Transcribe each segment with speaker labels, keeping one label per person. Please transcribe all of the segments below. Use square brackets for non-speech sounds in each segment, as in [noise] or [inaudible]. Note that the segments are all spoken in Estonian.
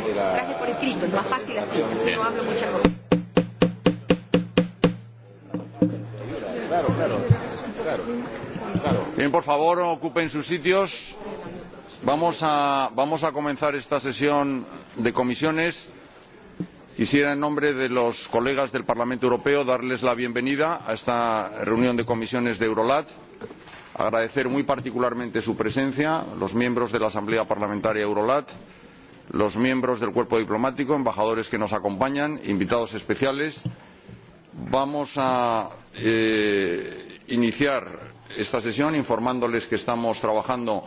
Speaker 1: traje de la... Traje por
Speaker 2: escrito,
Speaker 3: es más fácil así, así no hablo muchas cosas.
Speaker 4: Claro, claro, claro,
Speaker 5: claro. Bien, por favor, ocupen sus sitios. Vamos a, vamos a comenzar esta sesión de comisiones. Quisiera, en nombre de los colegas del Parlamento Europeo, darles la bienvenida a esta reunión de comisiones de Eurolat agradecer muy particularmente su presencia los miembros de la asamblea parlamentaria eurolat los miembros del cuerpo diplomático, embajadores que nos acompañan, invitados especiales. Vamos a eh, iniciar esta sesión informándoles que estamos trabajando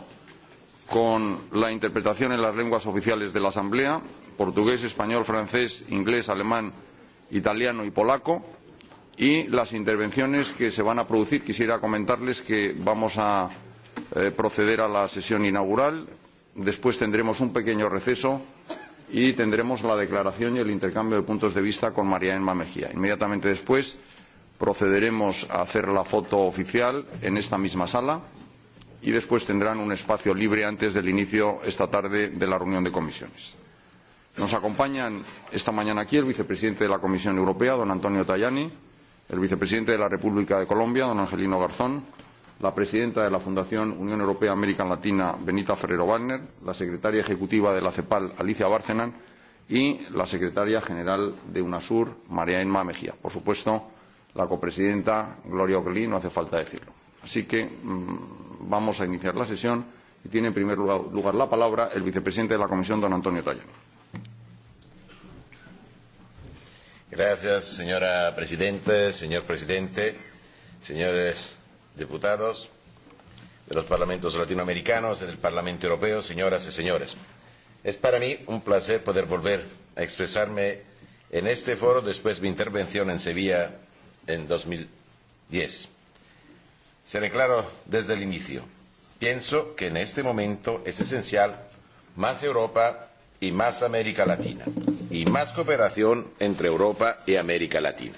Speaker 5: con la interpretación en las lenguas oficiales de la Asamblea portugués, español, francés, inglés, alemán, italiano y polaco y las intervenciones que se van a producir. Quisiera comentarles que vamos a eh, proceder a la sesión inaugural Después tendremos un pequeño receso y tendremos la declaración y el intercambio de puntos de vista con María Emma Mejía. Inmediatamente después procederemos a hacer la foto oficial en esta misma sala y después tendrán un espacio libre antes del inicio esta tarde de la reunión de comisiones. Nos acompañan esta mañana aquí el vicepresidente de la Comisión Europea, don Antonio Tajani, el vicepresidente de la República de Colombia, don Angelino Garzón, la presidenta de la Fundación Unión Europea América Latina, Benita Ferrero Wagner, la secretaria ejecutiva de la CEPAL, Alicia Bárcenan, y la secretaria general de UNASUR, María Inma Mejía. Por supuesto, la copresidenta Gloria Oquelí, no hace falta decirlo. Así que mmm, vamos a iniciar la sesión y tiene en primer lugar, lugar la palabra el vicepresidente de la Comisión, don Antonio Tajani.
Speaker 4: Gracias, señora presidente, señor presidente, señores diputados de los parlamentos latinoamericanos y del Parlamento Europeo, señoras y señores. Es para mí un placer poder volver a expresarme en este foro después de mi intervención en Sevilla en 2010. Seré claro desde el inicio. Pienso que en este momento es esencial más Europa y más América Latina y más cooperación entre Europa y América Latina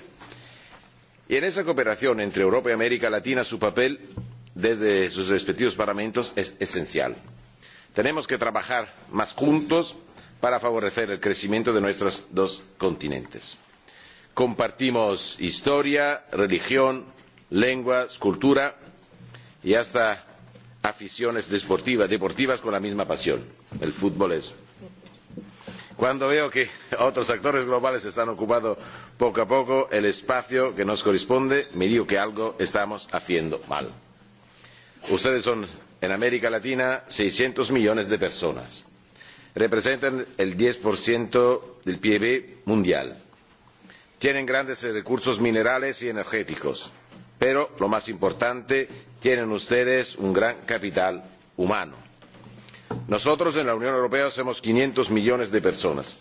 Speaker 4: y en esa cooperación entre europa y américa latina su papel desde sus respectivos parlamentos es esencial. tenemos que trabajar más juntos para favorecer el crecimiento de nuestros dos continentes. compartimos historia religión lenguas cultura y hasta aficiones deportivas, deportivas con la misma pasión el fútbol es. cuando veo que otros actores globales están ocupados poco a poco el espacio que nos corresponde, me digo que algo estamos haciendo mal. Ustedes son en América Latina 600 millones de personas. Representan el 10% del PIB mundial. Tienen grandes recursos minerales y energéticos. Pero lo más importante, tienen ustedes un gran capital humano. Nosotros en la Unión Europea somos 500 millones de personas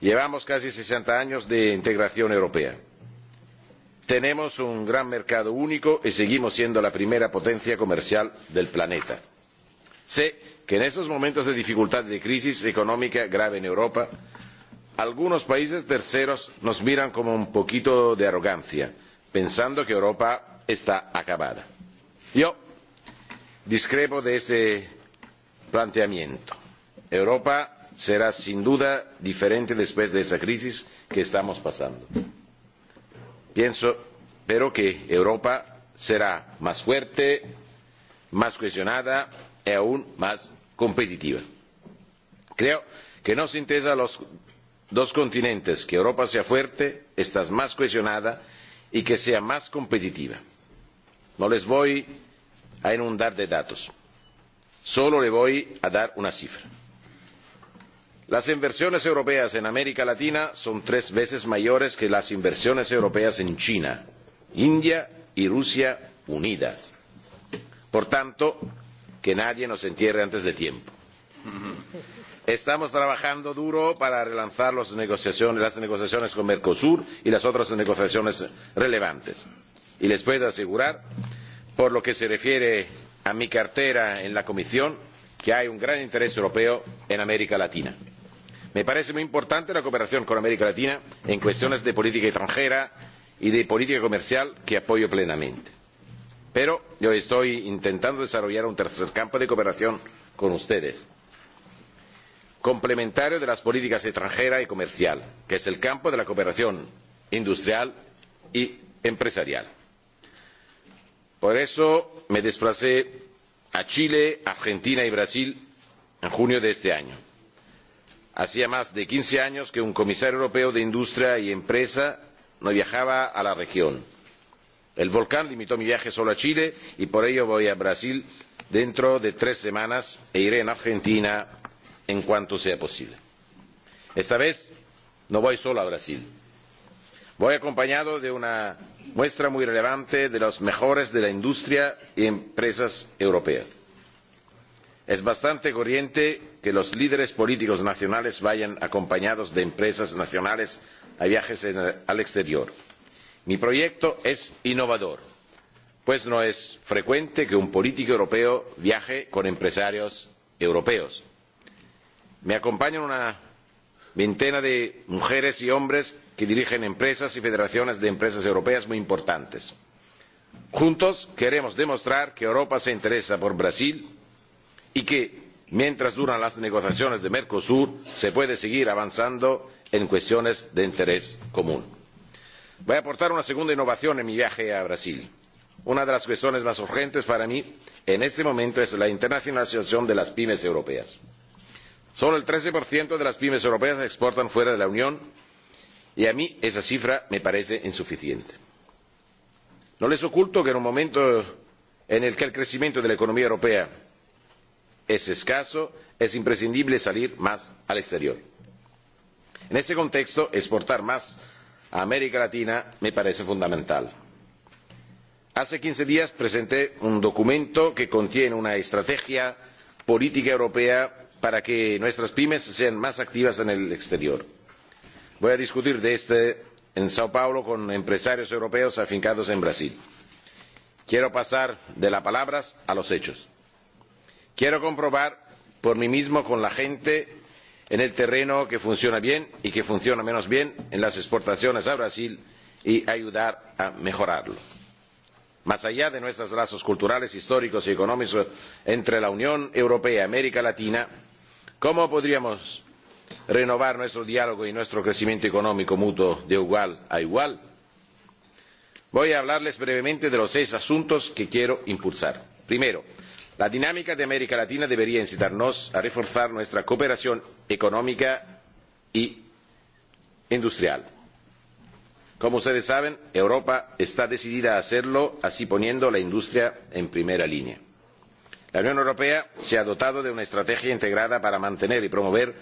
Speaker 4: Llevamos casi 60 años de integración europea. Tenemos un gran mercado único y seguimos siendo la primera potencia comercial del planeta. Sé que en estos momentos de dificultad y de crisis económica grave en Europa, algunos países terceros nos miran con un poquito de arrogancia, pensando que Europa está acabada. Yo discrepo de ese planteamiento. Europa será sin duda diferente después de esa crisis que estamos pasando. Pienso, pero que Europa será más fuerte, más cohesionada y aún más competitiva. Creo que nos interesa a los dos continentes que Europa sea fuerte, esté más cohesionada y que sea más competitiva. No les voy a inundar de datos, solo le voy a dar una cifra las inversiones europeas en américa latina son tres veces mayores que las inversiones europeas en china india y rusia unidas. por tanto que nadie nos entierre antes de tiempo. estamos trabajando duro para relanzar las negociaciones, las negociaciones con mercosur y las otras negociaciones relevantes y les puedo asegurar por lo que se refiere a mi cartera en la comisión que hay un gran interés europeo en américa latina me parece muy importante la cooperación con américa latina en cuestiones de política extranjera y de política comercial que apoyo plenamente pero yo estoy intentando desarrollar un tercer campo de cooperación con ustedes complementario de las políticas extranjera y comercial que es el campo de la cooperación industrial y empresarial. por eso me desplacé a chile argentina y brasil en junio de este año hacía más de quince años que un comisario europeo de industria y empresa no viajaba a la región. el volcán limitó mi viaje solo a chile y por ello voy a brasil dentro de tres semanas e iré a argentina en cuanto sea posible. esta vez no voy solo a brasil voy acompañado de una muestra muy relevante de los mejores de la industria y empresas europeas es bastante corriente que los líderes políticos nacionales vayan acompañados de empresas nacionales a viajes al exterior. mi proyecto es innovador pues no es frecuente que un político europeo viaje con empresarios europeos. me acompañan una veintena de mujeres y hombres que dirigen empresas y federaciones de empresas europeas muy importantes. juntos queremos demostrar que europa se interesa por brasil y que mientras duran las negociaciones de mercosur se puede seguir avanzando en cuestiones de interés común. voy a aportar una segunda innovación en mi viaje a brasil. una de las cuestiones más urgentes para mí en este momento es la internacionalización de las pyme europeas. solo el trece de las pyme europeas exportan fuera de la unión y a mí esa cifra me parece insuficiente. no les oculto que en un momento en el que el crecimiento de la economía europea es escaso es imprescindible salir más al exterior. en ese contexto exportar más a américa latina me parece fundamental. hace quince días presenté un documento que contiene una estrategia política europea para que nuestras pymes sean más activas en el exterior. voy a discutir de este en sao paulo con empresarios europeos afincados en brasil. quiero pasar de las palabras a los hechos Quiero comprobar por mí mismo con la gente en el terreno que funciona bien y que funciona menos bien en las exportaciones a Brasil y ayudar a mejorarlo. Más allá de nuestros lazos culturales, históricos y económicos entre la Unión Europea y América Latina, ¿cómo podríamos renovar nuestro diálogo y nuestro crecimiento económico mutuo de igual a igual? Voy a hablarles brevemente de los seis asuntos que quiero impulsar. Primero, La dinámica de América Latina debería incitarnos a reforzar nuestra cooperación económica y industrial. Como ustedes saben, Europa está decidida a hacerlo, así poniendo la industria en primera línea. La Unión Europea se ha dotado de una estrategia integrada para mantener y promover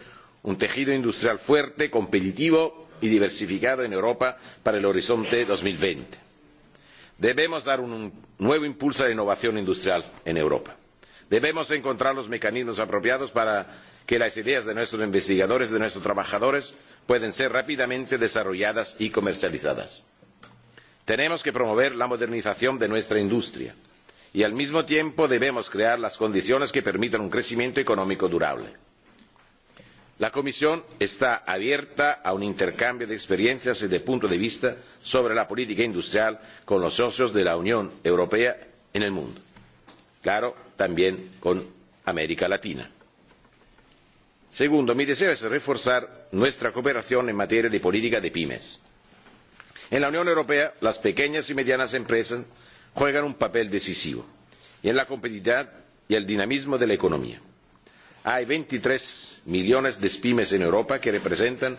Speaker 4: un tejido industrial fuerte, competitivo y diversificado en Europa para el horizonte 2020. Debemos dar un nuevo impulso a la innovación industrial en Europa debemos encontrar los mecanismos apropiados para que las ideas de nuestros investigadores y de nuestros trabajadores puedan ser rápidamente desarrolladas y comercializadas. tenemos que promover la modernización de nuestra industria y al mismo tiempo debemos crear las condiciones que permitan un crecimiento económico durable. la comisión está abierta a un intercambio de experiencias y de puntos de vista sobre la política industrial con los socios de la unión europea en el mundo claro, también con América Latina. Segundo, mi deseo es reforzar nuestra cooperación en materia de política de pymes. En la Unión Europea, las pequeñas y medianas empresas juegan un papel decisivo en la competitividad y el dinamismo de la economía. Hay 23 millones de pymes en Europa que representan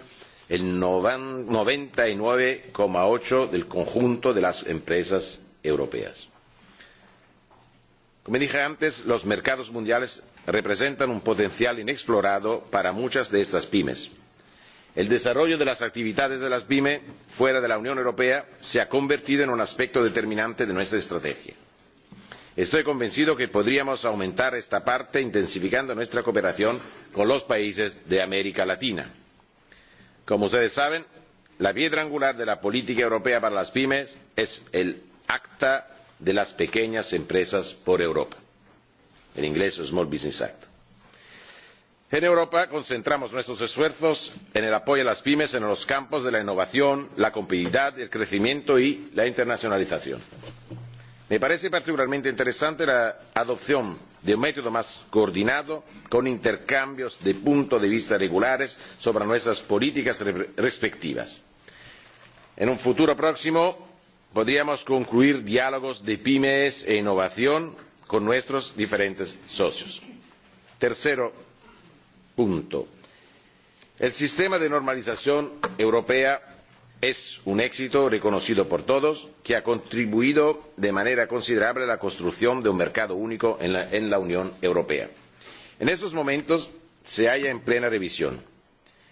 Speaker 4: el 99,8 del conjunto de las empresas europeas como dije antes los mercados mundiales representan un potencial inexplorado para muchas de estas pymes. el desarrollo de las actividades de las pymes fuera de la unión europea se ha convertido en un aspecto determinante de nuestra estrategia. estoy convencido de que podríamos aumentar esta parte intensificando nuestra cooperación con los países de américa latina. como ustedes saben la piedra angular de la política europea para las pymes es el acta de las pequeñas empresas por Europa. En inglés, Small Business Act. En Europa concentramos nuestros esfuerzos en el apoyo a las pymes en los campos de la innovación, la competitividad, el crecimiento y la internacionalización. Me parece particularmente interesante la adopción de un método más coordinado, con intercambios de puntos de vista regulares sobre nuestras políticas respectivas. En un futuro próximo podríamos concluir diálogos de pymes e innovación con nuestros diferentes socios. Tercero punto. El sistema de normalización europea es un éxito reconocido por todos que ha contribuido de manera considerable a la construcción de un mercado único en la, en la Unión Europea. En estos momentos se halla en plena revisión.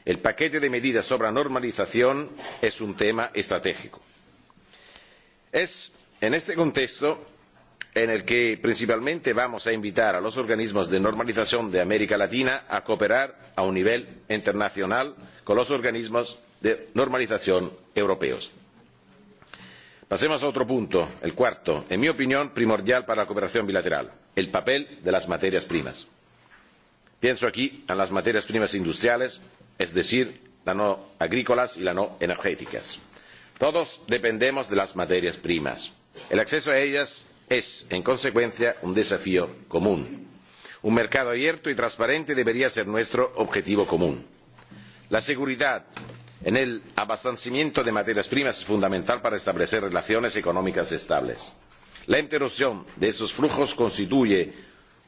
Speaker 4: El paquete de medidas sobre la normalización es un tema estratégico es en este contexto en el que principalmente vamos a invitar a los organismos de normalización de América Latina a cooperar a un nivel internacional con los organismos de normalización europeos. Pasemos a otro punto, el cuarto, en mi opinión primordial para la cooperación bilateral, el papel de las materias primas. Pienso aquí en las materias primas industriales, es decir, las no agrícolas y las no energéticas todos dependemos de las materias primas. el acceso a ellas es en consecuencia un desafío común. un mercado abierto y transparente debería ser nuestro objetivo común. la seguridad en el abastecimiento de materias primas es fundamental para establecer relaciones económicas estables. la interrupción de esos flujos constituye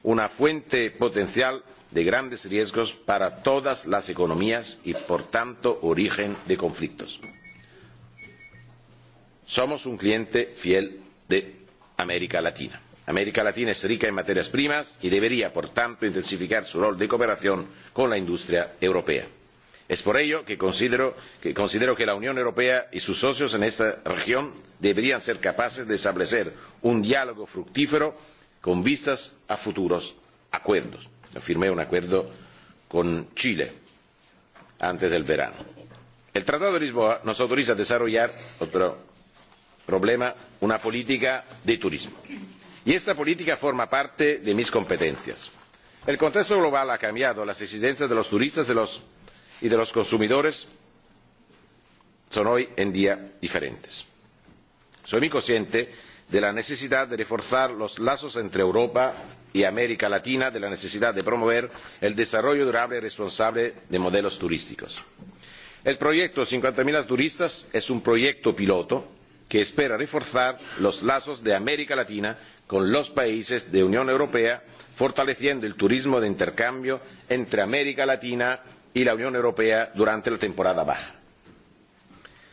Speaker 4: una fuente potencial de grandes riesgos para todas las economías y por tanto origen de conflictos. Somos un cliente fiel de América Latina. América Latina es rica en materias primas y debería, por tanto, intensificar su rol de cooperación con la industria europea. Es por ello que considero que, considero que la Unión Europea y sus socios en esta región deberían ser capaces de establecer un diálogo fructífero con vistas a futuros acuerdos. Yo firmé un acuerdo con Chile antes del verano. El Tratado de Lisboa nos autoriza a desarrollar otro problema una política de turismo. Y esta política forma parte de mis competencias. El contexto global ha cambiado las exigencias de los turistas de los, y de los consumidores son hoy en día diferentes. Soy muy consciente de la necesidad de reforzar los lazos entre Europa y América Latina, de la necesidad de promover el desarrollo durable y responsable de modelos turísticos. El proyecto 50.000 turistas es un proyecto piloto que espera reforzar los lazos de América Latina con los países de Unión Europea, fortaleciendo el turismo de intercambio entre América Latina y la Unión Europea durante la temporada baja.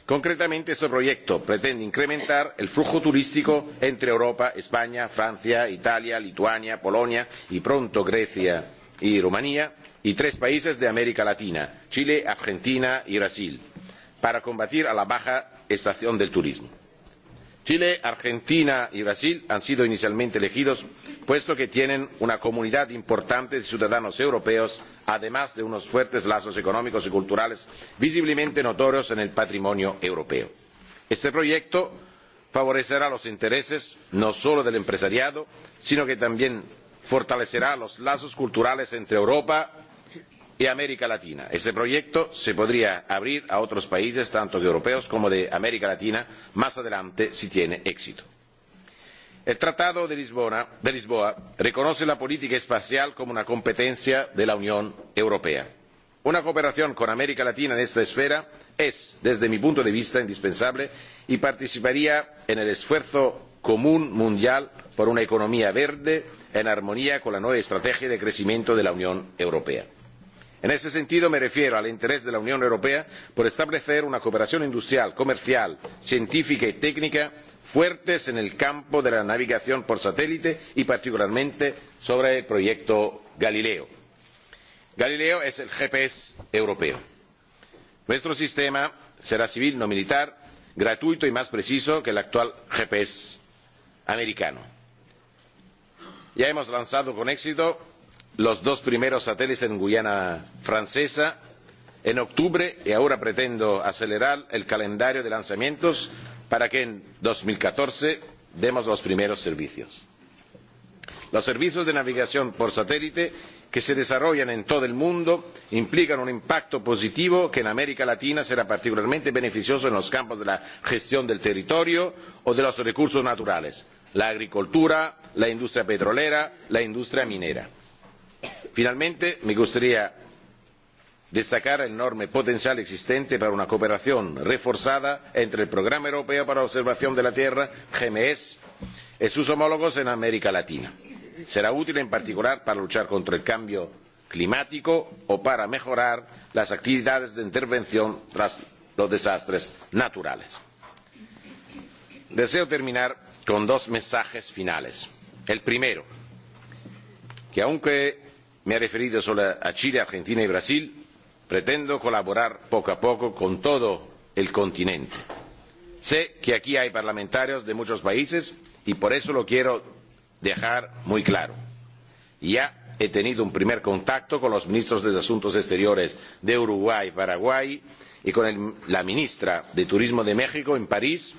Speaker 4: Concretamente, este proyecto pretende incrementar el flujo turístico entre Europa, España, Francia, Italia, Lituania, Polonia y pronto Grecia y Rumanía y tres países de América Latina, Chile, Argentina y Brasil, para combatir a la baja estación del turismo chile argentina y brasil han sido inicialmente elegidos puesto que tienen una comunidad importante de ciudadanos europeos además de unos fuertes lazos económicos y culturales visiblemente notorios en el patrimonio europeo. este proyecto favorecerá los intereses no solo del empresariado sino que también fortalecerá los lazos culturales entre europa y América Latina. Este proyecto se podría abrir a otros países, tanto que europeos como de América Latina, más adelante si tiene éxito. El Tratado de Lisbona, de Lisboa reconoce la política espacial como una competencia de la Unión Europea. Una cooperación con América Latina en esta esfera es, desde mi punto de vista, indispensable y participaría en el esfuerzo común mundial por una economía verde en armonía con la nueva estrategia de crecimiento de la Unión Europea en ese sentido me refiero al interés de la unión europea por establecer una cooperación industrial comercial científica y técnica fuertes en el campo de la navegación por satélite y particularmente sobre el proyecto galileo. galileo es el gps europeo. nuestro sistema será civil no militar gratuito y más preciso que el actual gps americano. ya hemos lanzado con éxito los dos primeros satélites en Guyana Francesa en octubre y ahora pretendo acelerar el calendario de lanzamientos para que en dos mil catorce demos los primeros servicios. Los servicios de navegación por satélite que se desarrollan en todo el mundo implican un impacto positivo que en América Latina será particularmente beneficioso en los campos de la gestión del territorio o de los recursos naturales, la agricultura, la industria petrolera, la industria minera finalmente me gustaría destacar el enorme potencial existente para una cooperación reforzada entre el programa europeo para la observación de la tierra gmes y sus homólogos en américa latina. será útil en particular para luchar contra el cambio climático o para mejorar las actividades de intervención tras los desastres naturales. deseo terminar con dos mensajes finales. el primero que aunque me he referido solo a Chile, Argentina y Brasil, pretendo colaborar poco a poco con todo el continente. Sé que aquí hay parlamentarios de muchos países y por eso lo quiero dejar muy claro. Ya he tenido un primer contacto con los ministros de Asuntos Exteriores de Uruguay, Paraguay y con el, la ministra de Turismo de México en París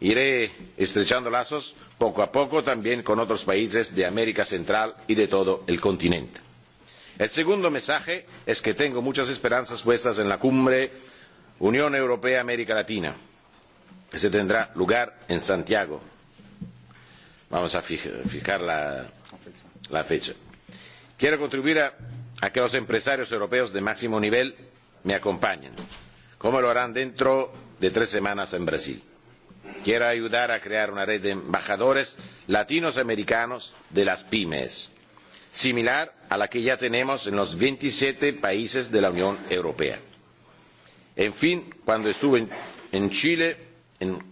Speaker 4: iré estrechando lazos poco a poco también con otros países de américa central y de todo el continente. el segundo mensaje es que tengo muchas esperanzas puestas en la cumbre unión europea américa latina que se tendrá lugar en santiago vamos a fijar la, la fecha. quiero contribuir a, a que los empresarios europeos de máximo nivel me acompañen como lo harán dentro de tres semanas en brasil Quiero ayudar a crear una red de embajadores latinoamericanos de las pymes, similar a la que ya tenemos en los 27 países de la Unión Europea. En fin, cuando estuve en Chile, en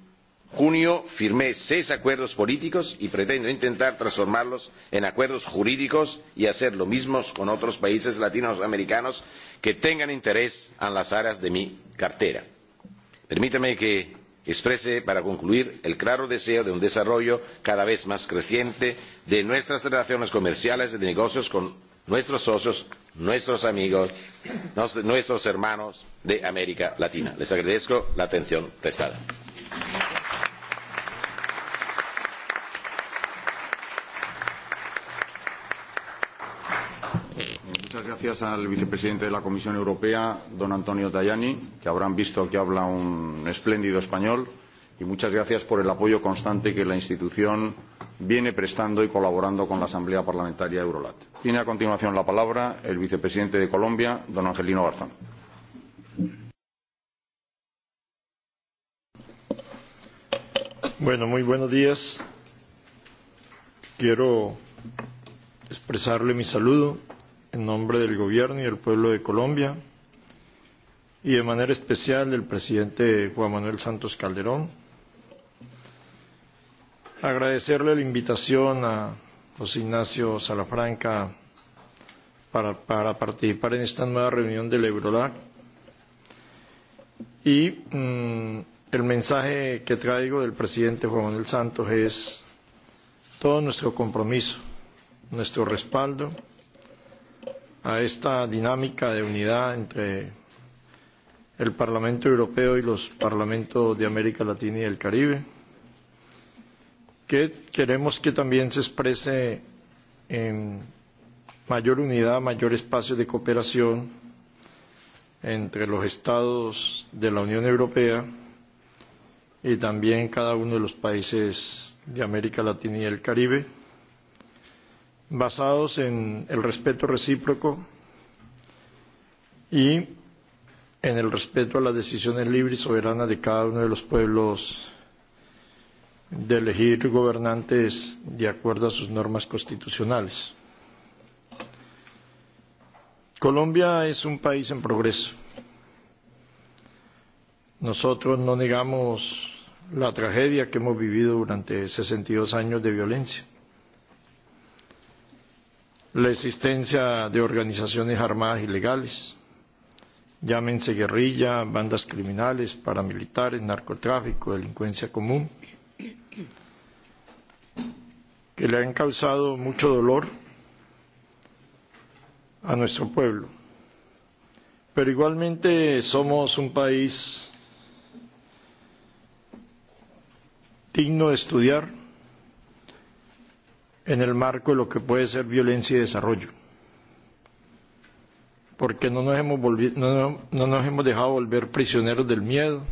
Speaker 4: junio firmé seis acuerdos políticos y pretendo intentar transformarlos en acuerdos jurídicos y hacer lo mismo con otros países latinoamericanos que tengan interés en las áreas de mi cartera. Permítame que exprese para concluir el claro deseo de un desarrollo cada vez más creciente de nuestras relaciones comerciales y de negocios con nuestros socios nuestros amigos nuestros hermanos de américa latina. les agradezco la atención prestada.
Speaker 5: gracias al vicepresidente de la Comisión Europea, don Antonio Tajani, que habrán visto que habla un espléndido español, y muchas gracias por el apoyo constante que la institución viene prestando y colaborando con la Asamblea Parlamentaria Eurolat. Tiene a continuación la palabra el vicepresidente de Colombia, don Angelino Garzón.
Speaker 6: Bueno, muy buenos días. Quiero expresarle mi saludo en nombre del Gobierno y del pueblo de Colombia, y de manera especial del presidente Juan Manuel Santos Calderón. Agradecerle la invitación a José Ignacio Salafranca para, para participar en esta nueva reunión del Eurolac. Y mmm, el mensaje que traigo del presidente Juan Manuel Santos es todo nuestro compromiso, nuestro respaldo a esta dinámica de unidad entre el Parlamento Europeo y los parlamentos de América Latina y el Caribe, que queremos que también se exprese en mayor unidad, mayor espacio de cooperación entre los estados de la Unión Europea y también cada uno de los países de América Latina y el Caribe basados en el respeto recíproco y en el respeto a las decisiones libres y soberanas de cada uno de los pueblos de elegir gobernantes de acuerdo a sus normas constitucionales. Colombia es un país en progreso. Nosotros no negamos la tragedia que hemos vivido durante 62 años de violencia la existencia de organizaciones armadas ilegales, llámense guerrilla, bandas criminales, paramilitares, narcotráfico, delincuencia común, que le han causado mucho dolor a nuestro pueblo. Pero igualmente somos un país digno de estudiar en el marco de lo que puede ser violencia y desarrollo. Porque no nos hemos, volvi no, no nos hemos dejado volver prisioneros del miedo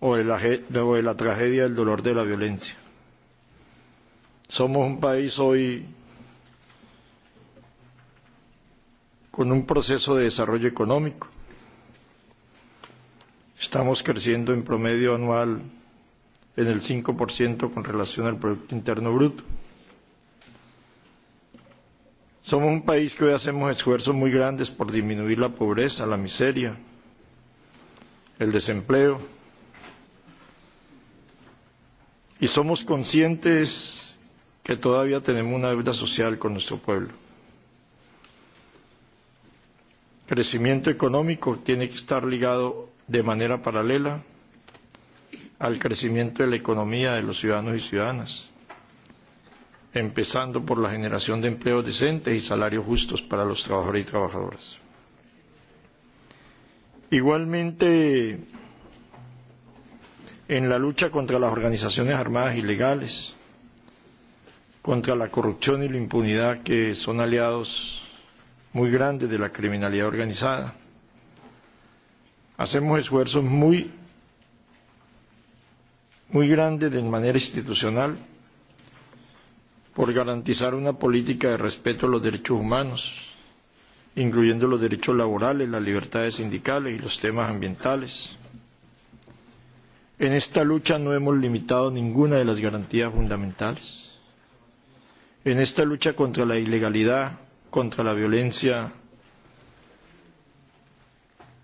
Speaker 6: o de, la, o de la tragedia del dolor de la violencia. Somos un país hoy con un proceso de desarrollo económico. Estamos creciendo en promedio anual en el 5% con relación al Producto Interno Bruto. Somos un país que hoy hacemos esfuerzos muy grandes por disminuir la pobreza, la miseria, el desempleo. Y somos conscientes que todavía tenemos una deuda social con nuestro pueblo. Crecimiento económico tiene que estar ligado de manera paralela al crecimiento de la economía de los ciudadanos y ciudadanas, empezando por la generación de empleos decentes y salarios justos para los trabajadores y trabajadoras. Igualmente, en la lucha contra las organizaciones armadas ilegales, contra la corrupción y la impunidad que son aliados muy grandes de la criminalidad organizada. Hacemos esfuerzos muy muy grande de manera institucional por garantizar una política de respeto a los derechos humanos, incluyendo los derechos laborales, las libertades sindicales y los temas ambientales. En esta lucha no hemos limitado ninguna de las garantías fundamentales. En esta lucha contra la ilegalidad, contra la violencia,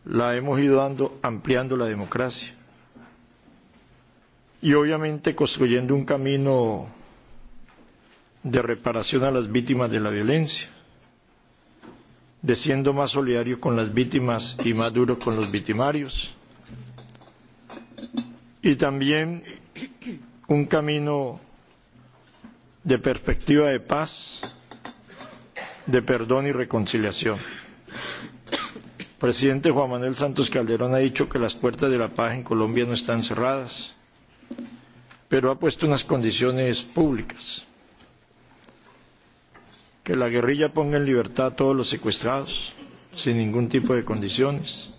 Speaker 6: la hemos ido dando, ampliando la democracia y obviamente construyendo un camino de reparación a las víctimas de la violencia, de siendo más solidario con las víctimas y más duro con los victimarios, y también un camino de perspectiva de paz, de perdón y reconciliación. El presidente Juan Manuel Santos Calderón ha dicho que las puertas de la paz en Colombia no están cerradas pero ha puesto unas condiciones públicas. Que la guerrilla ponga en libertad a todos los secuestrados, sin ningún tipo de condiciones.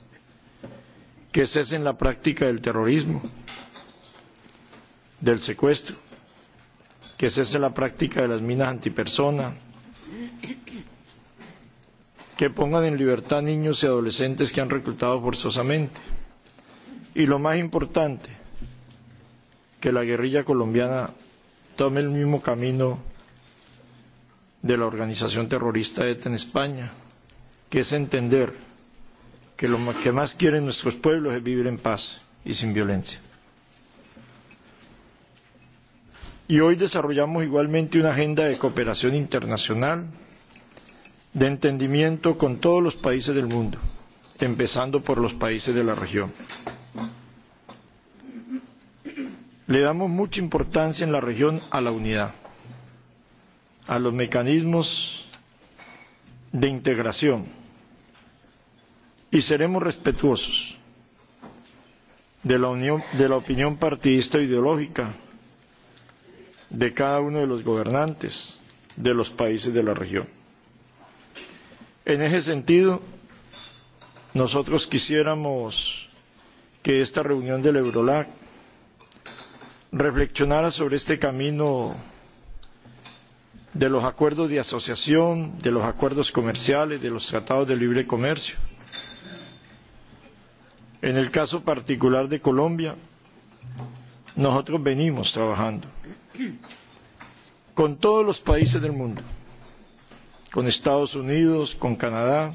Speaker 6: Que cesen la práctica del terrorismo, del secuestro. Que cese la práctica de las minas antipersona. Que pongan en libertad niños y adolescentes que han reclutado forzosamente. Y lo más importante, que la guerrilla colombiana tome el mismo camino de la organización terrorista ETA e en España, que es entender que lo que más quieren nuestros pueblos es vivir en paz y sin violencia. Y hoy desarrollamos igualmente una agenda de cooperación internacional, de entendimiento con todos los países del mundo, empezando por los países de la región le damos mucha importancia en la región a la unidad, a los mecanismos de integración y seremos respetuosos de la, unión, de la opinión partidista ideológica de cada uno de los gobernantes de los países de la región. En ese sentido, nosotros quisiéramos que esta reunión del Eurolac reflexionara sobre este camino de los acuerdos de asociación, de los acuerdos comerciales, de los tratados de libre comercio. En el caso particular de Colombia, nosotros venimos trabajando con todos los países del mundo, con Estados Unidos, con Canadá,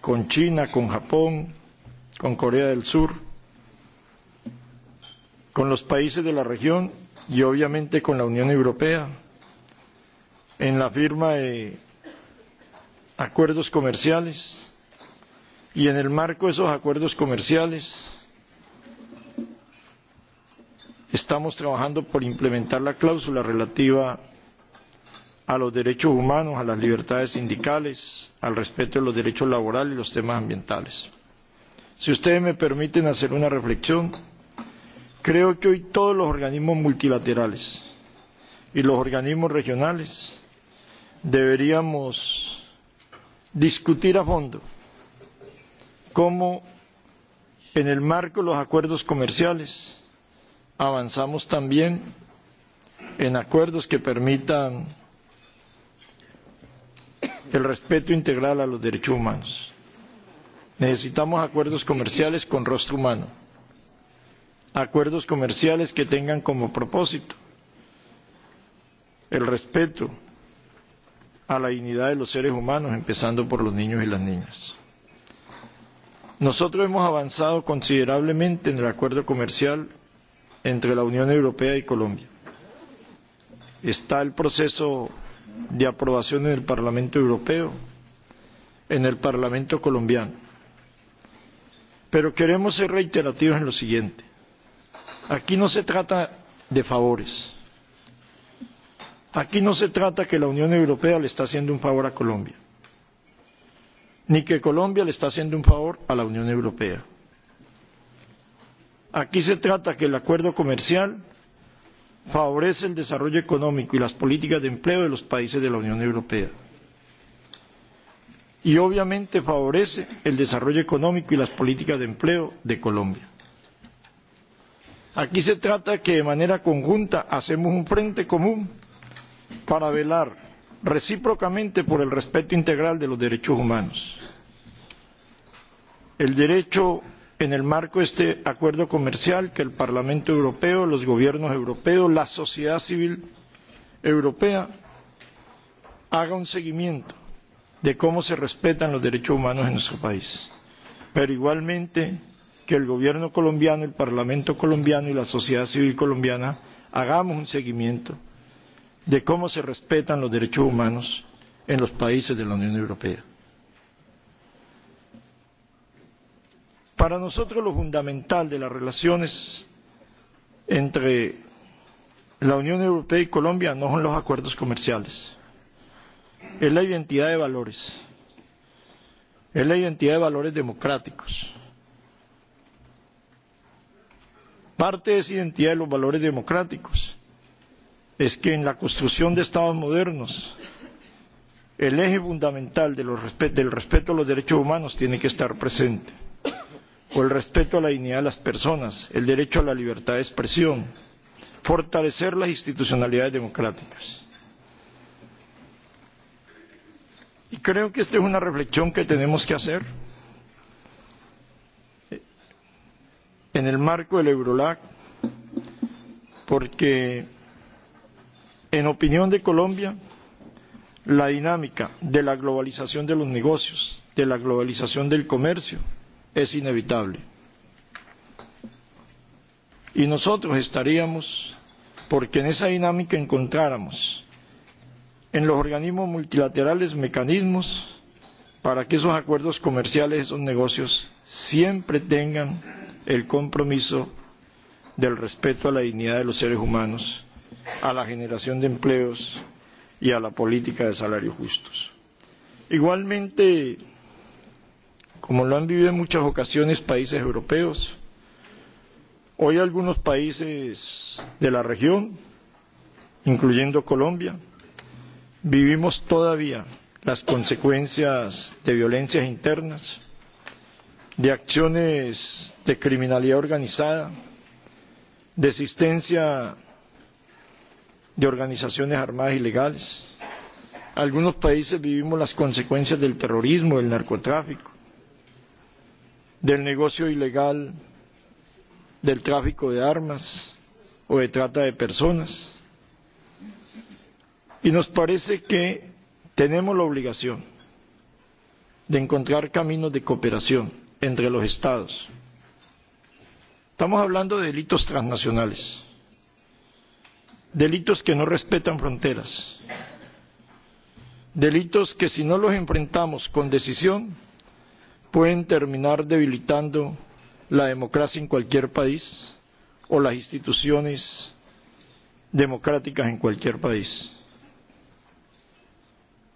Speaker 6: con China, con Japón, con Corea del Sur, con los países de la región y obviamente con la Unión Europea en la firma de acuerdos comerciales y en el marco de esos acuerdos comerciales estamos trabajando por implementar la cláusula relativa a los derechos humanos, a las libertades sindicales, al respeto de los derechos laborales y los temas ambientales. Si ustedes me permiten hacer una reflexión, Creo que hoy todos los organismos multilaterales y los organismos regionales deberíamos discutir a fondo cómo en el marco de los acuerdos comerciales avanzamos también en acuerdos que permitan el respeto integral a los derechos humanos. Necesitamos acuerdos comerciales con rostro humano acuerdos comerciales que tengan como propósito el respeto a la dignidad de los seres humanos, empezando por los niños y las niñas. Nosotros hemos avanzado considerablemente en el acuerdo comercial entre la Unión Europea y Colombia. Está el proceso de aprobación en el Parlamento Europeo, en el Parlamento colombiano. Pero queremos ser reiterativos en lo siguiente. Aquí no se trata de favores. Aquí no se trata que la Unión Europea le está haciendo un favor a Colombia, ni que Colombia le está haciendo un favor a la Unión Europea. Aquí se trata que el acuerdo comercial favorece el desarrollo económico y las políticas de empleo de los países de la Unión Europea. Y obviamente favorece el desarrollo económico y las políticas de empleo de Colombia. Aquí se trata que de manera conjunta hacemos un frente común para velar recíprocamente por el respeto integral de los derechos humanos. El derecho en el marco de este acuerdo comercial que el Parlamento Europeo, los gobiernos europeos, la sociedad civil europea haga un seguimiento de cómo se respetan los derechos humanos en nuestro país. Pero igualmente que el gobierno colombiano, el Parlamento colombiano y la sociedad civil colombiana hagamos un seguimiento de cómo se respetan los derechos humanos en los países de la Unión Europea. Para nosotros lo fundamental de las relaciones entre la Unión Europea y Colombia no son los acuerdos comerciales, es la identidad de valores, es la identidad de valores democráticos Parte de esa identidad de los valores democráticos es que en la construcción de estados modernos el eje fundamental de los respe del respeto a los derechos humanos tiene que estar presente, o el respeto a la dignidad de las personas, el derecho a la libertad de expresión, fortalecer las institucionalidades democráticas. Y creo que esta es una reflexión que tenemos que hacer en el marco del Eurolac, porque en opinión de Colombia, la dinámica de la globalización de los negocios, de la globalización del comercio, es inevitable. Y nosotros estaríamos, porque en esa dinámica encontráramos en los organismos multilaterales mecanismos para que esos acuerdos comerciales, esos negocios, siempre tengan el compromiso del respeto a la dignidad de los seres humanos, a la generación de empleos y a la política de salarios justos. Igualmente, como lo han vivido en muchas ocasiones países europeos, hoy algunos países de la región, incluyendo Colombia, vivimos todavía las consecuencias de violencias internas, de acciones de criminalidad organizada, de existencia de organizaciones armadas ilegales. Algunos países vivimos las consecuencias del terrorismo, del narcotráfico, del negocio ilegal, del tráfico de armas o de trata de personas. Y nos parece que tenemos la obligación de encontrar caminos de cooperación entre los Estados Estamos hablando de delitos transnacionales, delitos que no respetan fronteras, delitos que si no los enfrentamos con decisión pueden terminar debilitando la democracia en cualquier país o las instituciones democráticas en cualquier país.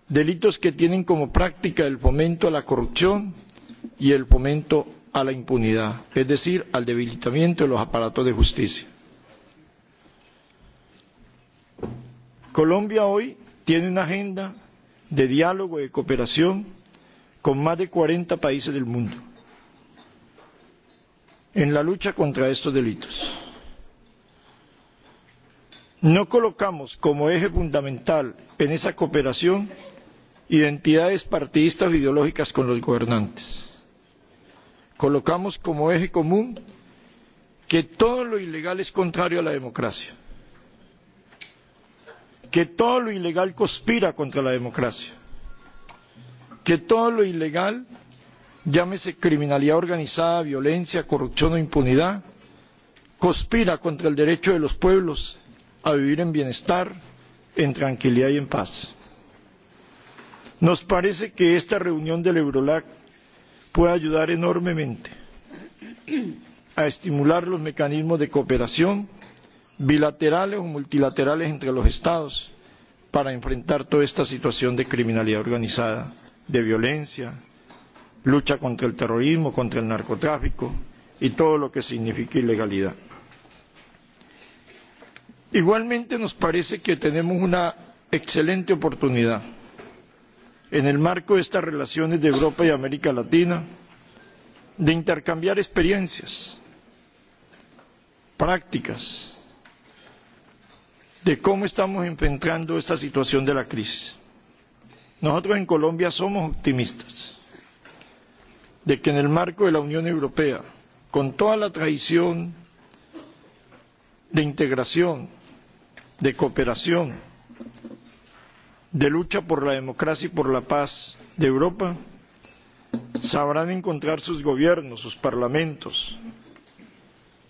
Speaker 6: Delitos que tienen como práctica el fomento a la corrupción y el fomento a la impunidad, es decir, al debilitamiento de los aparatos de justicia. Colombia hoy tiene una agenda de diálogo y de cooperación con más de 40 países del mundo en la lucha contra estos delitos. No colocamos como eje fundamental en esa cooperación identidades partidistas o ideológicas con los gobernantes colocamos como eje común que todo lo ilegal es contrario a la democracia, que todo lo ilegal conspira contra la democracia, que todo lo ilegal, llámese criminalidad organizada, violencia, corrupción o impunidad, conspira contra el derecho de los pueblos a vivir en bienestar, en tranquilidad y en paz. Nos parece que esta reunión del Eurolac puede ayudar enormemente a estimular los mecanismos de cooperación bilaterales o multilaterales entre los Estados para enfrentar toda esta situación de criminalidad organizada, de violencia, lucha contra el terrorismo, contra el narcotráfico y todo lo que significa ilegalidad. Igualmente nos parece que tenemos una excelente oportunidad en el marco de estas relaciones de Europa y América Latina, de intercambiar experiencias, prácticas, de cómo estamos enfrentando esta situación de la crisis. Nosotros en Colombia somos optimistas de que en el marco de la Unión Europea, con toda la tradición de integración, de cooperación, de lucha por la democracia y por la paz de Europa sabrán encontrar sus gobiernos, sus parlamentos,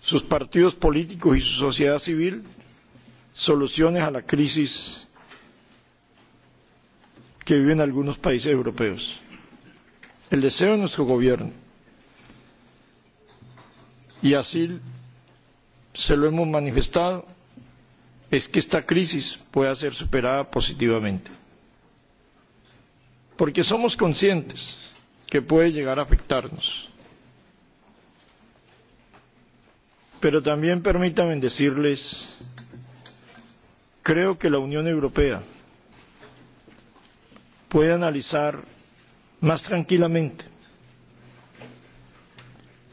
Speaker 6: sus partidos políticos y su sociedad civil soluciones a la crisis que viven algunos países europeos. El deseo de nuestro gobierno, y así se lo hemos manifestado, es que esta crisis pueda ser superada positivamente. Porque somos conscientes que puede llegar a afectarnos. Pero también permítanme decirles, creo que la Unión Europea puede analizar más tranquilamente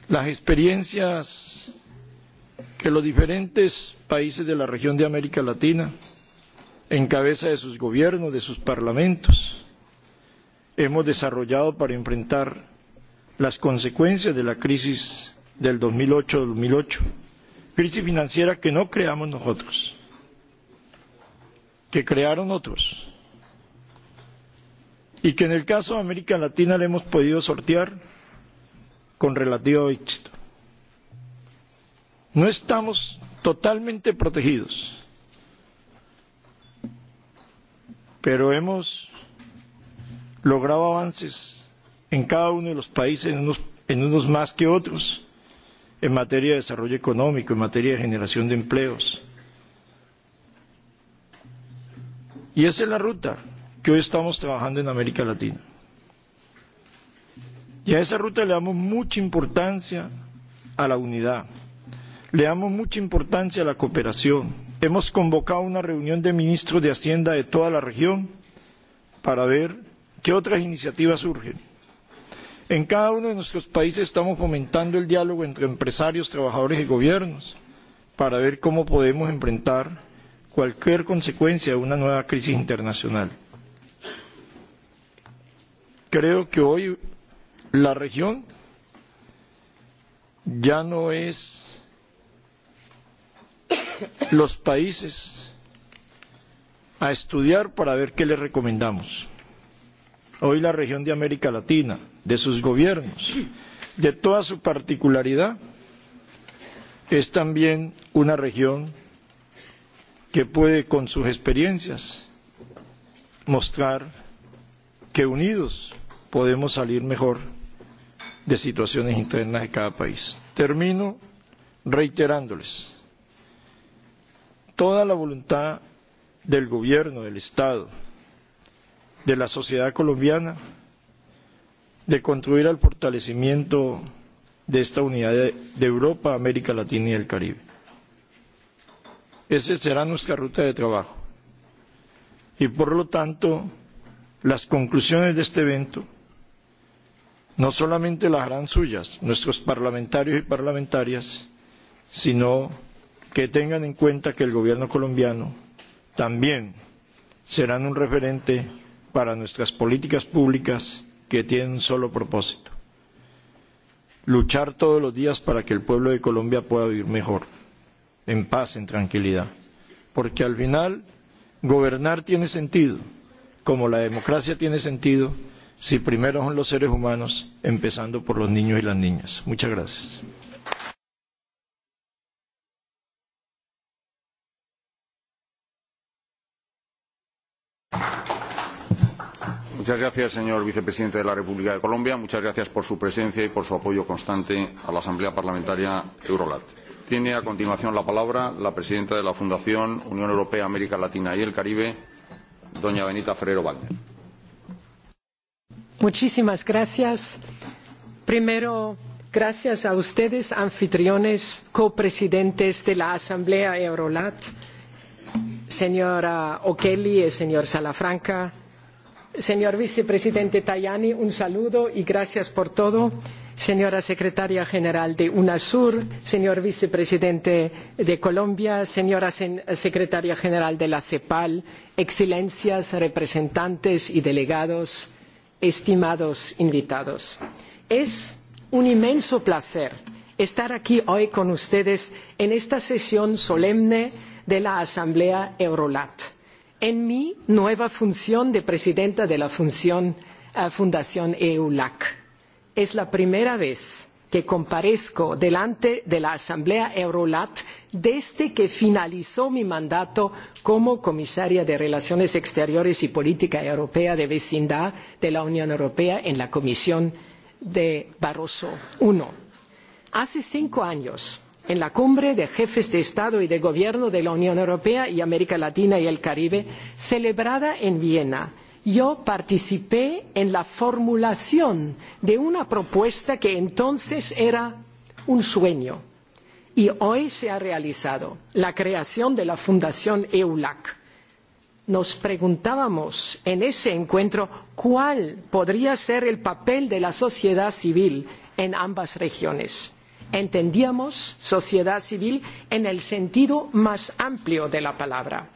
Speaker 6: las experiencias que los diferentes países de la región de América Latina, en cabeza de sus gobiernos, de sus parlamentos, hemos desarrollado para enfrentar las consecuencias de la crisis del 2008-2008, crisis financiera que no creamos nosotros, que crearon otros, y que en el caso de América Latina le hemos podido sortear con relativo éxito no estamos totalmente protegidos, pero hemos logrado avances en cada uno de los países, en unos, en unos más que otros, en materia de desarrollo económico, en materia de generación de empleos. Y esa es la ruta que hoy estamos trabajando en América Latina. Y a esa ruta le damos mucha importancia a la unidad, Le damos mucha importancia a la cooperación. Hemos convocado una reunión de ministros de Hacienda de toda la región para ver qué otras iniciativas surgen. En cada uno de nuestros países estamos fomentando el diálogo entre empresarios, trabajadores y gobiernos para ver cómo podemos enfrentar cualquier consecuencia de una nueva crisis internacional. Creo que hoy la región ya no es los países a estudiar para ver qué les recomendamos. Hoy la región de América Latina, de sus gobiernos, de toda su particularidad, es también una región que puede, con sus experiencias, mostrar que unidos podemos salir mejor de situaciones internas de cada país. Termino reiterándoles toda la voluntad del gobierno, del Estado, de la sociedad colombiana, de contribuir al fortalecimiento de esta unidad de, de Europa, América Latina y el Caribe. Esa será nuestra ruta de trabajo. Y por lo tanto, las conclusiones de este evento no solamente las harán suyas nuestros parlamentarios y parlamentarias, sino que tengan en cuenta que el gobierno colombiano también serán un referente para nuestras políticas públicas que tienen un solo propósito, luchar todos los días para que el pueblo de Colombia pueda vivir mejor, en paz, en tranquilidad, porque al final gobernar tiene sentido, como la democracia tiene sentido, si primero son los seres humanos, empezando por los niños y las niñas. Muchas gracias.
Speaker 5: Muchas gracias, señor vicepresidente de la República de Colombia. Muchas gracias por su presencia y por su apoyo constante a la Asamblea Parlamentaria Eurolat. Tiene a continuación la palabra la presidenta de la Fundación Unión Europea, América Latina y el Caribe, doña Benita Ferrero Wagner.
Speaker 7: Muchísimas gracias. Primero, gracias a ustedes, anfitriones, copresidentes de la Asamblea Eurolat, señora O'Kelly y señor Salafranca Señor vicepresidente Tajani, un saludo y gracias por todo. Señora secretaria general de UNASUR, señor vicepresidente de Colombia, señora sen, secretaria general de la CEPAL, excelencias, representantes y delegados, estimados invitados. Es un inmenso placer estar aquí hoy con ustedes en esta sesión solemne de la Asamblea Eurolat en mi nueva función de presidenta de la función, uh, Fundación EULAC. Es la primera vez que comparezco delante de la Asamblea Eurolat desde que finalizó mi mandato como comisaria de Relaciones Exteriores y Política Europea de Vecindad de la Unión Europea en la Comisión de Barroso I. Hace cinco años en la cumbre de jefes de Estado y de Gobierno de la Unión Europea y América Latina y el Caribe, celebrada en Viena. Yo participé en la formulación de una propuesta que entonces era un sueño y hoy se ha realizado la creación de la Fundación EULAC. Nos preguntábamos en ese encuentro cuál podría ser el papel de la sociedad civil en ambas regiones entendíamos sociedad civil en el sentido más amplio de la palabra.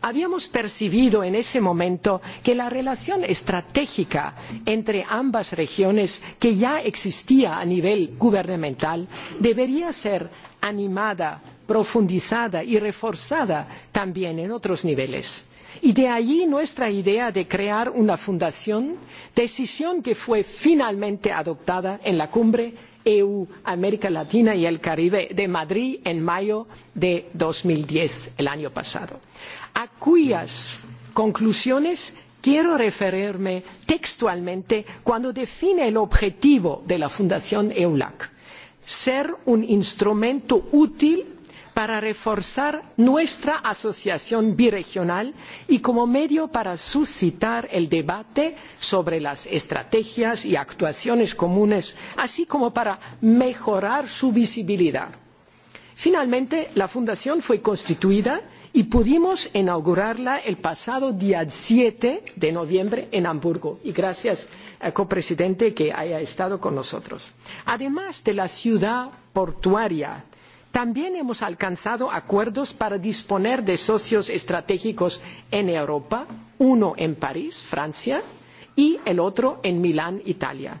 Speaker 7: Habíamos percibido en ese momento que la relación estratégica entre ambas regiones, que ya existía a nivel gubernamental, debería ser animada, profundizada y reforzada también en otros niveles. Y de allí nuestra idea de crear una fundación, decisión que fue finalmente adoptada en la cumbre EU, América Latina y el Caribe de Madrid en mayo de 2010, el año pasado, a cuyas conclusiones quiero referirme textualmente cuando define el objetivo de la Fundación EULAC ser un instrumento útil para reforzar nuestra asociación birregional y como medio para suscitar el debate sobre las estrategias y actuaciones comunes, así como para mejorar su visibilidad. Finalmente, la Fundación fue constituida y pudimos inaugurarla el pasado día 7 de noviembre en Hamburgo. Y gracias, eh, copresidente, que haya estado con nosotros. Además de la ciudad portuaria También hemos alcanzado acuerdos para disponer de socios estratégicos en Europa, uno en París, Francia, y el otro en Milán, Italia.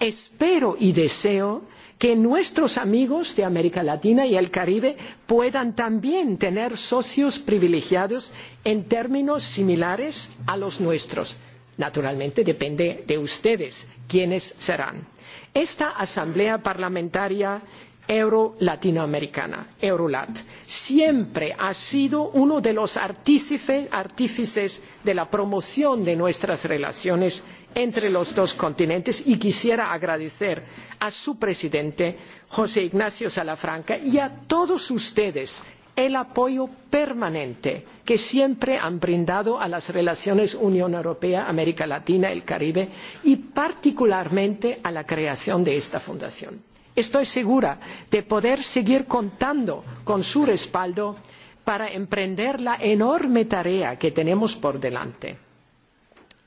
Speaker 7: Espero y deseo que nuestros amigos de América Latina y el Caribe puedan también tener socios privilegiados en términos similares a los nuestros. Naturalmente depende de ustedes quiénes serán. Esta Asamblea Parlamentaria euro latinoamericana, Eurolat. Siempre ha sido uno de los artífice, artífices de la promoción de nuestras relaciones entre los dos continentes y quisiera agradecer a su presidente, José Ignacio Salafranca, y a todos ustedes el apoyo permanente que siempre han brindado a las relaciones Unión Europea, América Latina, el Caribe y particularmente a la creación de esta fundación estoy segura de poder seguir contando con su respaldo para emprender la enorme tarea que tenemos por delante.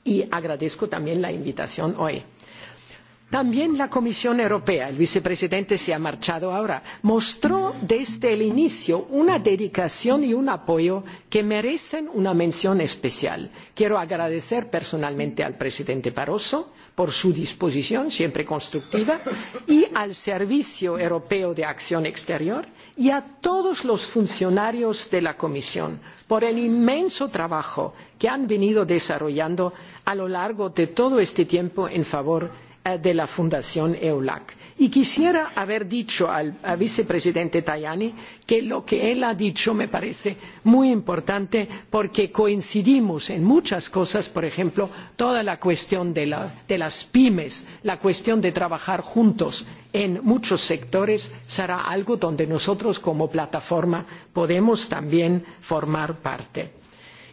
Speaker 7: Y agradezco también la invitación hoy También la Comisión Europea, el vicepresidente se ha marchado ahora, mostró desde el inicio una dedicación y un apoyo que merecen una mención especial. Quiero agradecer personalmente al presidente Barroso por su disposición siempre constructiva y al Servicio Europeo de Acción Exterior y a todos los funcionarios de la Comisión por el inmenso trabajo que han venido desarrollando a lo largo de todo este tiempo en favor de Eh, de la Fundación EULAC. Y quisiera haber dicho al, al vicepresidente Tajani que lo que él ha dicho me parece muy importante porque coincidimos en muchas cosas, por ejemplo, toda la cuestión de, la, de las pymes, la cuestión de trabajar juntos en muchos sectores será algo donde nosotros como plataforma podemos también formar parte.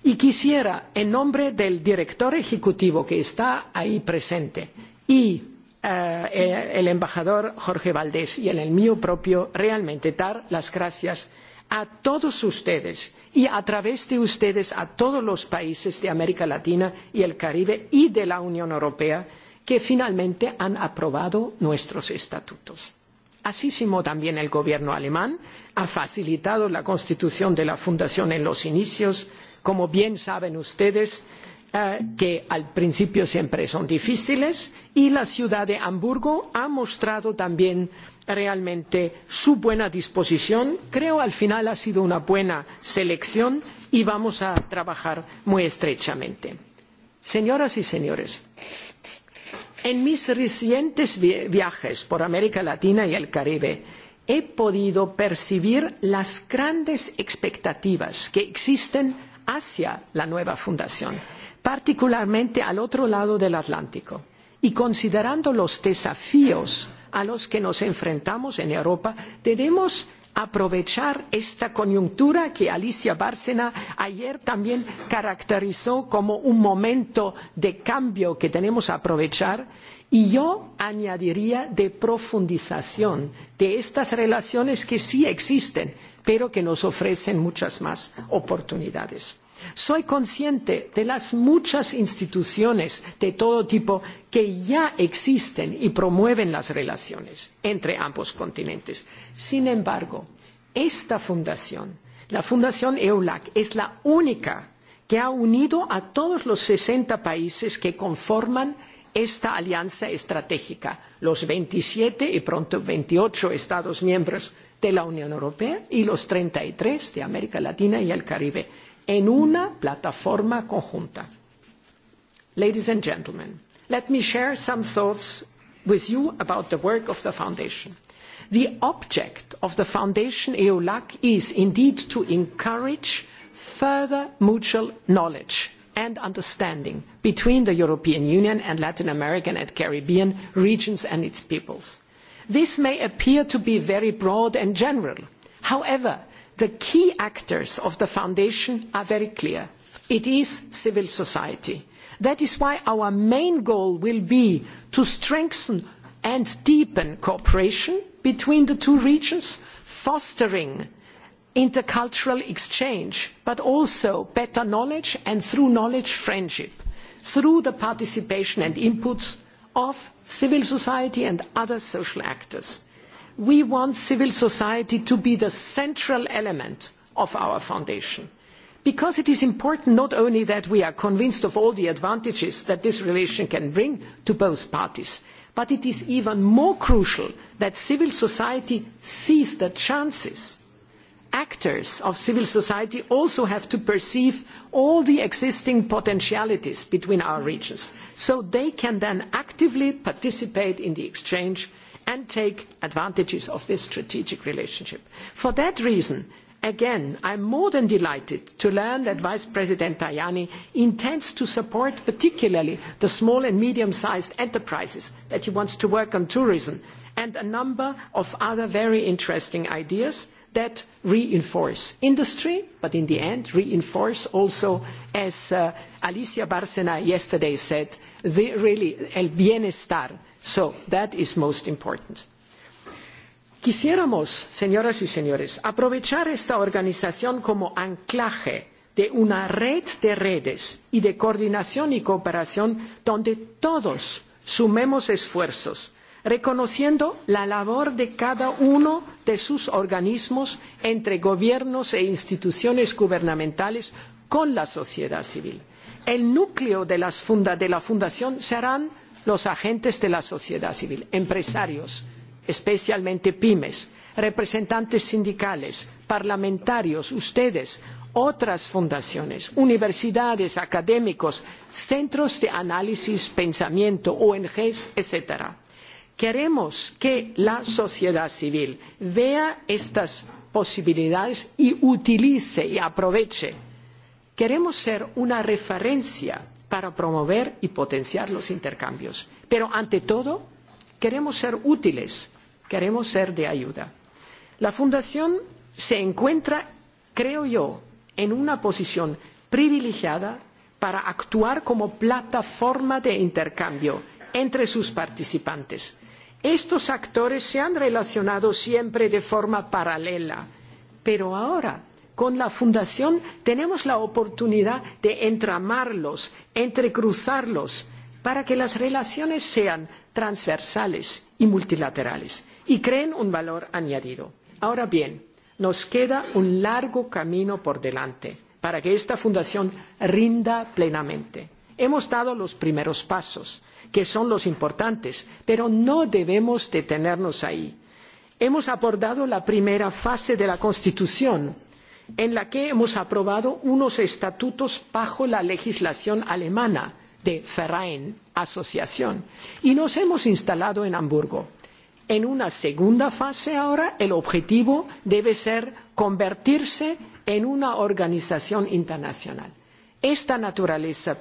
Speaker 7: Y quisiera, en nombre del director ejecutivo que está ahí presente, y eh, el embajador Jorge Valdés y en el mío propio realmente dar las gracias a todos ustedes y a través de ustedes a todos los países de América Latina y el Caribe y de la Unión Europea que finalmente han aprobado nuestros estatutos. Asísimo también el gobierno alemán ha facilitado la constitución de la fundación en los inicios. Como bien saben ustedes, eh, eh, que al principio siempre son difíciles y la ciudad de Hamburgo ha mostrado también realmente su buena disposición. Creo al final ha sido una buena selección y vamos a trabajar muy estrechamente. Señoras y señores, en mis recientes viajes por América Latina y el Caribe he podido percibir las grandes expectativas que existen hacia la nueva fundación. Sí particularmente al otro lado del Atlántico. Y considerando los desafíos a los que nos enfrentamos en Europa, debemos aprovechar esta coyuntura que Alicia Bárcena ayer también caracterizó como un momento de cambio que tenemos que aprovechar y yo añadiría de profundización de estas relaciones que sí existen, pero que nos ofrecen muchas más oportunidades. Soy consciente de las muchas instituciones de todo tipo que ya existen y promueven las relaciones entre ambos continentes. Sin embargo, esta fundación, la Fundación EULAC, es la única que ha unido a todos los 60 países que conforman esta alianza estratégica, los 27 y pronto 28 Estados miembros de la Unión Europea y los 33 de América Latina y el Caribe en una plataforma conjunta. Ladies and gentlemen, let me share some thoughts with you about the work of the Foundation. The object of the Foundation EULAC is indeed to encourage further mutual knowledge and understanding between the European Union and Latin American and Caribbean regions and its peoples. This may appear to be very broad and general. However, The key actors of the foundation are very clear. It is civil society. That is why our main goal will be to strengthen and deepen cooperation between the two regions, fostering intercultural exchange, but also better knowledge and through knowledge friendship, through the participation and inputs of civil society and other social actors we want civil society to be the central element of our foundation because it is important not only that we are convinced of all the advantages that this relation can bring to both parties but it is even more crucial that civil society sees the chances actors of civil society also have to perceive all the existing potentialities between our regions so they can then actively participate in the exchange and take advantages of this strategic relationship. For that reason, again, I'm more than delighted to learn that Vice President Tajani intends to support particularly the small and medium-sized enterprises, that he wants to work on tourism, and a number of other very interesting ideas that reinforce industry, but in the end reinforce also, as uh, Alicia Bárcena yesterday said, the really el bienestar So that is most important. Quisiéramos, señoras y señores, aprovechar esta organización como anclaje de una red de redes y de coordinación y cooperación donde todos sumemos esfuerzos, reconociendo la labor de cada uno de sus organismos entre gobiernos e instituciones gubernamentales con la sociedad civil. El núcleo de, las funda de la Fundación serán los agentes de la sociedad civil, empresarios, especialmente pymes, representantes sindicales, parlamentarios, ustedes, otras fundaciones, universidades, académicos, centros de análisis, pensamiento, ONGs, etc. Queremos que la sociedad civil vea estas posibilidades y utilice y aproveche. Queremos ser una referencia para promover y potenciar los intercambios. Pero ante todo, queremos ser útiles, queremos ser de ayuda. La Fundación se encuentra, creo yo, en una posición privilegiada para actuar como plataforma de intercambio entre sus participantes. Estos actores se han relacionado siempre de forma paralela, pero ahora con la Fundación tenemos la oportunidad de entramarlos, entrecruzarlos, para que las relaciones sean transversales y multilaterales y creen un valor añadido. Ahora bien, nos queda un largo camino por delante para que esta fundación rinda plenamente. Hemos dado los primeros pasos, que son los importantes, pero no debemos detenernos ahí. Hemos abordado la primera fase de la Constitución, en la que hemos aprobado unos estatutos bajo la legislación alemana de Verein, asociación, y nos hemos instalado en Hamburgo. En una segunda fase ahora el objetivo debe ser convertirse en una organización internacional. Esta naturaleza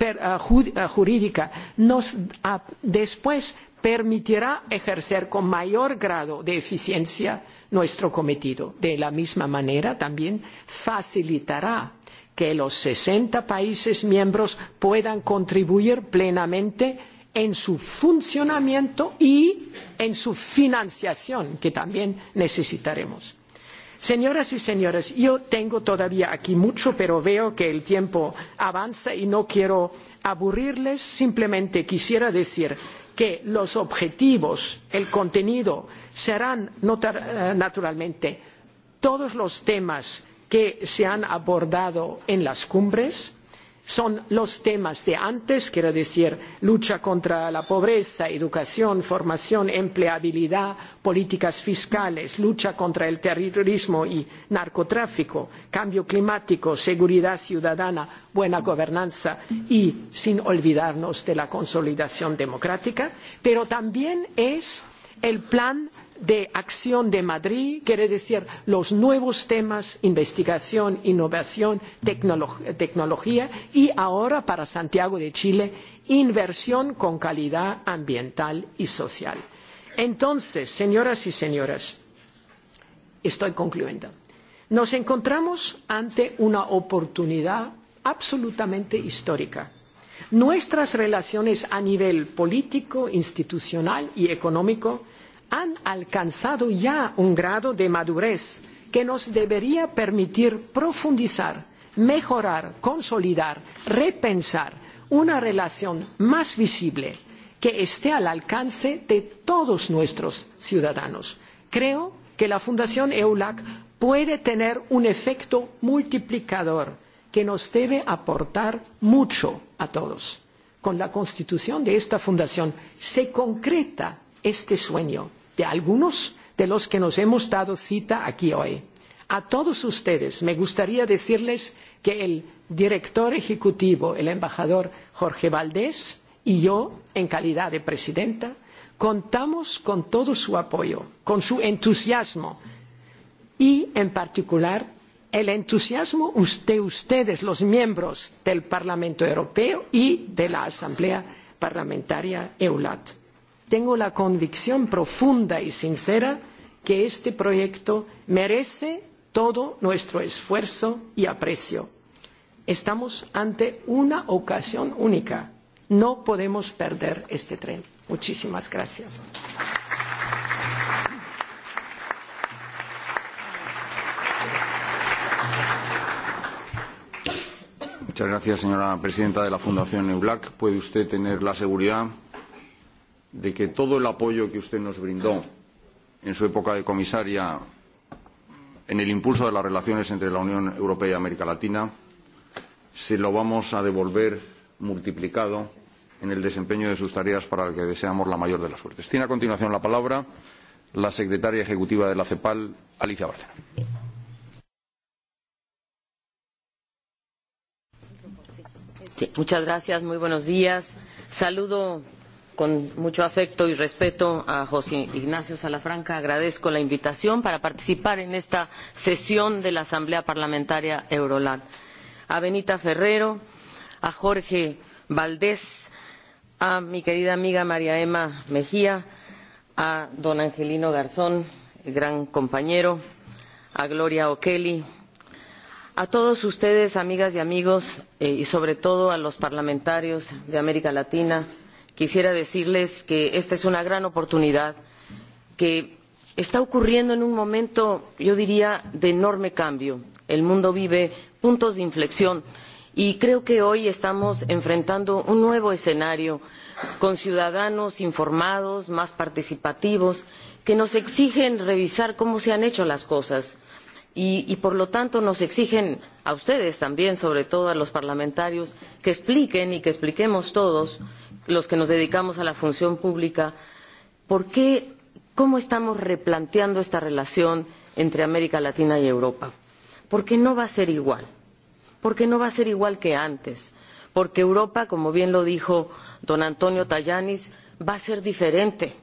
Speaker 7: per, uh, ju, uh, jurídica nos uh, después permitirá ejercer con mayor grado de eficiencia uh, nuestro cometido. De la misma manera, también facilitará que los 60 países miembros puedan contribuir plenamente en su funcionamiento y en su financiación, que también necesitaremos. Señoras y señores, yo tengo todavía aquí mucho, pero veo que el tiempo avanza y no quiero aburrirles. Simplemente quisiera decir que los objetivos, el contenido, serán notar, eh, naturalmente todos los temas que se han abordado en las cumbres, son los temas de antes, quiero decir, lucha contra la pobreza, educación, formación, empleabilidad, políticas fiscales, lucha contra el terrorismo y narcotráfico, cambio climático, seguridad ciudadana, buena gobernanza y sin olvidarnos de la consolidación democrática, pero también es el plan de acción de Madrid, quiere decir los nuevos temas, investigación, innovación, tecnolo tecnología y ahora para Santiago de Chile, inversión con calidad ambiental y social. Entonces, señoras y señores, estoy concluyendo. Nos encontramos ante una oportunidad absolutamente histórica. Nuestras relaciones a nivel político, institucional y económico han alcanzado ya un grado de madurez que nos debería permitir profundizar, mejorar, consolidar, repensar una relación más visible que esté al alcance de todos nuestros ciudadanos. Creo que la Fundación EULAC puede tener un efecto multiplicador que nos debe aportar mucho a todos. Con la constitución de esta fundación se concreta este sueño de algunos de los que nos hemos dado cita aquí hoy. A todos ustedes me gustaría decirles que el director ejecutivo, el embajador Jorge Valdés, y yo, en calidad de presidenta, contamos con todo su apoyo, con su entusiasmo y, en particular, el entusiasmo de ustedes, los miembros del Parlamento Europeo y de la Asamblea Parlamentaria EULAT tengo la convicción profunda y sincera que este proyecto merece todo nuestro esfuerzo y aprecio. Estamos ante una ocasión única. No podemos perder este tren. Muchísimas gracias.
Speaker 5: Muchas gracias, señora presidenta de la Fundación EULAC. Puede usted tener la seguridad de que todo el apoyo que usted nos brindó en su época de comisaria en el impulso de las relaciones entre la Unión Europea y América Latina se lo vamos a devolver multiplicado en el desempeño de sus tareas para el que deseamos la mayor de las suertes. Tiene a continuación la palabra la secretaria ejecutiva de la CEPAL, Alicia Bárcena.
Speaker 8: Sí, muchas gracias, muy buenos días. Saludo con mucho afecto y respeto a José Ignacio Salafranca agradezco la invitación para participar en esta sesión de la Asamblea Parlamentaria Eurolat. A Benita Ferrero, a Jorge Valdés, a mi querida amiga María Emma Mejía, a don Angelino Garzón, el gran compañero, a Gloria O'Kelly, a todos ustedes, amigas y amigos, eh, y sobre todo a los parlamentarios de América Latina, quisiera decirles que esta es una gran oportunidad que está ocurriendo en un momento, yo diría, de enorme cambio. El mundo vive puntos de inflexión y creo que hoy estamos enfrentando un nuevo escenario con ciudadanos informados, más participativos, que nos exigen revisar cómo se han hecho las cosas y, y por lo tanto nos exigen a ustedes también, sobre todo a los parlamentarios, que expliquen y que expliquemos todos los que nos dedicamos a la función pública, ¿por qué, cómo estamos replanteando esta relación entre América Latina y Europa? Porque no va a ser igual, porque no va a ser igual que antes, porque Europa, como bien lo dijo don Antonio Tallanis, va a ser diferente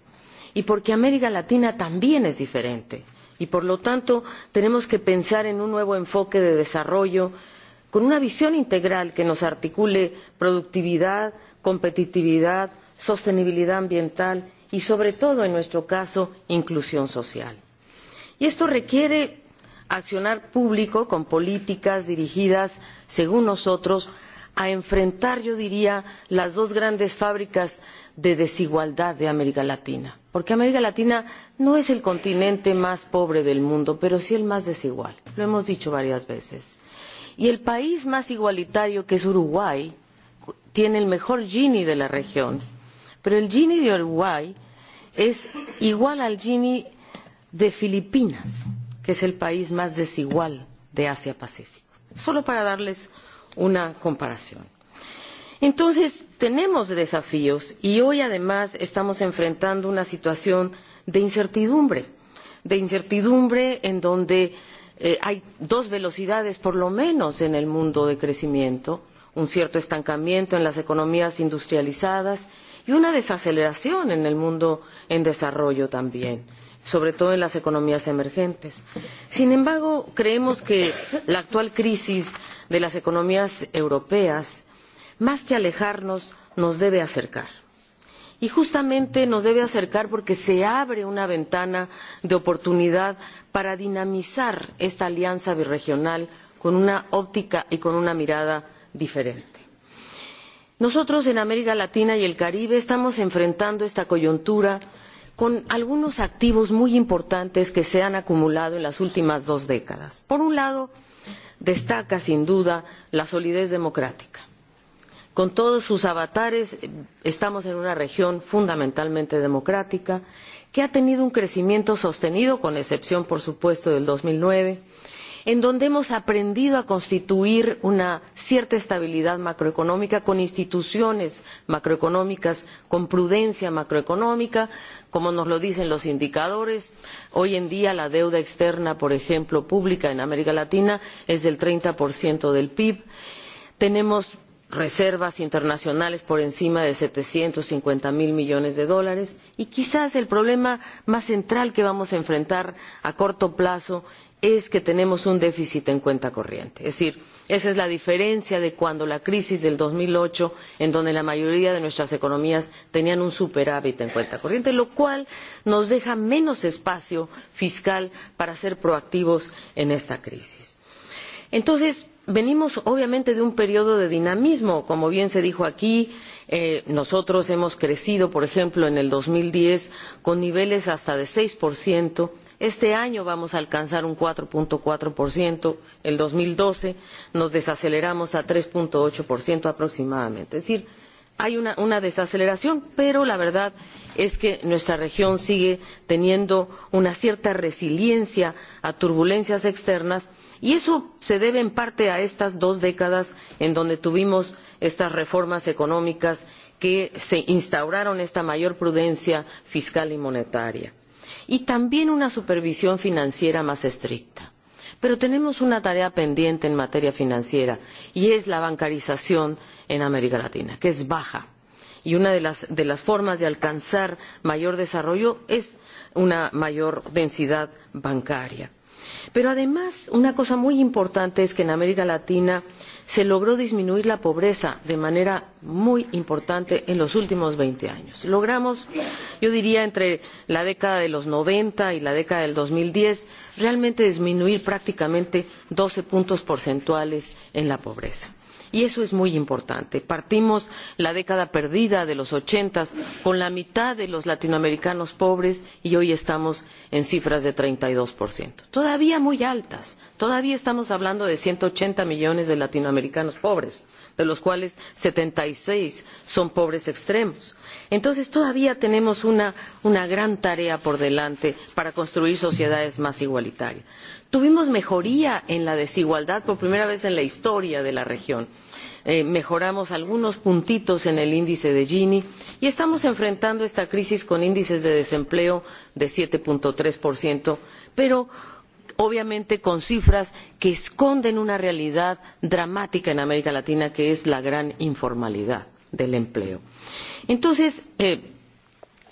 Speaker 8: y porque América Latina también es diferente y por lo tanto tenemos que pensar en un nuevo enfoque de desarrollo con una visión integral que nos articule productividad, competitividad, sostenibilidad ambiental y, sobre todo, en nuestro caso, inclusión social. Y esto requiere accionar público con políticas dirigidas, según nosotros, a enfrentar, yo diría, las dos grandes fábricas de desigualdad de América Latina. Porque América Latina no es el continente más pobre del mundo, pero sí el más desigual. Lo hemos dicho varias veces. Y el país más igualitario, que es Uruguay, tiene el mejor Gini de la región. Pero el Gini de Uruguay es igual al Gini de Filipinas, que es el país más desigual de Asia-Pacífico. Solo para darles una comparación. Entonces, tenemos desafíos y hoy además estamos enfrentando una situación de incertidumbre, de incertidumbre en donde eh, hay dos velocidades por lo menos en el mundo de crecimiento un cierto estancamiento en las economías industrializadas y una desaceleración en el mundo en desarrollo también sobre todo en las economías emergentes. Sin embargo, creemos que la actual crisis de las economías europeas, más que alejarnos, nos debe acercar. Y justamente nos debe acercar porque se abre una ventana de oportunidad para dinamizar esta alianza birregional con una óptica y con una mirada diferente. Nosotros en América Latina y el Caribe estamos enfrentando esta coyuntura con algunos activos muy importantes que se han acumulado en las últimas dos décadas. Por un lado, destaca sin duda la solidez democrática. Con todos sus avatares eh, estamos en una región fundamentalmente democrática que ha tenido un crecimiento sostenido, con excepción, por supuesto, del 2009, en donde hemos aprendido a constituir una cierta estabilidad macroeconómica con instituciones macroeconómicas, con prudencia macroeconómica, como nos lo dicen los indicadores. Hoy en día la deuda externa, por ejemplo, pública en América Latina es del 30% del PIB. Tenemos reservas internacionales por encima de setecientos cincuenta cero millones de dólares y quizás el problema más central que vamos a enfrentar a corto plazo es que tenemos un déficit en cuenta corriente. Es decir, esa es la diferencia de cuando la crisis del 2008, en donde la mayoría de nuestras economías tenían un superávit en cuenta corriente, lo cual nos deja menos espacio fiscal para ser proactivos en esta crisis. Entonces, venimos obviamente de un periodo de dinamismo, como bien se dijo aquí, eh, nosotros hemos crecido, por ejemplo, en el 2010 con niveles hasta de 6%, Este año vamos a alcanzar un 4.4%, el 2012 nos desaceleramos a 3.8% aproximadamente. Es decir, hay una, una desaceleración, pero la verdad es que nuestra región sigue teniendo una cierta resiliencia a turbulencias externas y eso se debe en parte a estas dos décadas en donde tuvimos estas reformas económicas que se instauraron esta mayor prudencia fiscal y monetaria y también una supervisión financiera más estricta. Pero tenemos una tarea pendiente en materia financiera y es la bancarización en América Latina, que es baja. Y una de las, de las formas de alcanzar mayor desarrollo es una mayor densidad bancaria. Pero además, una cosa muy importante es que en América Latina eh, se logró disminuir la pobreza de manera muy importante en los últimos 20 años. Logramos, yo diría, entre la década de los 90 y la década del 2010, realmente disminuir prácticamente 12 puntos porcentuales en la pobreza y eso es muy importante. Partimos la década perdida de los ochentas con la mitad de los latinoamericanos pobres y hoy estamos en cifras de treinta y dos todavía muy altas todavía estamos hablando de ciento ochenta millones de latinoamericanos pobres de los cuales setenta y seis son pobres extremos. entonces todavía tenemos una, una gran tarea por delante para construir sociedades más igualitarias. tuvimos mejoría en la desigualdad por primera vez en la historia de la región eh, mejoramos algunos puntitos en el índice de Gini y estamos enfrentando esta crisis con índices de desempleo de 7.3%, pero obviamente con cifras que esconden una realidad dramática en América Latina, que es la gran informalidad del empleo. Entonces, eh,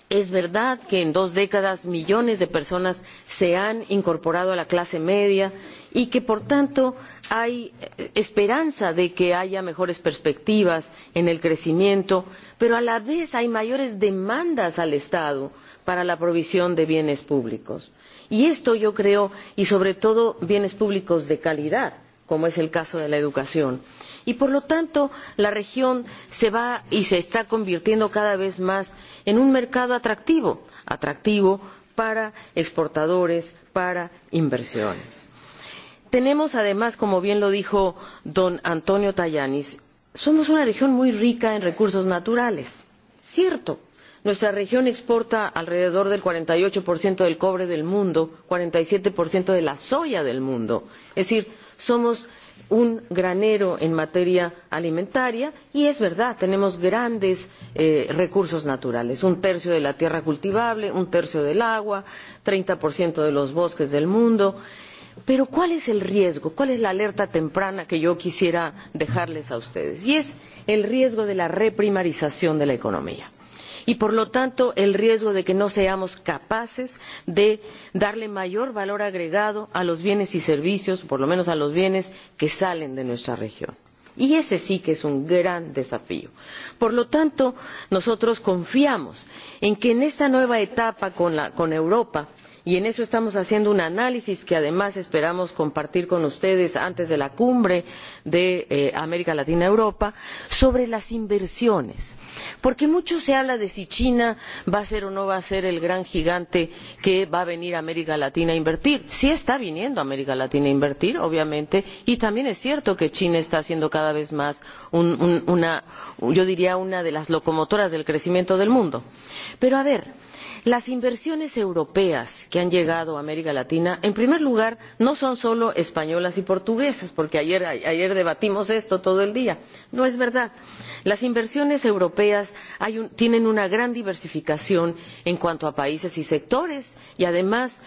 Speaker 8: Es verdad que en dos décadas millones de personas se han incorporado a la clase media y que, por tanto, hay eh, esperanza de que haya mejores perspectivas en el crecimiento, pero a la vez hay mayores demandas al Estado para la provisión de bienes públicos. Y esto yo creo, y sobre todo bienes públicos de calidad, como es el caso de la educación. Eh, y por lo tanto la región se va y se está convirtiendo cada vez más en un mercado atractivo atractivo para exportadores para inversiones. tenemos además como bien lo dijo don antonio tajanis somos una región muy rica en recursos naturales cierto nuestra región exporta alrededor del cuarenta y ocho del cobre del mundo cuarenta y siete de la soya del mundo es decir somos un granero en materia alimentaria y es verdad tenemos grandes eh, recursos naturales un tercio de la tierra cultivable un tercio del agua treinta de los bosques del mundo pero cuál es el riesgo cuál es la alerta temprana que yo quisiera dejarles a ustedes y es el riesgo de la reprimarización de la economía y por lo tanto el riesgo de que no seamos capaces de darle mayor valor agregado a los bienes y servicios, por lo menos a los bienes que salen de nuestra región. Y ese sí que es un gran desafío. Por lo tanto, nosotros confiamos en que en esta nueva etapa con, la, con Europa, y en eso estamos haciendo un análisis que además esperamos compartir con ustedes antes de la cumbre de eh, América Latina Europa sobre las inversiones porque mucho se habla de si China va a ser o no va a ser el gran gigante que va a venir a América Latina a invertir sí está viniendo a América Latina a invertir obviamente y también es cierto que China está siendo cada vez más un, un, una yo diría una de las locomotoras del crecimiento del mundo pero a ver Las inversiones europeas que han llegado a América Latina, en primer lugar, no son solo españolas y portuguesas, porque ayer, ayer debatimos esto todo el día. No es verdad. Las inversiones europeas hay un, tienen una gran diversificación en cuanto a países y sectores y además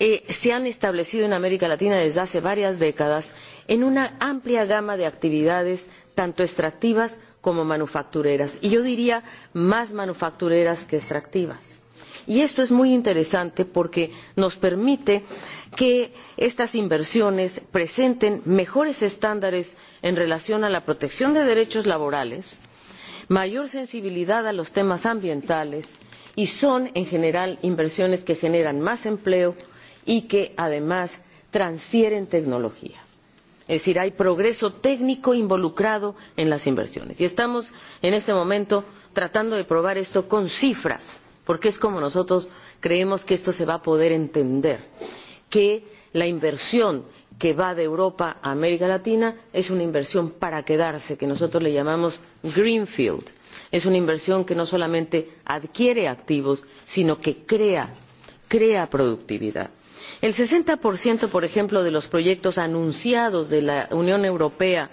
Speaker 8: eh, se han establecido en América Latina desde hace varias décadas en una amplia gama de actividades, tanto extractivas como manufactureras. Y yo diría más manufactureras que extractivas y esto es muy interesante porque nos permite que estas inversiones presenten mejores estándares en relación con la protección de derechos laborales mayor sensibilidad a los temas ambientales y son en general inversiones que generan más empleo y que además transfieren tecnología. Es decir, hay progreso técnico involucrado en las inversiones. Y estamos en este momento tratando de probar esto con cifras porque es como nosotros creemos que esto se va a poder entender, que la inversión que va de Europa a América Latina es una inversión para quedarse, que nosotros le llamamos Greenfield. Es una inversión que no solamente adquiere activos, sino que crea, crea productividad. El 60%, por ejemplo, de los proyectos anunciados de la Unión Europea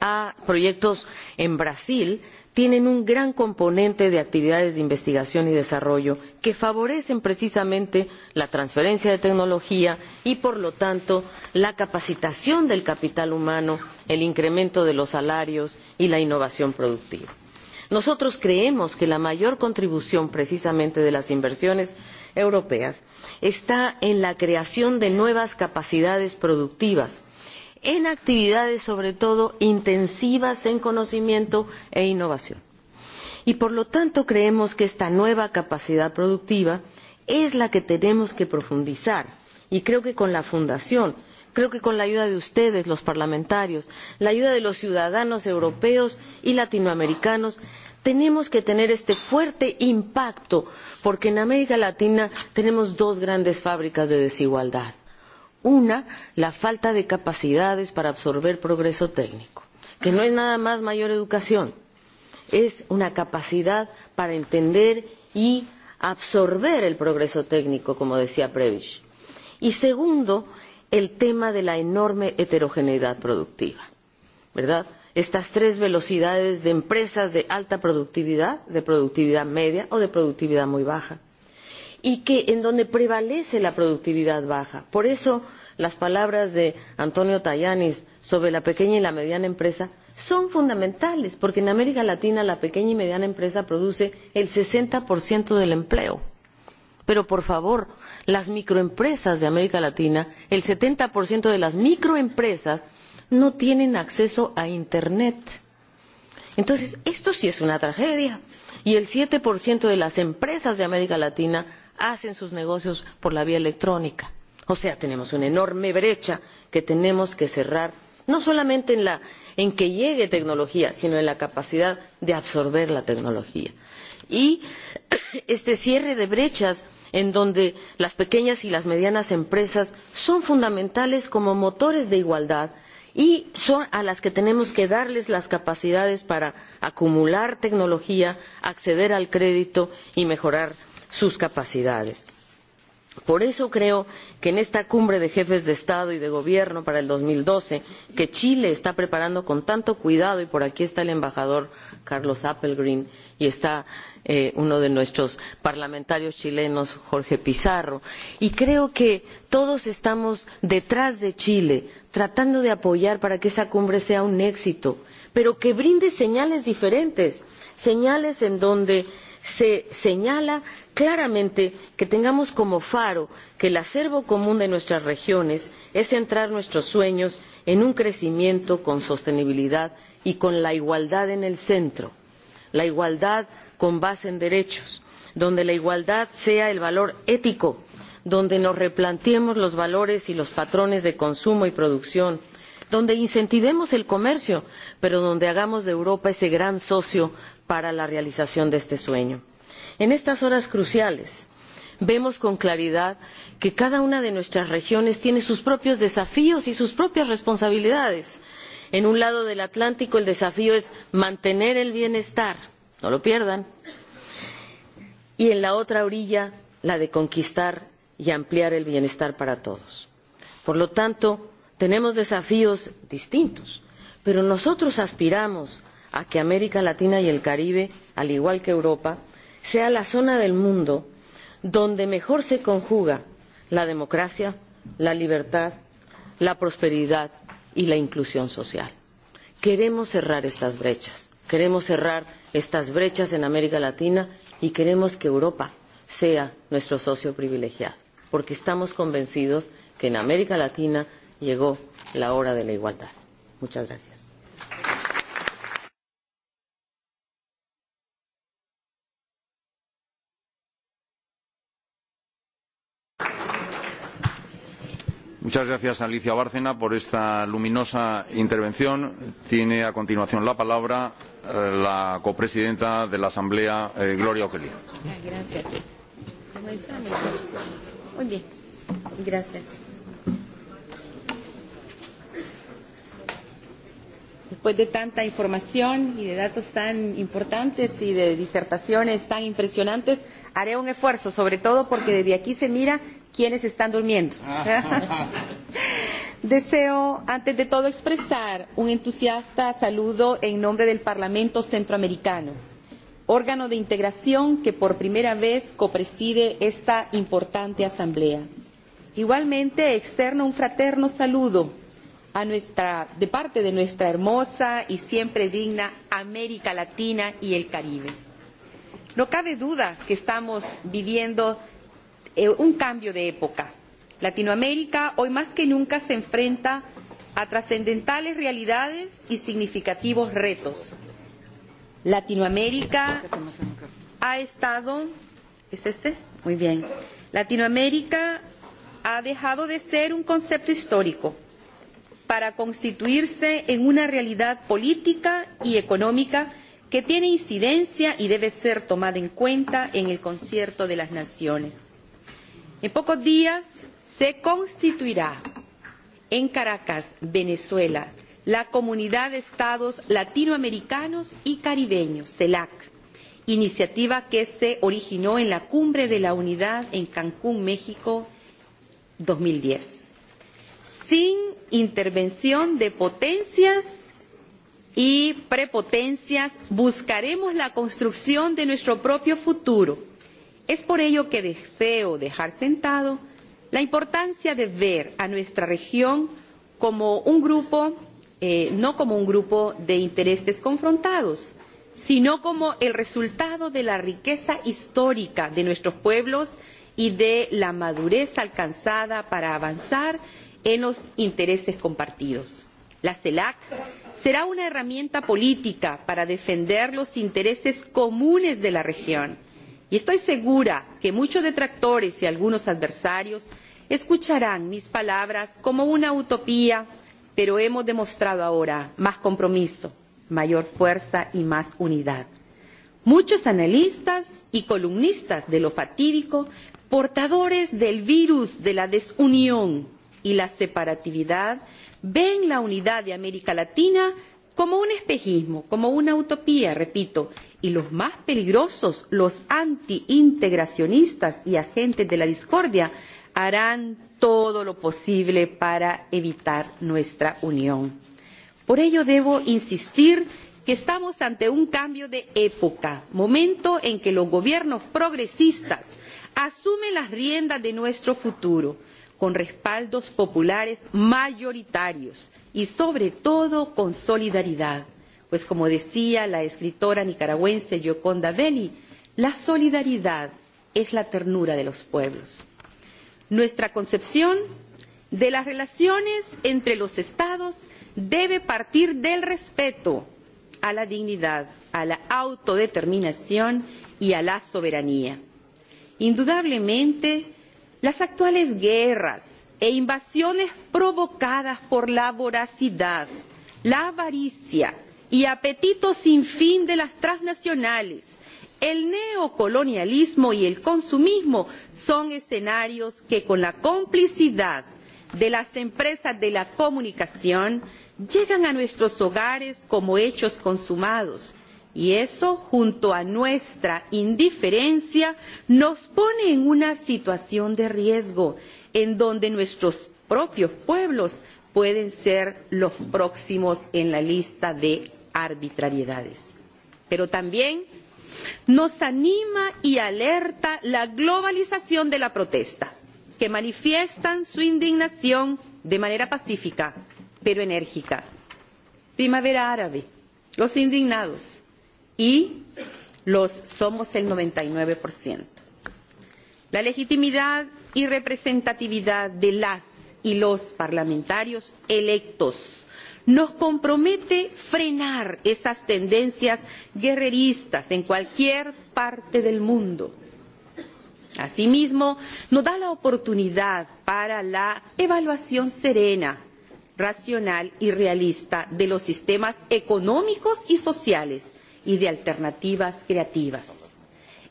Speaker 8: a proyectos en Brasil tienen un gran componente de actividades de investigación y desarrollo que favorecen precisamente la transferencia de tecnología y, por lo tanto, la capacitación del capital humano, el incremento de los salarios y la innovación productiva. Nosotros creemos que la mayor contribución precisamente de las inversiones europeas está en la creación de nuevas capacidades productivas en actividades sobre todo intensivas en conocimiento e innovación. Y por lo tanto creemos que esta nueva capacidad productiva es la que tenemos que profundizar y creo que con la fundación creo que con la ayuda de ustedes los parlamentarios la ayuda de los ciudadanos europeos y latinoamericanos tenemos que tener este fuerte impacto porque en américa latina tenemos dos grandes fábricas de desigualdad Una, la falta de capacidades para absorber progreso técnico, que no es nada más mayor educación, es una capacidad para entender y absorber el progreso técnico, como decía Prevish. Y segundo, el tema de la enorme heterogeneidad productiva, ¿verdad? Estas tres velocidades de empresas de alta productividad, de productividad media o de productividad muy baja y que en donde prevalece la productividad baja. Por eso las palabras de Antonio Tayanis sobre la pequeña y la mediana empresa son fundamentales, porque en América Latina la pequeña y mediana empresa produce el 60% del empleo. Pero por favor, las microempresas de América Latina, el 70% de las microempresas no tienen acceso a Internet. Entonces, esto sí es una tragedia. Y el 7% de las empresas de América Latina hacen sus negocios por la vía electrónica. O sea, tenemos una enorme brecha que tenemos que cerrar, no solamente en, la, en que llegue tecnología, sino en la capacidad de absorber la tecnología. Y [clears throat] este cierre de brechas en donde las pequeñas y las medianas empresas son fundamentales como motores de igualdad y son a las que tenemos que darles las capacidades para acumular tecnología, acceder al crédito y mejorar sus capacidades. Por eso creo que en esta cumbre de jefes de Estado y de Gobierno para el 2012, que Chile está preparando con tanto cuidado, y por aquí está el embajador Carlos Appelgreen y está eh, uno de nuestros parlamentarios chilenos, Jorge Pizarro, y creo que todos estamos detrás de Chile, tratando de apoyar para que esa cumbre sea un éxito, pero que brinde señales diferentes, señales en donde se señala claramente que tengamos como faro que el acervo común de nuestras regiones es centrar nuestros sueños en un crecimiento con sostenibilidad y con la igualdad en el centro la igualdad con base en derechos donde la igualdad sea el valor ético donde nos replanteemos los valores y los patrones de consumo y producción donde incentivemos el comercio pero donde hagamos de europa ese gran socio para la realización de este sueño. En estas horas cruciales vemos con claridad que cada una de nuestras regiones tiene sus propios desafíos y sus propias responsabilidades. En un lado del Atlántico el desafío es mantener el bienestar, no lo pierdan, y en la otra orilla la de conquistar y ampliar el bienestar para todos. Por lo tanto, tenemos desafíos distintos, pero nosotros aspiramos a que América Latina y el Caribe, al igual que Europa, sea la zona del mundo donde mejor se conjuga la democracia, la libertad, la prosperidad y la inclusión social. Queremos cerrar estas brechas, queremos cerrar estas brechas en América Latina y queremos que Europa sea nuestro socio privilegiado, porque estamos convencidos que en América Latina llegó la hora de la igualdad. Muchas gracias.
Speaker 5: Muchas gracias a Alicia Bárcena por esta luminosa intervención. Tiene a continuación la palabra eh, la copresidenta de la Asamblea, eh, Gloria O'Kelly. Ah,
Speaker 9: gracias. Muy bien. Gracias.
Speaker 10: Después de tanta información y de datos tan importantes y de disertaciones tan impresionantes, haré un esfuerzo, sobre todo porque desde aquí se mira quienes están durmiendo. [laughs] Deseo, antes de todo, expresar un entusiasta saludo en nombre del Parlamento Centroamericano, órgano de integración que por primera vez copreside esta importante asamblea. Igualmente, externo un fraterno saludo a nuestra, de parte de nuestra hermosa y siempre digna América Latina y el Caribe. No cabe duda que estamos viviendo eh, un cambio de época. Latinoamérica hoy más que nunca se enfrenta a trascendentales realidades y significativos retos. Latinoamérica ha estado ¿Es este? Muy bien. Latinoamérica ha dejado de ser un concepto histórico para constituirse en una realidad política y económica que tiene incidencia y debe ser tomada en cuenta en el concierto de las naciones. En pocos días se constituirá en Caracas, Venezuela, la Comunidad de Estados Latinoamericanos y Caribeños, CELAC, iniciativa que se originó en la Cumbre de la Unidad en Cancún, México, 2010, sin intervención de potencias y prepotencias, buscaremos la construcción de nuestro propio futuro Es por ello que deseo dejar sentado la importancia de ver a nuestra región como un grupo, eh, no como un grupo de intereses confrontados, sino como el resultado de la riqueza histórica de nuestros pueblos y de la madurez alcanzada para avanzar en los intereses compartidos. La CELAC será una herramienta política para defender los intereses comunes de la región Y estoy segura que muchos detractores y algunos adversarios escucharán mis palabras como una utopía, pero hemos demostrado ahora más compromiso, mayor fuerza y más unidad. Muchos analistas y columnistas de lo fatídico, portadores del virus de la desunión y la separatividad, ven la unidad de América Latina como un espejismo, como una utopía, repito, y los más peligrosos, los antiintegracionistas y agentes de la discordia, harán todo lo posible para evitar nuestra unión. Por ello debo insistir que estamos ante un cambio de época, momento en que los gobiernos progresistas asumen las riendas de nuestro futuro con respaldos populares mayoritarios y sobre todo con solidaridad. Pues como decía la escritora nicaragüense Gioconda Belli, la solidaridad es la ternura de los pueblos. Nuestra concepción de las relaciones entre los estados debe partir del respeto a la dignidad, a la autodeterminación y a la soberanía. Indudablemente, Las actuales guerras e invasiones provocadas por la voracidad, la avaricia y apetito sin fin de las transnacionales, el neocolonialismo y el consumismo son escenarios que con la complicidad de las empresas de la comunicación llegan a nuestros hogares como hechos consumados Y eso, junto a nuestra indiferencia, nos pone en una situación de riesgo, en donde nuestros propios pueblos pueden ser los próximos en la lista de arbitrariedades. Pero también nos anima y alerta la globalización de la protesta, que manifiestan su indignación de manera pacífica, pero enérgica. Primavera árabe, los indignados, y los somos el 99%. La legitimidad y representatividad de las y los parlamentarios electos nos compromete frenar esas tendencias guerreristas en cualquier parte del mundo. Asimismo, nos da la oportunidad para la evaluación serena, racional y realista de los sistemas económicos y sociales y de alternativas creativas.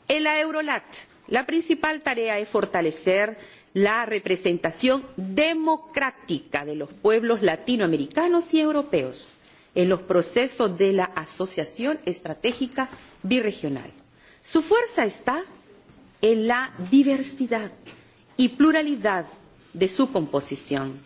Speaker 10: En la Eurolat, la principal tarea es fortalecer la representación democrática de los pueblos latinoamericanos y europeos en los procesos de la Asociación Estratégica Birregional. Su fuerza está en la diversidad y pluralidad de su composición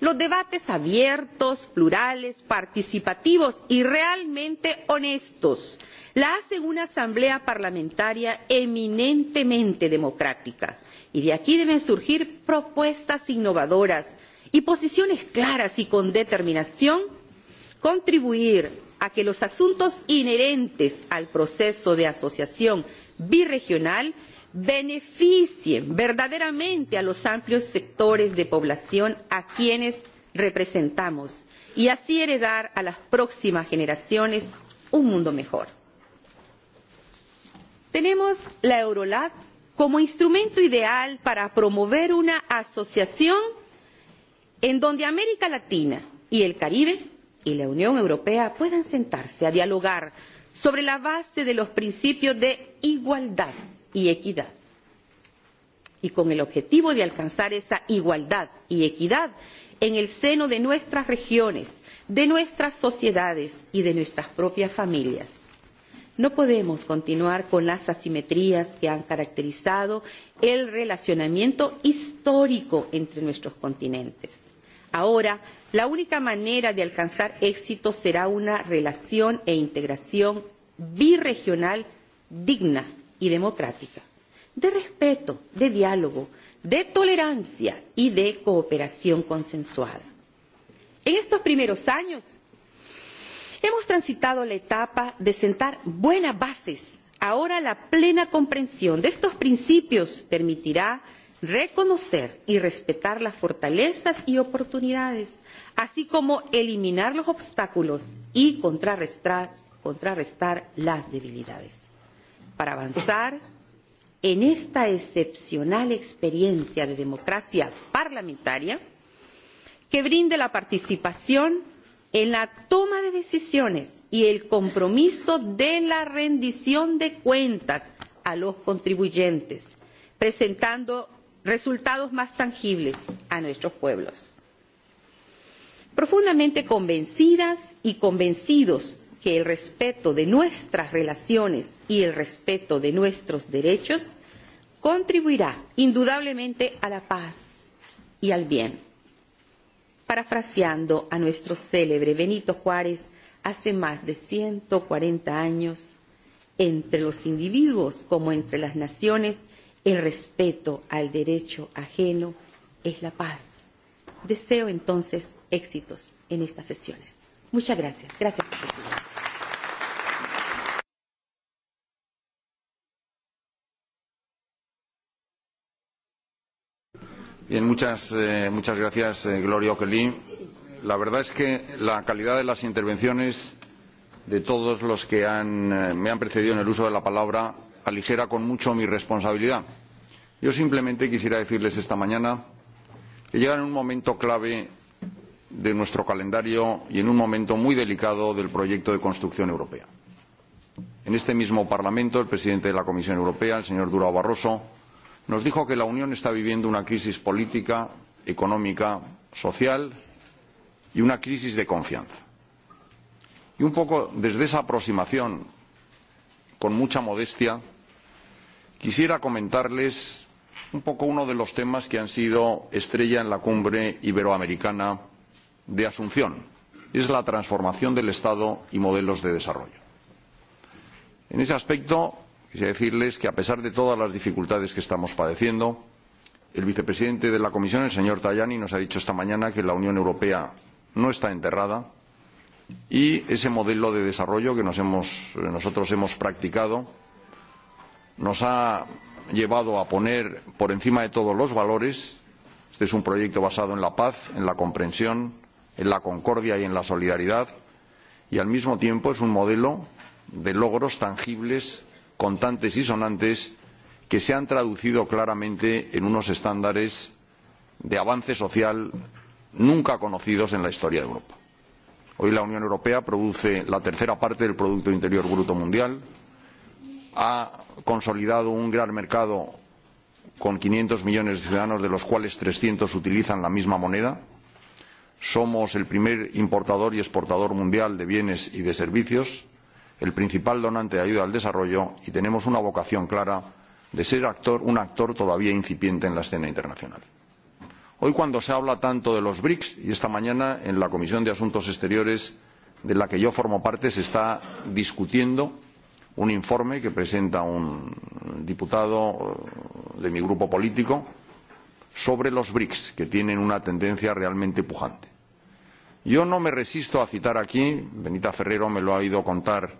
Speaker 10: los debates abiertos, plurales, participativos y realmente honestos la hacen una asamblea parlamentaria eminentemente democrática. Y de aquí deben surgir propuestas innovadoras y posiciones claras y con determinación, contribuir a que los asuntos inherentes al proceso de asociación birregional beneficien verdaderamente a los amplios sectores de población a quienes representamos y así heredar a las próximas generaciones un mundo mejor. Tenemos la Eurolat como instrumento ideal para promover una asociación en donde América Latina y el Caribe y la Unión Europea puedan sentarse a dialogar sobre la base de los principios de igualdad y equidad. Y con el objetivo de alcanzar esa igualdad y equidad en el seno de nuestras regiones, de nuestras sociedades y de nuestras propias familias. No podemos continuar con las asimetrías que han caracterizado el relacionamiento histórico entre nuestros continentes. Ahora, la única manera de alcanzar éxito será una relación e integración birregional digna y democrática, de respeto, de diálogo, de tolerancia y de cooperación consensuada. En estos primeros años hemos transitado la etapa de sentar buenas bases. Ahora la plena comprensión de estos principios permitirá reconocer y respetar las fortalezas y oportunidades, así como eliminar los obstáculos y contrarrestar, contrarrestar las debilidades para avanzar en esta excepcional experiencia de democracia parlamentaria que brinde la participación en la toma de decisiones y el compromiso de la rendición de cuentas a los contribuyentes, presentando resultados más tangibles a nuestros pueblos. Profundamente convencidas y convencidos que el respeto de nuestras relaciones y el respeto de nuestros derechos contribuirá indudablemente a la paz y al bien. Parafraseando a nuestro célebre Benito Juárez hace más de 140 años, entre los individuos como entre las naciones, el respeto al derecho ajeno es la paz. Deseo entonces éxitos en estas sesiones. Muchas gracias. Gracias.
Speaker 5: Bien, muchas, eh, muchas gracias, eh, Gloria Oquelí. La verdad es que la calidad de las intervenciones de todos los que han, eh, me han precedido en el uso de la palabra aligera con mucho mi responsabilidad. Yo simplemente quisiera decirles esta mañana que llegan en un momento clave de nuestro calendario y en un momento muy delicado del proyecto de construcción europea. En este mismo Parlamento, el presidente de la Comisión Europea, el señor Durao Barroso, nos dijo que la Unión está viviendo una crisis política, económica, social y una crisis de confianza. Y un poco desde esa aproximación, con mucha modestia, quisiera comentarles un poco uno de los temas que han sido estrella en la cumbre iberoamericana de Asunción. Es la transformación del Estado y modelos de desarrollo. En ese aspecto, Quisiera decirles que, a pesar de todas las dificultades que estamos padeciendo, el vicepresidente de la Comisión, el señor Tajani, nos ha dicho esta mañana que la Unión Europea no está enterrada y ese modelo de desarrollo que nos hemos, nosotros hemos practicado nos ha llevado a poner por encima de todos los valores este es un proyecto basado en la paz, en la comprensión, en la concordia y en la solidaridad y al mismo tiempo es un modelo de logros tangibles contantes y sonantes que se han traducido claramente en unos estándares de avance social nunca conocidos en la historia de Europa. Hoy la Unión Europea produce la tercera parte del Producto Interior Bruto Mundial, ha consolidado un gran mercado con 500 millones de ciudadanos, de los cuales 300 utilizan la misma moneda. Somos el primer importador y exportador mundial de bienes y de servicios el principal donante de ayuda al desarrollo y tenemos una vocación clara de ser actor, un actor todavía incipiente en la escena internacional. Hoy cuando se habla tanto de los BRICS y esta mañana en la Comisión de Asuntos Exteriores de la que yo formo parte se está discutiendo un informe que presenta un diputado eh, de mi grupo político sobre los BRICS, que tienen una tendencia realmente pujante. Yo no me resisto a citar aquí, Benita Ferrero me lo ha oído contar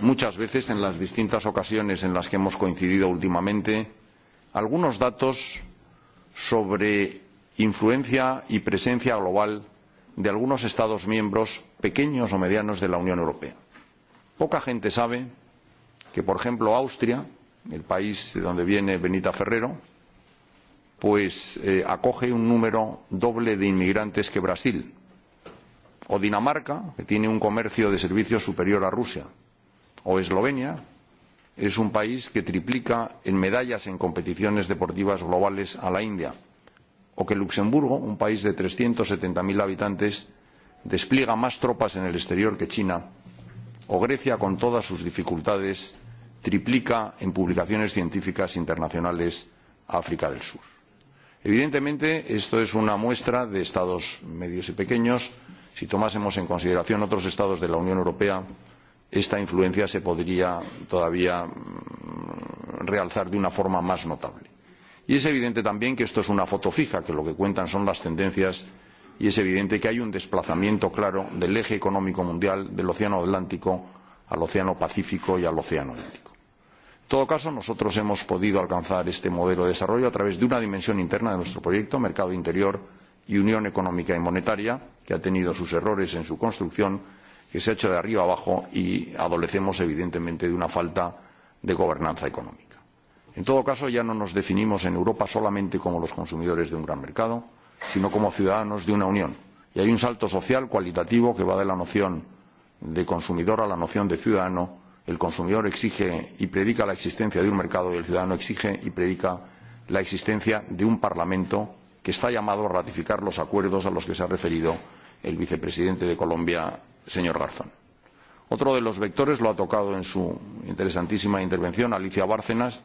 Speaker 5: muchas veces en las distintas ocasiones en las que hemos coincidido últimamente algunos datos sobre influencia y presencia global de algunos Estados miembros pequeños o medianos de la Unión Europea. Poca gente sabe que, por ejemplo, Austria, el país de donde viene Benita Ferrero, pues eh, acoge un número doble de inmigrantes que Brasil. O Dinamarca, que tiene un comercio de servicios superior a Rusia o Eslovenia es un país que triplica en medallas en competiciones deportivas globales a la India, o que Luxemburgo, un país de 370.000 habitantes, despliega más tropas en el exterior que China, o Grecia, con todas sus dificultades, triplica en publicaciones científicas internacionales a África del Sur. Evidentemente, esto es una muestra de estados medios y pequeños. Si tomásemos en consideración otros estados de la Unión Europea, esta influencia se podría todavía mm, realzar de una forma más notable. Y es evidente también que esto es una foto fija, que lo que cuentan son las tendencias y es evidente que hay un desplazamiento claro del eje económico mundial del Océano Atlántico al Océano Pacífico y al Océano Índico. En todo caso, nosotros hemos podido alcanzar este modelo de desarrollo a través de una dimensión interna de nuestro proyecto, mercado interior y unión económica y monetaria, que ha tenido sus errores en su construcción, que se ha hecho de arriba abajo y adolecemos evidentemente de una falta de gobernanza económica. En todo caso, ya no nos definimos en Europa solamente como los consumidores de un gran mercado, sino como ciudadanos de una Unión. Y hay un salto social cualitativo que va de la noción de consumidor a la noción de ciudadano. El consumidor exige y predica la existencia de un mercado y el ciudadano exige y predica la existencia de un Parlamento que está llamado a ratificar los acuerdos a los que se ha referido el vicepresidente de Colombia señor Garzón. Otro de los vectores, lo ha tocado en su interesantísima intervención Alicia Bárcenas,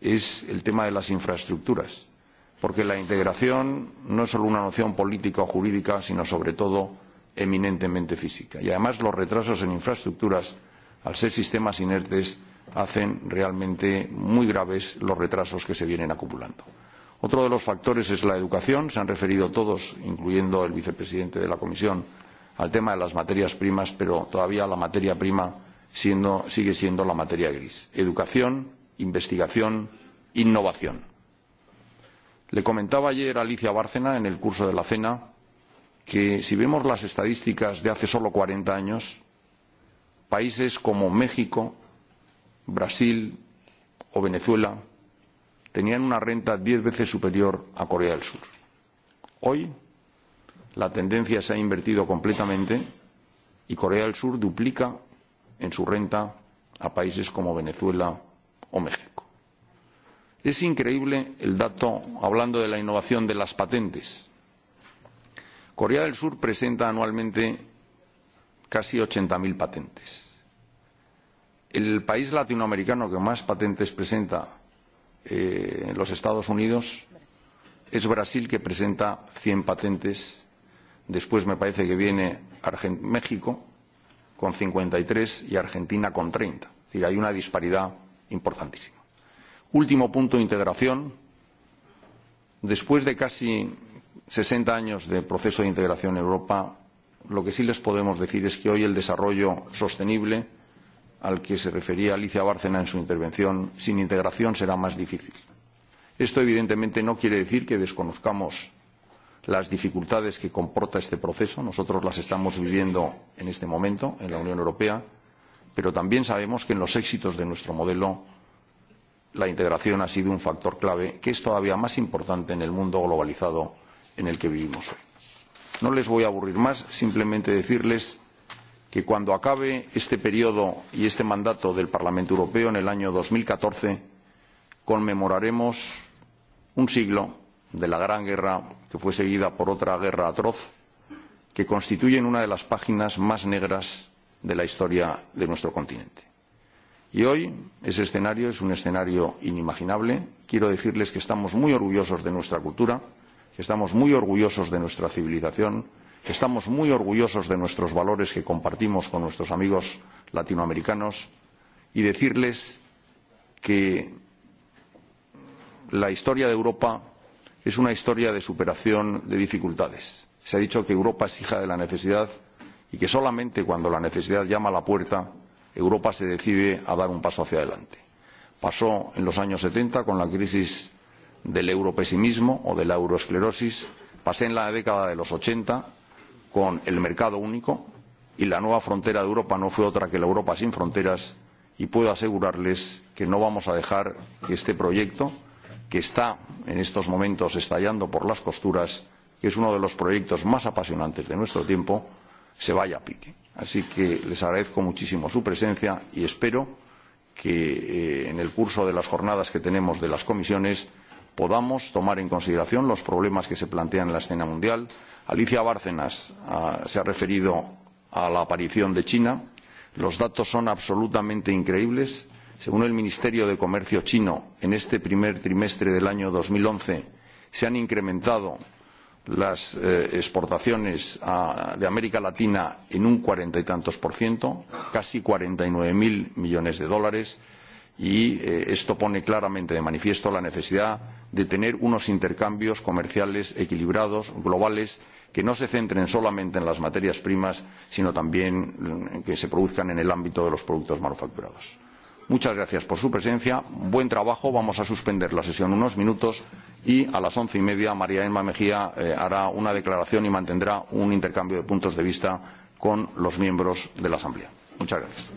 Speaker 5: es el tema de las infraestructuras, porque la integración no es solo una noción política o jurídica, sino sobre todo eminentemente física. Y además los retrasos en infraestructuras, al ser sistemas inertes, hacen realmente muy graves los retrasos que se vienen acumulando. Otro de los factores es la educación. Se han referido todos, incluyendo el vicepresidente de la Comisión, al tema de las materias primas, pero todavía la materia prima siendo, sigue siendo la materia gris. Educación, investigación, innovación. Le comentaba ayer a Alicia Bárcena en el curso de la cena que si vemos las estadísticas de hace solo 40 años, países como México, Brasil o Venezuela tenían una renta diez veces superior a Corea del Sur. Hoy la tendencia se ha invertido completamente y Corea del Sur duplica en su renta a países como Venezuela o México. Es increíble el dato hablando de la innovación de las patentes. Corea del Sur presenta anualmente casi 80.000 patentes. El país latinoamericano que más patentes presenta eh, en los Estados Unidos es Brasil, que presenta 100 patentes Después me parece que viene Argent México con 53 y Argentina con 30. Es decir, hay una disparidad importantísima. Último punto, integración. Después de casi 60 años de proceso de integración en Europa, lo que sí les podemos decir es que hoy el desarrollo sostenible al que se refería Alicia Bárcena en su intervención, sin integración será más difícil. Esto evidentemente no quiere decir que desconozcamos las dificultades que comporta este proceso. Nosotros las estamos viviendo en este momento en la Unión Europea, pero también sabemos que en los éxitos de nuestro modelo la integración ha sido un factor clave que es todavía más importante en el mundo globalizado en el que vivimos hoy. No les voy a aburrir más, simplemente decirles que cuando acabe este periodo y este mandato del Parlamento Europeo en el año 2014 conmemoraremos un siglo de la Gran Guerra que fue seguida por otra guerra atroz, que constituyen una de las páginas más negras de la historia de nuestro continente. Y hoy ese escenario es un escenario inimaginable. Quiero decirles que estamos muy orgullosos de nuestra cultura, que estamos muy orgullosos de nuestra civilización, que estamos muy orgullosos de nuestros valores que compartimos con nuestros amigos latinoamericanos y decirles que la historia de Europa es una historia de superación de dificultades. Se ha dicho que Europa es hija de la necesidad y que solamente cuando la necesidad llama a la puerta, Europa se decide a dar un paso hacia adelante. Pasó en los años 70 con la crisis del europesimismo o de la euroesclerosis, pasé en la década de los 80 con el mercado único y la nueva frontera de Europa no fue otra que la Europa sin fronteras y puedo asegurarles que no vamos a dejar que este proyecto que está en estos momentos estallando por las costuras, que es uno de los proyectos más apasionantes de nuestro tiempo, se vaya a pique. Así que les agradezco muchísimo su presencia y espero que eh, en el curso de las jornadas que tenemos de las comisiones podamos tomar en consideración los problemas que se plantean en la escena mundial. Alicia Bárcenas uh, se ha referido a la aparición de China. Los datos son absolutamente increíbles. Según el Ministerio de Comercio chino, en este primer trimestre del año 2011 se han incrementado las eh, exportaciones a, de América Latina en un cuarenta y tantos por ciento, casi 49 mil millones de dólares, y eh, esto pone claramente de manifiesto la necesidad de tener unos intercambios comerciales equilibrados, globales, que no se centren solamente en las materias primas, sino también mm, que se produzcan en el ámbito de los productos manufacturados. Muchas gracias por su presencia. Buen trabajo. Vamos a suspender la sesión unos minutos y a las once y media María Elma Mejía eh, hará una declaración y mantendrá un intercambio de puntos de vista con los miembros de la Asamblea. Muchas gracias.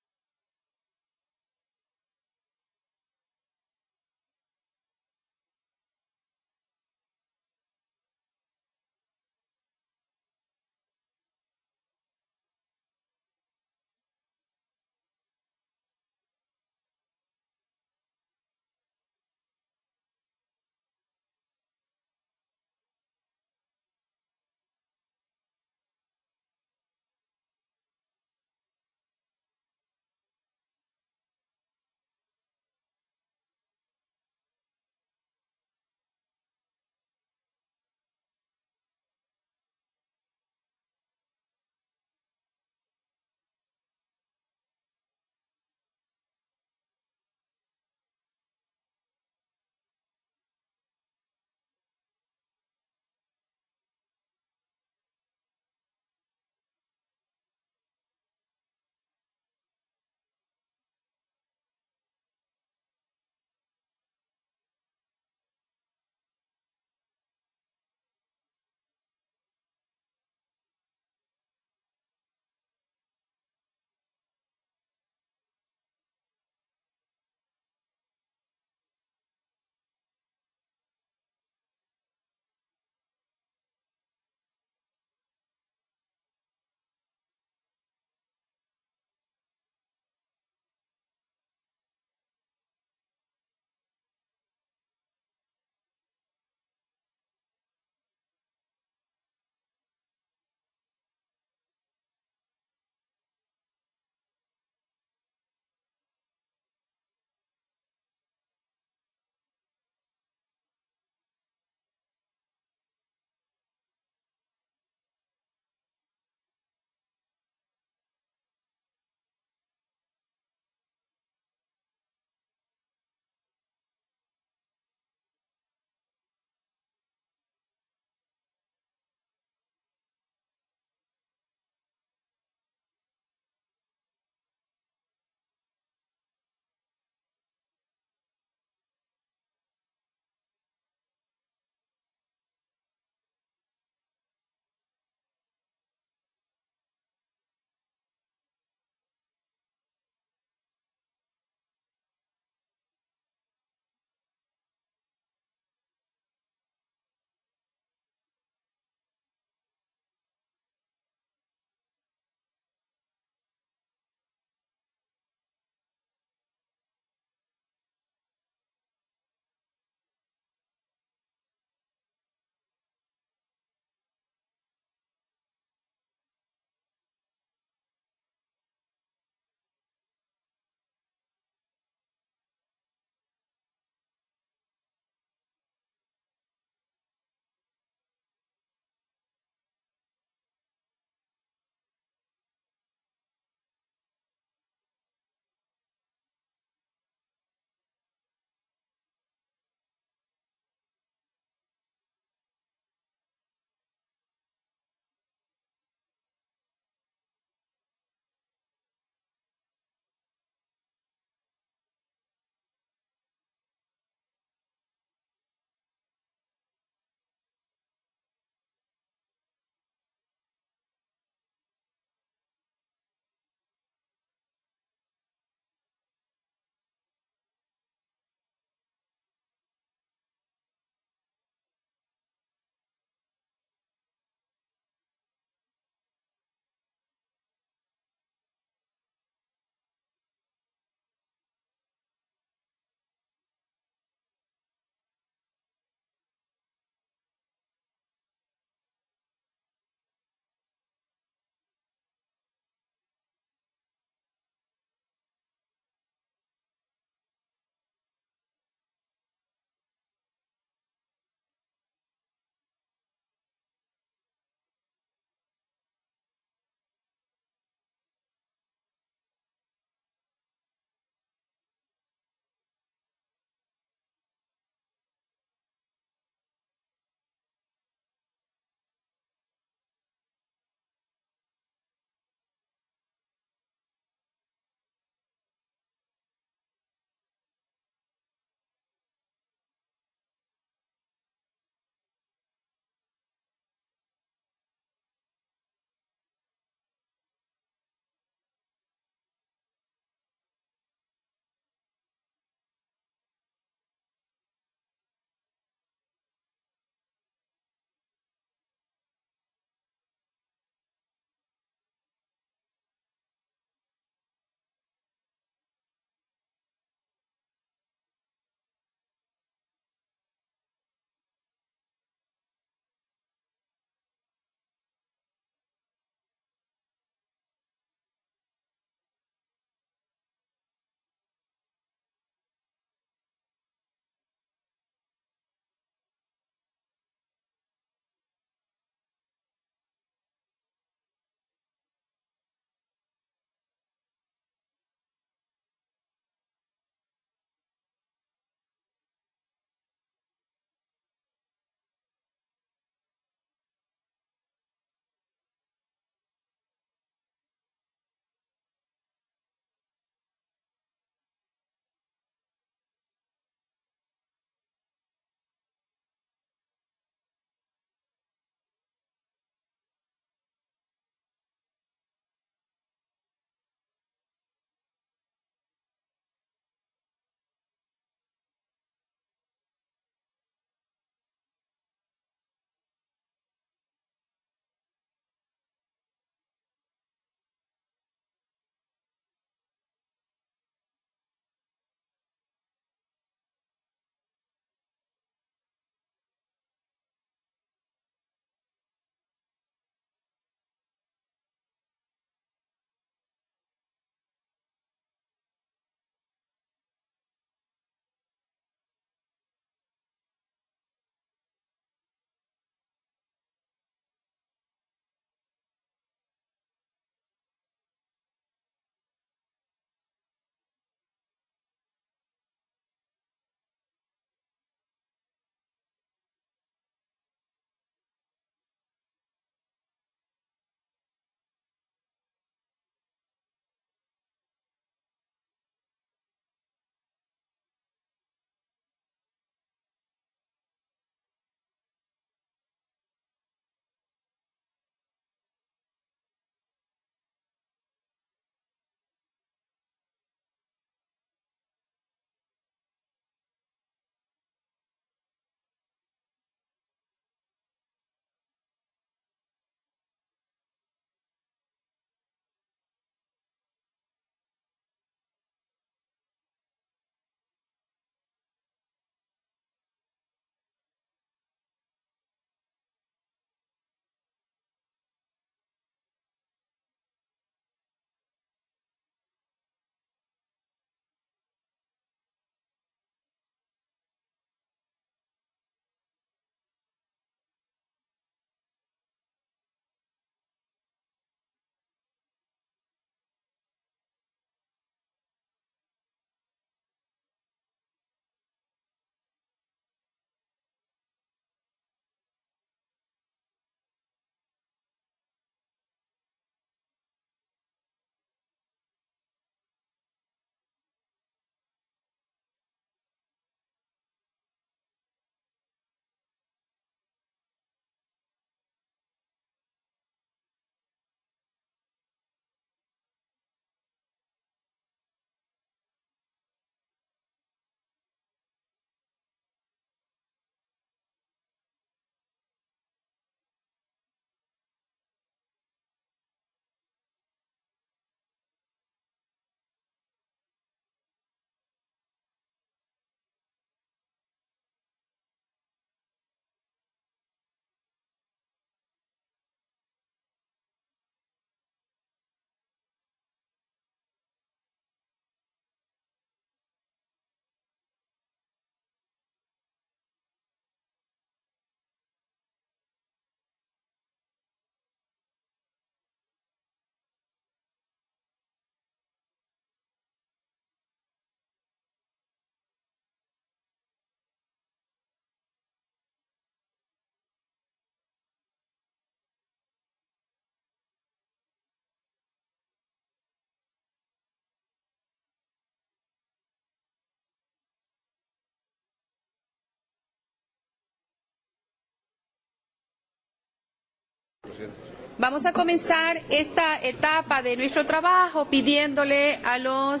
Speaker 10: Vamos a comenzar esta etapa de nuestro trabajo pidiéndole a los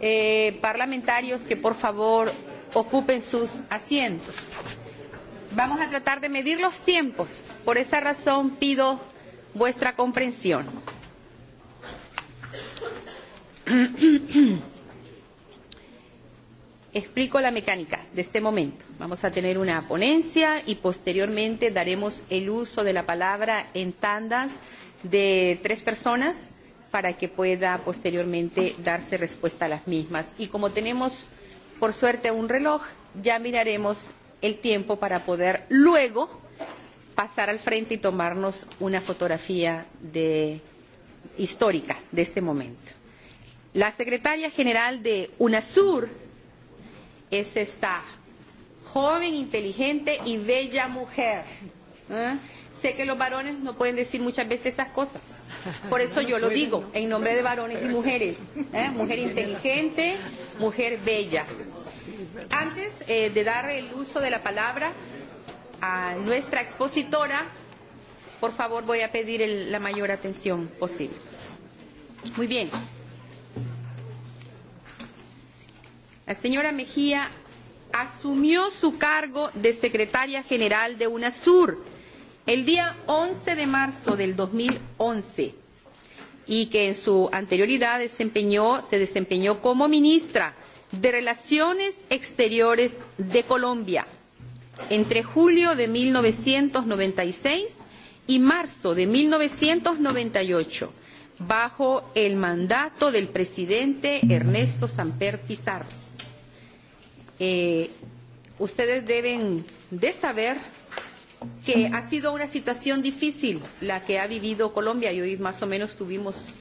Speaker 10: eh, parlamentarios que por favor ocupen sus asientos. Vamos a tratar de medir los tiempos. Por esa razón pido vuestra comprensión. [clears throat] Explico la mecánica de este momento. Vamos a tener una ponencia y posteriormente daremos el uso de la palabra en tandas de tres personas para que pueda posteriormente darse respuesta a las mismas. Y como tenemos, por suerte, un reloj, ya miraremos el tiempo para poder luego pasar al frente y tomarnos una fotografía de, histórica de este momento. La secretaria general de UNASUR, es esta joven, inteligente y bella mujer. ¿Eh? Sé que los varones no pueden decir muchas veces esas cosas. Por eso yo lo digo en nombre de varones y mujeres. ¿Eh? Mujer inteligente, mujer bella. Antes eh, de dar el uso de la palabra a nuestra expositora, por favor voy a pedir el, la mayor atención posible. Muy bien. La señora Mejía asumió su cargo de secretaria general de UNASUR el día 11 de marzo del 2011 y que en su anterioridad desempeñó, se desempeñó como ministra de Relaciones Exteriores de Colombia entre julio de 1996 y marzo de 1998 bajo el mandato del presidente Ernesto Samper Pizarro eh, ustedes deben de saber que ha sido una situación difícil la que ha vivido Colombia y hoy más o menos tuvimos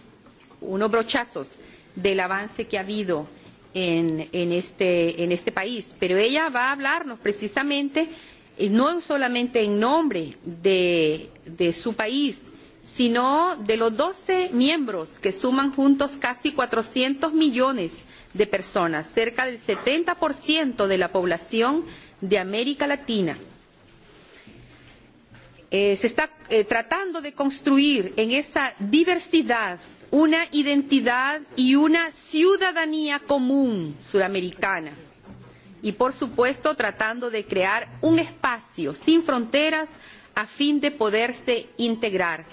Speaker 10: unos brochazos del avance que ha habido en, en, este, en este país. Pero ella va a hablarnos precisamente, eh, no solamente en nombre de, de su país, sino de los 12 miembros que suman juntos casi 400 millones de personas, cerca del 70% de la población de América Latina. Eh, se está eh, tratando de construir en esa diversidad una identidad y una ciudadanía común suramericana. Y, por supuesto, tratando de crear un espacio sin fronteras a fin de poderse integrar.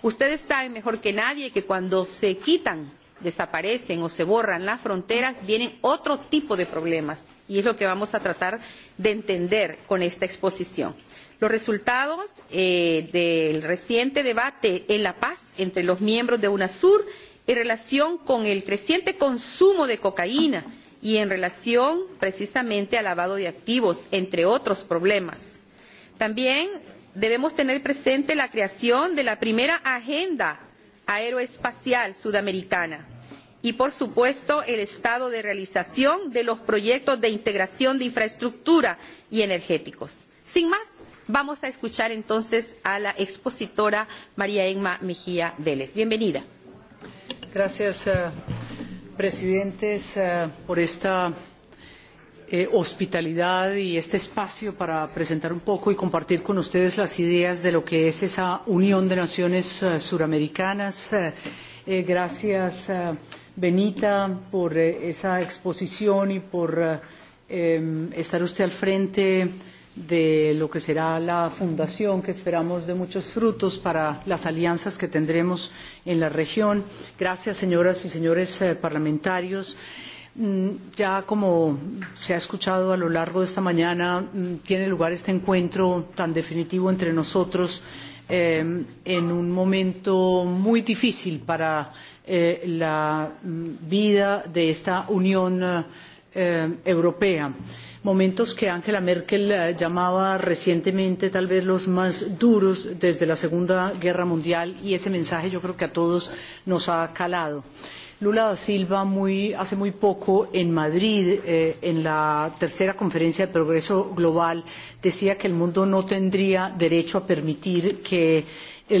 Speaker 10: Ustedes saben mejor que nadie que cuando se quitan desaparecen o se borran las fronteras, vienen otro tipo de problemas y es lo que vamos a tratar de entender con esta exposición. Los resultados eh, del reciente debate en La Paz entre los miembros de UNASUR en relación con el creciente consumo de cocaína y en relación precisamente al lavado de activos, entre otros problemas. También debemos tener presente la creación de la primera agenda aeroespacial sudamericana y, por supuesto, el estado de realización de los proyectos de integración de infraestructura y energéticos. Sin más, vamos a escuchar entonces a la expositora María Emma Mejía Vélez. Bienvenida.
Speaker 11: Gracias, eh, presidentes, eh, por esta eh, hospitalidad y este espacio para presentar un poco y compartir con ustedes las ideas de lo que es esa Unión de Naciones eh, Suramericanas. Eh, eh, gracias. Eh, Benita, por eh, esa exposición y por eh, estar usted al frente de lo que será la fundación que esperamos de muchos frutos para las alianzas que tendremos en la región. Gracias, señoras y señores eh, parlamentarios. Mm, ya como se ha escuchado a lo largo de esta mañana, mm, tiene lugar este encuentro tan definitivo entre nosotros eh, en un momento muy difícil para eh, la mm, vida de esta Unión eh, Europea. Momentos que Angela Merkel eh, llamaba recientemente tal vez los más duros desde la Segunda Guerra Mundial y ese mensaje yo creo que a todos nos ha calado. Lula da Silva muy, hace muy poco en Madrid, eh, en la tercera conferencia de progreso global, decía que el mundo no tendría derecho a permitir que eh,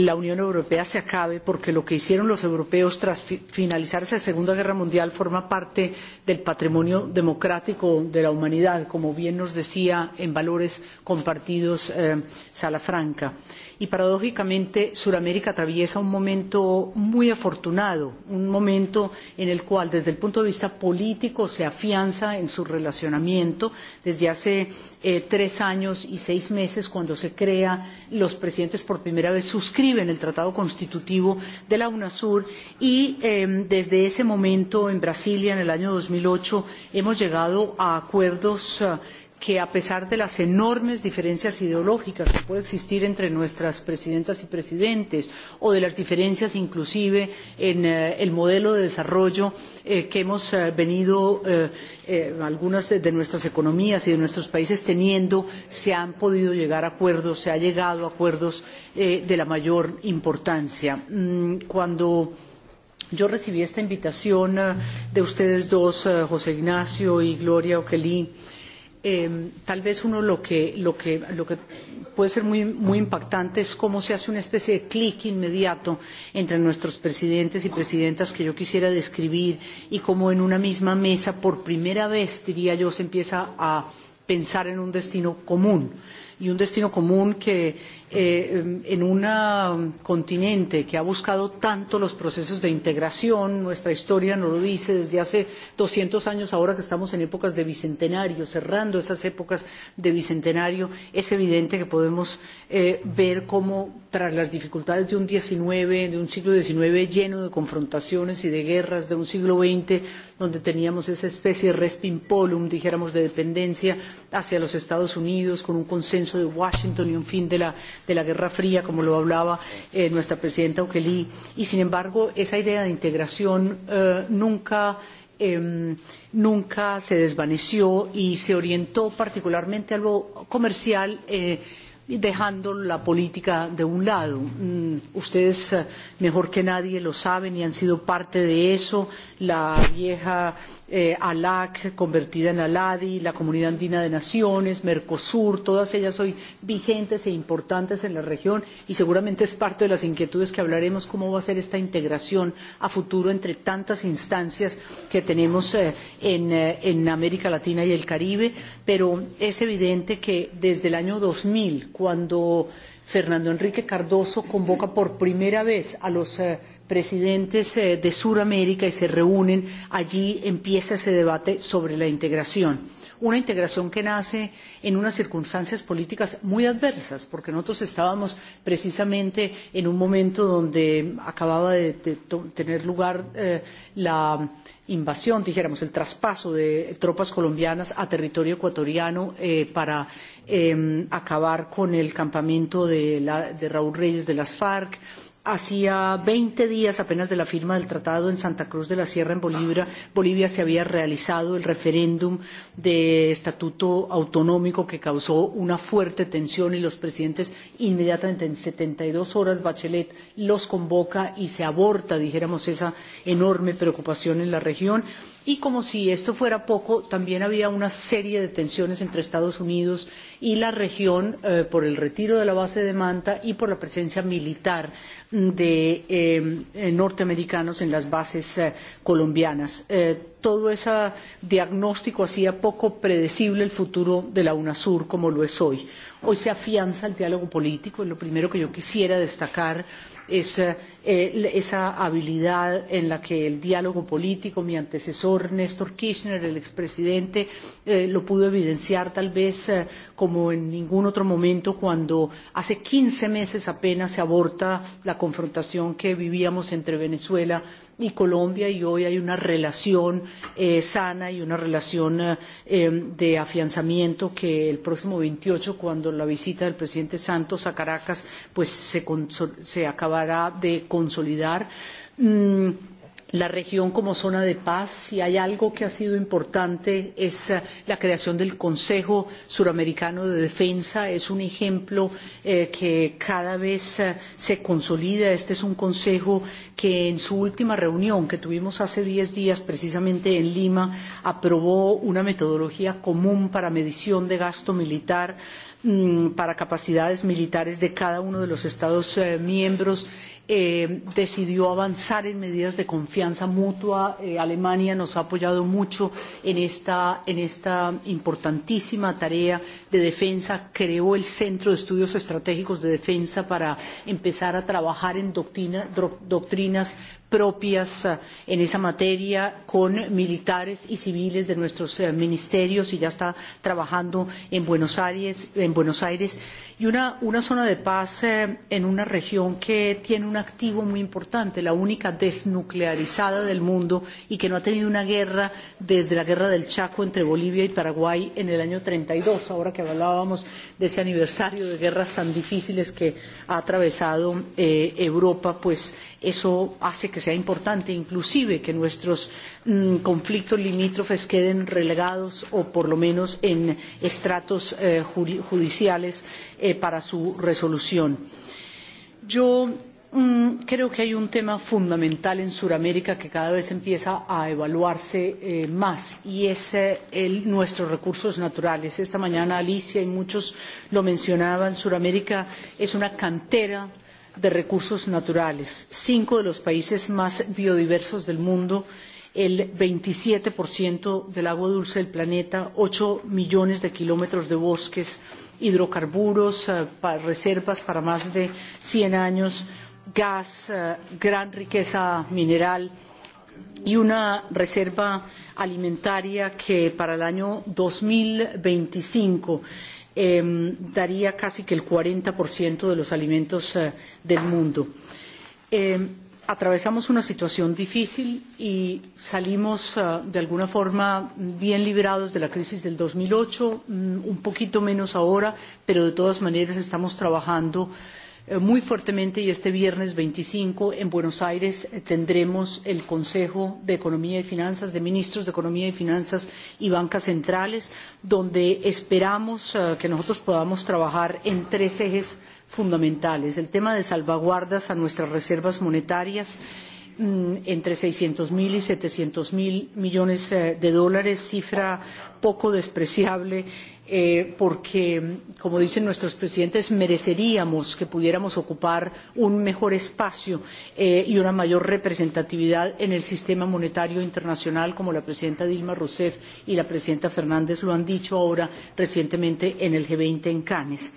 Speaker 11: la Unión Europea se acabe, porque lo que hicieron los europeos tras fi finalizarse la Segunda Guerra Mundial forma parte del patrimonio democrático de la humanidad, como bien nos decía en valores compartidos eh, Salafranca. Franca y paradójicamente Sudamérica atraviesa un momento muy afortunado, un momento en el cual desde el punto de vista político se afianza en su relacionamiento desde hace eh, tres años y seis meses cuando se crea los presidentes por primera vez suscriben el Tratado Constitutivo de la UNASUR y eh, desde ese momento en Brasilia en el año 2008 hemos llegado a acuerdos eh, que a pesar de las enormes diferencias ideológicas que pueden existir entre nuestras presidentas y presidentes o de las diferencias inclusive en eh, el modelo de desarrollo eh, que hemos eh, venido eh, eh, algunas de, de nuestras economías y de nuestros países teniendo, se han podido llegar a acuerdos, se ha llegado a acuerdos eh, de la mayor importancia. Mm, cuando yo recibí esta invitación eh, de ustedes dos, eh, José Ignacio y Gloria Oquelí, eh, eh, tal vez uno lo que, lo que, lo que puede ser muy, muy impactante es cómo se hace una especie de clic inmediato entre nuestros presidentes y presidentas que yo quisiera describir y cómo en una misma mesa, por primera vez, diría yo, se empieza a pensar en un destino común y un destino común que eh, en un continente que ha buscado tanto los procesos de integración, nuestra historia nos lo dice desde hace 200 años, ahora que estamos en épocas de bicentenario, cerrando esas épocas de bicentenario, es evidente que podemos eh, ver cómo tras las dificultades de un, 19, de un siglo XIX lleno de confrontaciones y de guerras, de un siglo XX donde teníamos esa especie de res pimpolum, dijéramos, de dependencia hacia los Estados Unidos, con un consenso de Washington y un fin de la, de la Guerra Fría, como lo hablaba eh, nuestra presidenta Ukeli. Y, sin embargo, esa idea de integración eh, nunca eh, nunca se desvaneció y se orientó particularmente a lo comercial eh, y dejando la política de un lado. Mm, ustedes eh, mejor que nadie lo saben y han sido parte de eso. La vieja eh, ALAC convertida en ALADI, la Comunidad Andina de Naciones, Mercosur, todas ellas hoy vigentes e importantes en la región y seguramente es parte de las inquietudes que hablaremos cómo va a ser esta integración a futuro entre tantas instancias que tenemos eh, en, eh, en América Latina y el Caribe, pero es evidente que desde el año 2000, cuando Fernando Enrique Cardoso convoca por primera vez a los eh, presidentes eh, de Sudamérica y se reúnen, allí empieza ese debate sobre la integración. Una integración que nace en unas circunstancias políticas muy adversas, porque nosotros estábamos precisamente en un momento donde acababa de, de tener lugar eh, la invasión, dijéramos, el traspaso de tropas colombianas a territorio ecuatoriano eh, para eh, acabar con el campamento de, la, de Raúl Reyes de las FARC Hacía 20 días apenas de la firma del tratado en Santa Cruz de la Sierra, en Bolivia, Bolivia se había realizado el referéndum de estatuto autonómico que causó una fuerte tensión y los presidentes inmediatamente en 72 horas Bachelet los convoca y se aborta, dijéramos, esa enorme preocupación en la región. Eh, Y como si esto fuera poco, también había una serie de tensiones entre Estados Unidos y la región eh, por el retiro de la base de Manta y por la presencia militar de eh, eh, norteamericanos en las bases eh, colombianas. Eh, todo ese diagnóstico hacía poco predecible el futuro de la UNASUR como lo es hoy. Hoy se afianza el diálogo político y lo primero que yo quisiera destacar es eh, eh, esa habilidad en la que el diálogo político, mi antecesor Néstor Kirchner, el expresidente, eh, lo pudo evidenciar tal vez eh, como en ningún otro momento cuando hace 15 meses apenas se aborta la confrontación que vivíamos entre Venezuela y Colombia y hoy hay una relación eh, sana y una relación eh, de afianzamiento que el próximo 28, cuando la visita del presidente Santos a Caracas, pues se, se acabará de consolidar. Mm, la región como zona de paz y hay algo que ha sido importante es eh, la creación del Consejo Suramericano de Defensa. Es un ejemplo eh, que cada vez eh, se consolida. Este es un consejo que en su última reunión que tuvimos hace 10 días precisamente en Lima aprobó una metodología común para medición de gasto militar mm, para capacidades militares de cada uno de los Estados eh, miembros eh, decidió avanzar en medidas de confianza mutua. Eh, Alemania nos ha apoyado mucho en esta, en esta importantísima tarea de defensa. Creó el Centro de Estudios Estratégicos de Defensa para empezar a trabajar en doctrina, doctrinas propias eh, en esa materia con militares y civiles de nuestros eh, ministerios y ya está trabajando en Buenos Aires, en Buenos Aires y una, una zona de paz eh, en una región que tiene un activo muy importante, la única desnuclearizada del mundo y que no ha tenido una guerra desde la guerra del Chaco entre Bolivia y Paraguay en el año 32, ahora que hablábamos de ese aniversario de guerras tan difíciles que ha atravesado eh, Europa, pues eso hace que sea importante inclusive que nuestros mmm, conflictos limítrofes queden relegados o por lo menos en estratos eh, judiciales eh, para su resolución. Yo mmm, creo que hay un tema fundamental en Sudamérica que cada vez empieza a evaluarse eh, más y es eh, el, nuestros recursos naturales. Esta mañana Alicia y muchos lo mencionaban, Sudamérica es una cantera de recursos naturales. Cinco de los países más biodiversos del mundo el 27% del agua dulce del planeta, 8 millones de kilómetros de bosques, hidrocarburos, eh, pa reservas para más de 100 años, gas, eh, gran riqueza mineral y una reserva alimentaria que para el año 2025 eh, daría casi que el 40% de los alimentos eh, del mundo. Eh, atravesamos una situación difícil y salimos uh, de alguna forma bien liberados de la crisis del 2008, um, mm, un poquito menos ahora, pero de todas maneras estamos trabajando uh, Eh, muy fuertemente y este viernes 25 en Buenos Aires eh, tendremos el Consejo de Economía y Finanzas, de Ministros de Economía y Finanzas y Bancas Centrales, donde esperamos uh, que nosotros podamos trabajar en tres ejes fundamentales. El tema de salvaguardas a nuestras reservas monetarias mm, entre 600.000 y 700.000 millones eh, de dólares, cifra poco despreciable eh, porque, como dicen nuestros presidentes, mereceríamos que pudiéramos ocupar un mejor espacio eh, y una mayor representatividad en el sistema monetario internacional, como la presidenta Dilma Rousseff y la presidenta Fernández lo han dicho ahora recientemente en el G20 en Cannes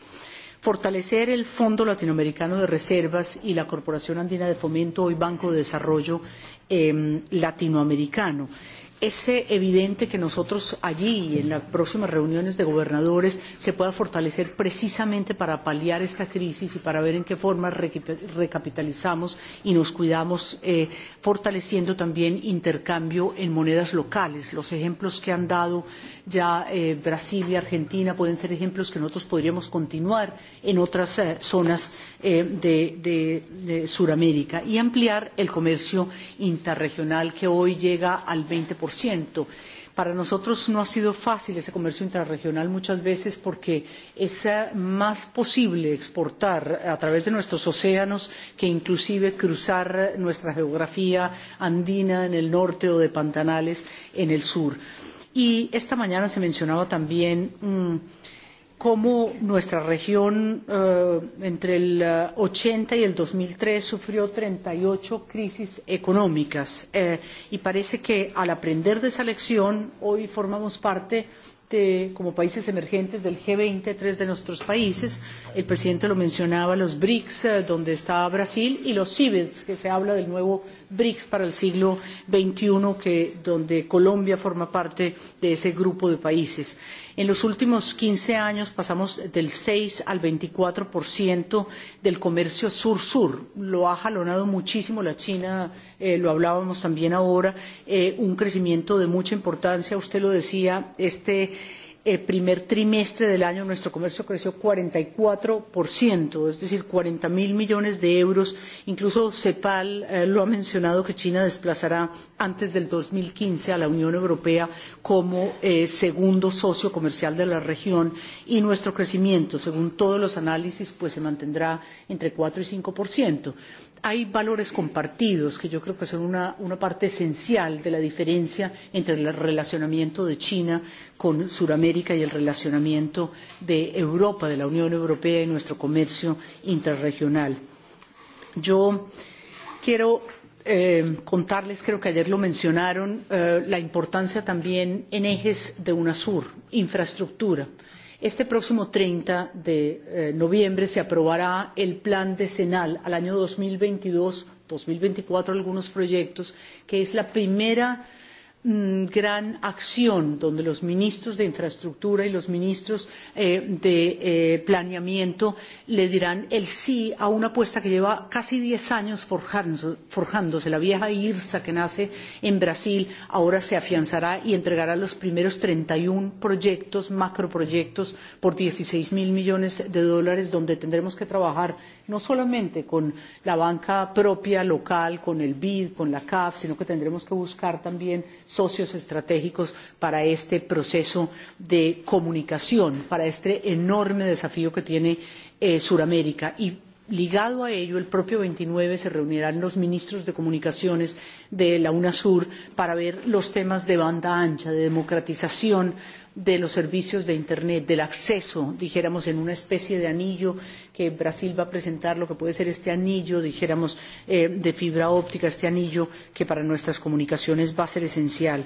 Speaker 11: fortalecer el Fondo Latinoamericano de Reservas y la Corporación Andina de Fomento, hoy Banco de Desarrollo eh, Latinoamericano. Eh, es evidente que nosotros allí, en las próximas reuniones de gobernadores, se pueda fortalecer precisamente para paliar esta crisis y para ver en qué forma recapitalizamos y nos cuidamos, eh, fortaleciendo también intercambio en monedas locales. Los ejemplos que han dado eh, ya eh, Brasil y Argentina pueden ser ejemplos que nosotros podríamos continuar en otras eh, zonas eh, de, de, de Sudamérica y ampliar el comercio interregional que hoy llega al 20%. Para nosotros no ha sido fácil ese comercio intrarregional muchas veces porque es eh, más posible exportar a través de nuestros océanos que inclusive cruzar eh, nuestra geografía andina en el norte o de pantanales en el sur. Eh, Y esta mañana se mencionaba también mmm, cómo nuestra región eh, entre el 80 eh, y el 2003 sufrió 38 crisis económicas. Eh, y parece que al aprender de esa lección, hoy formamos parte de, como países emergentes del G20, tres de nuestros países. El presidente lo mencionaba, los BRICS, eh, donde está Brasil, y los CIBEDS, que se habla del nuevo BRICS para el siglo XXI, que, donde Colombia forma parte de ese grupo de países. En los últimos 15 años pasamos del 6 al 24% del comercio sur-sur. Lo ha jalonado muchísimo la China, eh, lo hablábamos también ahora, eh, un crecimiento de mucha importancia. Usted lo decía, este eh, primer trimestre del año nuestro comercio creció 44%, es decir, 40 mil millones de euros. Incluso CEPAL eh, lo ha mencionado que China desplazará antes del 2015 a la Unión Europea como eh, segundo socio comercial de la región y nuestro crecimiento, según todos los análisis, pues se mantendrá entre 4 y 5% hay valores compartidos que yo creo que son una, una parte esencial de la diferencia entre el relacionamiento de China con Sudamérica y el relacionamiento de Europa, de la Unión Europea y nuestro comercio interregional. Yo quiero eh, contarles, creo que ayer lo mencionaron, eh, la importancia también en ejes de UNASUR, infraestructura. Eh, Este próximo 30 de eh, noviembre se aprobará el plan decenal al año 2022, 2024 algunos proyectos, que es la primera eh, Mm, gran acción donde los ministros de infraestructura y los ministros eh, de eh, planeamiento le dirán el sí a una apuesta que lleva casi 10 años forjándose, forjándose. La vieja IRSA que nace en Brasil ahora se afianzará y entregará los primeros 31 proyectos, macroproyectos, por 16 mil millones de dólares, donde tendremos que trabajar no solamente con la banca propia local, con el BID, con la CAF, sino que tendremos que buscar también socios estratégicos para este proceso de comunicación, para este enorme desafío que tiene eh, Suramérica. Y Ligado a ello, el propio 29 se reunirán los ministros de comunicaciones de la UNASUR para ver los temas de banda ancha, de democratización, de los servicios de Internet, del acceso, dijéramos, en una especie de anillo que Brasil va a presentar, lo que puede ser este anillo, dijéramos, eh, de fibra óptica, este anillo que para nuestras comunicaciones va a ser esencial.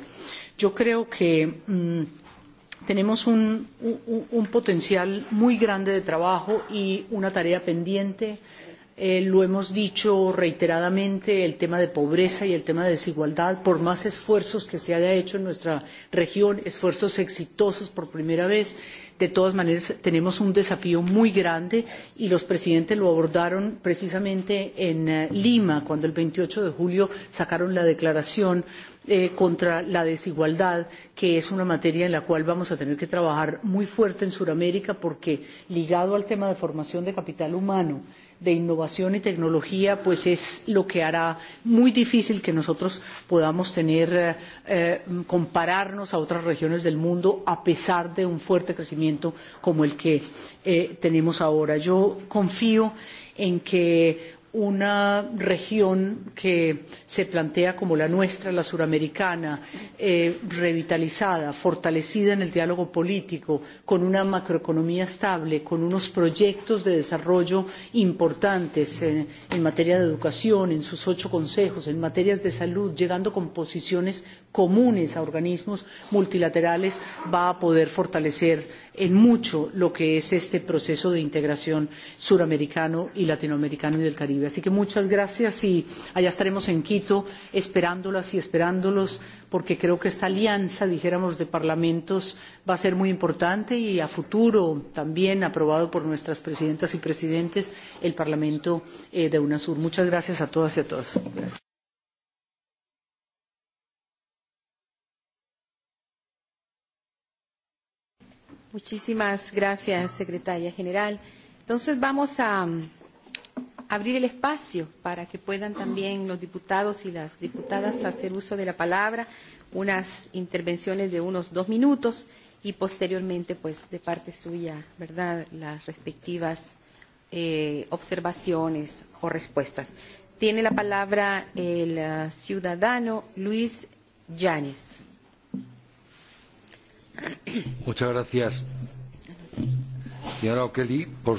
Speaker 11: Yo creo que mmm, tenemos un, un, un potencial muy grande de trabajo y una tarea pendiente Eh, lo hemos dicho reiteradamente, el tema de pobreza y el tema de desigualdad, por más esfuerzos que se haya hecho en nuestra región, esfuerzos exitosos por primera vez, de todas maneras tenemos un desafío muy grande y los presidentes lo abordaron precisamente en eh, Lima, cuando el 28 de julio sacaron la declaración eh, contra la desigualdad, que es una materia en la cual vamos a tener que trabajar muy fuerte en Sudamérica porque ligado al tema de formación de capital humano, de innovación y tecnología, pues es lo que hará muy difícil que nosotros podamos tener, eh, eh, compararnos a otras regiones del mundo a pesar de un fuerte crecimiento como el que eh, tenemos ahora. Yo confío en que una región que se plantea como la nuestra, la suramericana, eh, revitalizada, fortalecida en el diálogo político, con una macroeconomía estable, con unos proyectos de desarrollo importantes eh, en materia de educación, en sus ocho consejos, en materias de salud, llegando con posiciones comunes a organismos multilaterales va a poder fortalecer en mucho lo que es este proceso de integración suramericano y latinoamericano y del Caribe. Así que muchas gracias y allá estaremos en Quito esperándolas y esperándolos porque creo que esta alianza, dijéramos, de parlamentos va a ser muy importante y a futuro también aprobado por nuestras presidentas y presidentes el Parlamento eh, de UNASUR. Muchas gracias a todas y a todos. Gracias.
Speaker 10: Muchísimas gracias, secretaria general. Entonces vamos a mm, abrir el espacio para que puedan también los diputados y las diputadas hacer uso de la palabra, unas intervenciones de unos dos minutos y posteriormente, pues, de parte suya, ¿verdad?, las respectivas eh, observaciones o respuestas. Tiene la palabra el uh, ciudadano Luis Yanis.
Speaker 12: Muchas gracias, señora O'Kelly, por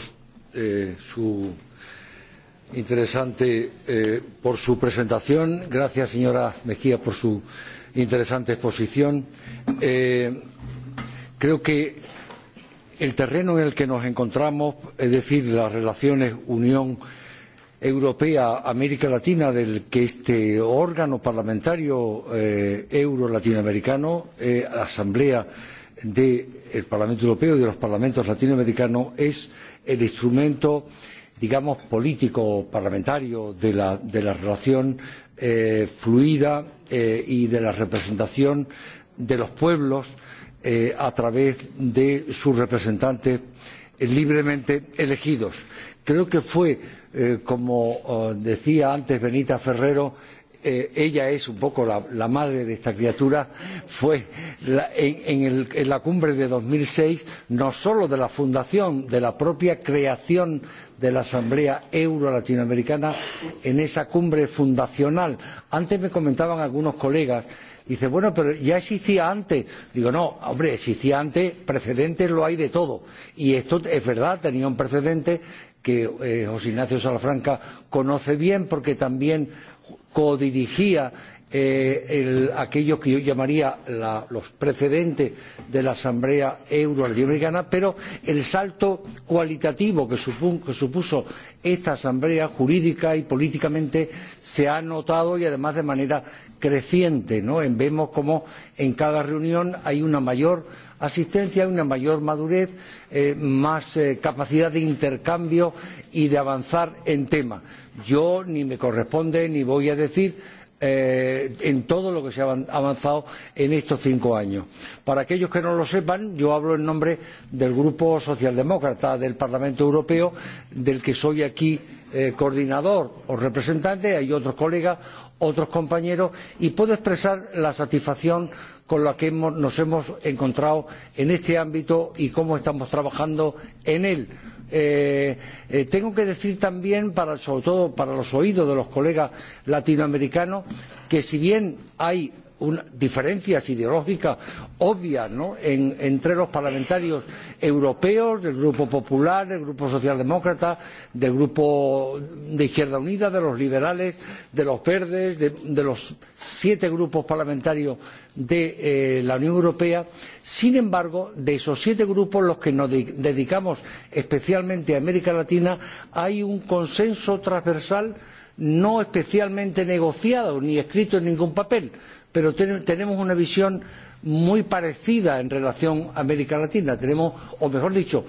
Speaker 12: eh, su interesante eh, por su presentación. Gracias, señora Mejía, por su interesante exposición. Eh, creo que el terreno en el que nos encontramos, es decir, las relaciones Unión-Europea, europea América Latina del que este órgano parlamentario eh, euro latinoamericano, eh, la Asamblea del de Parlamento Europeo y de los parlamentos latinoamericanos, es el instrumento digamos político parlamentario de la, de la relación eh, fluida eh, y de la representación de los pueblos eh, a través de sus representantes eh, libremente elegidos. Eh, Creo que fue, eh, como eh, decía antes Benita Ferrero, eh, ella es un poco la, la madre de esta criatura, fue la, en, en, el, en la cumbre de 2006, no solo de la fundación, de la propia creación de la Asamblea Euro-Latinoamericana, en esa cumbre fundacional. Antes me comentaban algunos colegas, dice, bueno, pero ya existía antes. Digo, no, hombre, existía antes, precedentes lo hay de todo. Y esto es verdad, tenía un precedente que eh, José Ignacio Salafranca conoce bien porque también codirigía eh, el, aquello que yo llamaría la, los precedentes de la Asamblea Euro-Latinoamericana, pero el salto cualitativo que, supu que supuso esta Asamblea jurídica y políticamente se ha notado y además de manera creciente. ¿no? Vemos como en cada reunión hay una mayor asistencia, una mayor madurez, eh, más eh, capacidad de intercambio y de avanzar en temas. Yo ni me corresponde ni voy a decir eh, en todo lo que se ha avanzado en estos cinco años. Para aquellos que no lo sepan, yo hablo en nombre del Grupo Socialdemócrata del Parlamento Europeo, del que soy aquí eh, coordinador o representante, hay otros colegas, otros compañeros, y puedo expresar la satisfacción con la que hemos, nos hemos encontrado en este ámbito y cómo estamos trabajando en él. Eh, eh, tengo que decir también, para, sobre todo para los oídos de los colegas latinoamericanos, que si bien hay una, diferencias ideológicas obvias ¿no? en, entre los parlamentarios europeos, del Grupo Popular, del Grupo Socialdemócrata, del Grupo de Izquierda Unida, de los liberales, de los verdes, de, de los siete grupos parlamentarios de eh, la Unión Europea. Sin embargo, de esos siete grupos, los que nos de dedicamos especialmente a América Latina, hay un consenso transversal no especialmente negociado ni escrito en ningún papel, pero ten, tenemos una visión muy parecida en relación a América Latina. Tenemos, o mejor dicho,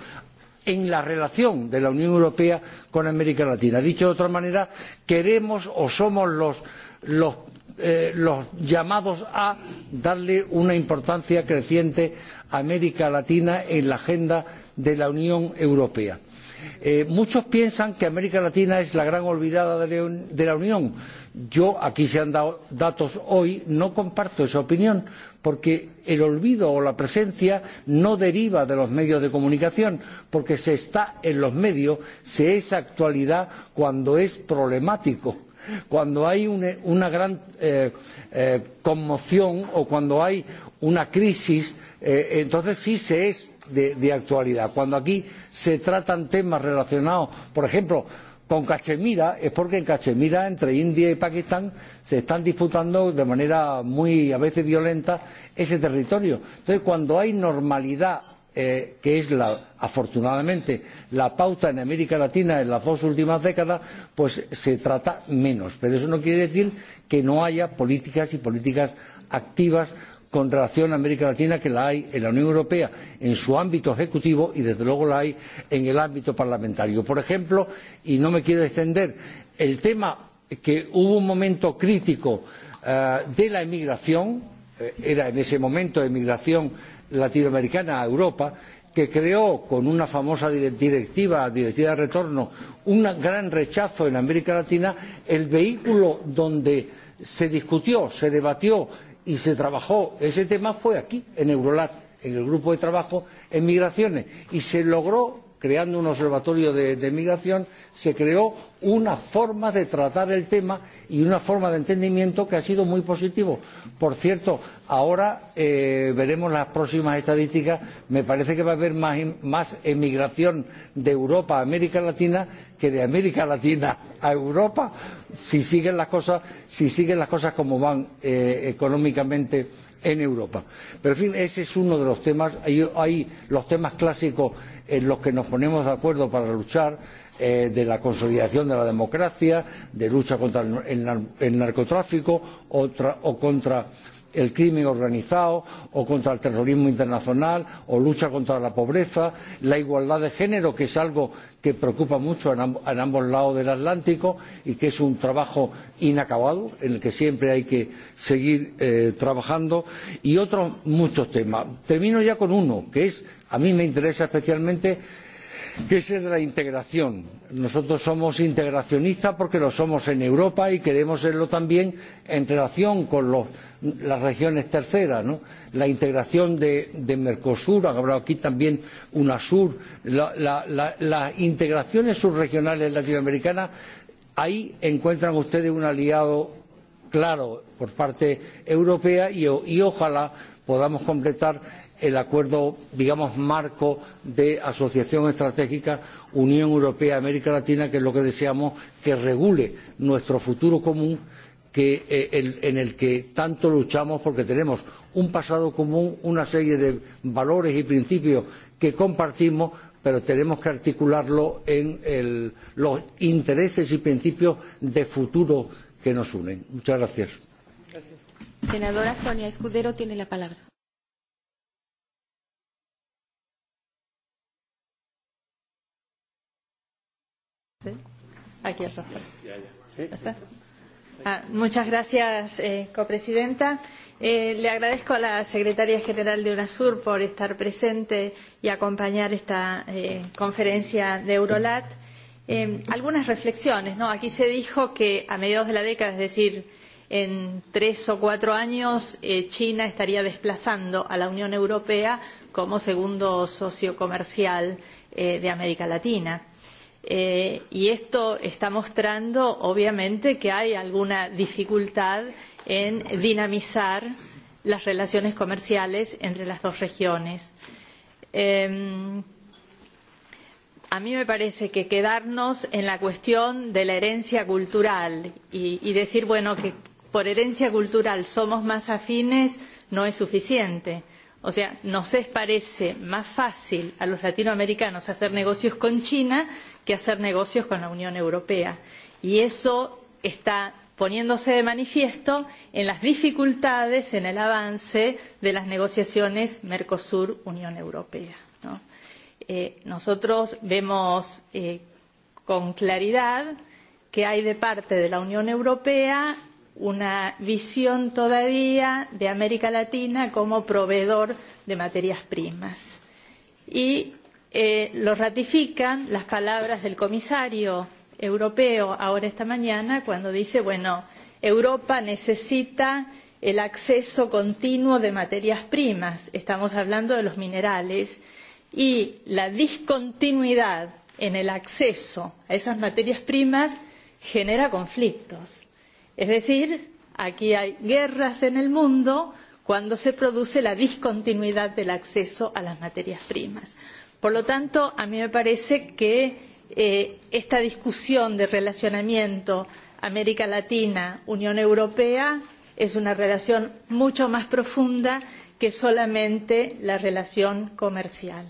Speaker 12: en la relación de la Unión Europea con América Latina. Dicho de otra manera, queremos o somos los, los, eh, los llamados a darle una importancia creciente a América Latina en la agenda de la Unión Europea. Eh, muchos piensan que América Latina es la gran olvidada de, de la Unión Yo aquí se han dado datos hoy, no comparto esa opinión, porque el olvido o la presencia no deriva de los medios de comunicación, porque se está en los medios, se es actualidad cuando es problemático cuando hay una, una gran eh, eh, conmoción o cuando hay una crisis, eh, entonces sí se es de, de actualidad. Cuando aquí se tratan temas relacionados, por ejemplo, con Cachemira es porque en Cachemira, entre India y Pakistán, se están disputando de manera muy a veces violenta ese territorio. Entonces, cuando hay normalidad, eh, que es la, afortunadamente la pauta en América Latina en las dos últimas décadas, pues se trata menos. Pero eso no quiere decir que no haya políticas y políticas activas con relación a América Latina que la hay en la Unión Europea en su ámbito ejecutivo y desde luego la hay en el ámbito parlamentario. Por ejemplo, y no me quiero extender, el tema que hubo un momento crítico eh, de la emigración, eh, era en ese momento emigración latinoamericana a Europa, que creó con una famosa directiva, directiva de retorno, un gran rechazo en América Latina, el vehículo donde se discutió, se debatió y se trabajó ese tema fue aquí, en Eurolat, en el grupo de trabajo en migraciones, y se logró creando un observatorio de, de migración, se creó una forma de tratar el tema y una forma de entendimiento que ha sido muy positivo. Por cierto, ahora eh, veremos las próximas estadísticas. Me parece que va a haber más, más emigración de Europa a América Latina que de América Latina a Europa si siguen las cosas, si siguen las cosas como van eh, económicamente en Europa. Pero, en fin, ese es uno de los temas. Hay, hay los temas clásicos en los que nos ponemos de acuerdo para luchar, eh, de la consolidación de la democracia, de lucha contra el, el, el narcotráfico o, tra, o contra el crimen organizado o contra el terrorismo internacional o lucha contra la pobreza, la igualdad de género, que es algo que preocupa mucho en, amb en ambos lados del Atlántico y que es un trabajo inacabado en el que siempre hay que seguir eh, trabajando y otros muchos temas. Termino ya con uno que es a mí me interesa especialmente que es el de la integración. Nosotros somos integracionistas porque lo somos en Europa y queremos serlo también en relación con los las regiones terceras, ¿no? la integración de, de Mercosur, ha hablado aquí también UNASUR, la, la, la, las integraciones subregionales latinoamericanas, ahí encuentran ustedes un aliado claro por parte europea y, y ojalá podamos completar el acuerdo, digamos, marco de asociación estratégica Unión Europea-América Latina, que es lo que deseamos que regule nuestro futuro común que, eh, el, en el que tanto luchamos porque tenemos un pasado común, una serie de valores y principios que compartimos, pero tenemos que articularlo en el, los intereses y principios de futuro que nos unen. Muchas gracias.
Speaker 2: gracias. Senadora Sonia Escudero
Speaker 10: tiene la palabra.
Speaker 2: ¿Sí? Aquí al ¿Sí? ¿Está? Ah, muchas gracias, eh, copresidenta. Eh, le agradezco a la secretaria general de UNASUR por estar presente y acompañar esta eh, conferencia de Eurolat. Eh, algunas reflexiones. ¿no? Aquí se dijo que a mediados de la década, es decir, en tres o cuatro años, eh, China estaría desplazando a la Unión Europea como segundo socio comercial eh, de América Latina. Eh, y esto está mostrando, obviamente, que hay alguna dificultad en dinamizar las relaciones comerciales entre las dos regiones. Eh, a mí me parece que quedarnos en la cuestión de la herencia cultural y, y decir, bueno, que por herencia cultural somos más afines no es suficiente O sea, nos es, parece más fácil a los latinoamericanos hacer negocios con China que hacer negocios con la Unión Europea. Y eso está poniéndose de manifiesto en las dificultades en el avance de las negociaciones Mercosur-Unión Europea. ¿no? Eh, nosotros vemos eh, con claridad que hay de parte de la Unión Europea una visión todavía de América Latina como proveedor de materias primas. Y eh, lo ratifican las palabras del comisario europeo ahora esta mañana cuando dice, bueno, Europa necesita el acceso continuo de materias primas, estamos hablando de los minerales, y la discontinuidad en el acceso a esas materias primas genera conflictos Es decir, aquí hay guerras en el mundo cuando se produce la discontinuidad del acceso a las materias primas. Por lo tanto, a mí me parece que eh, esta discusión de relacionamiento América Latina, Unión Europea, es una relación mucho más profunda que solamente la relación comercial.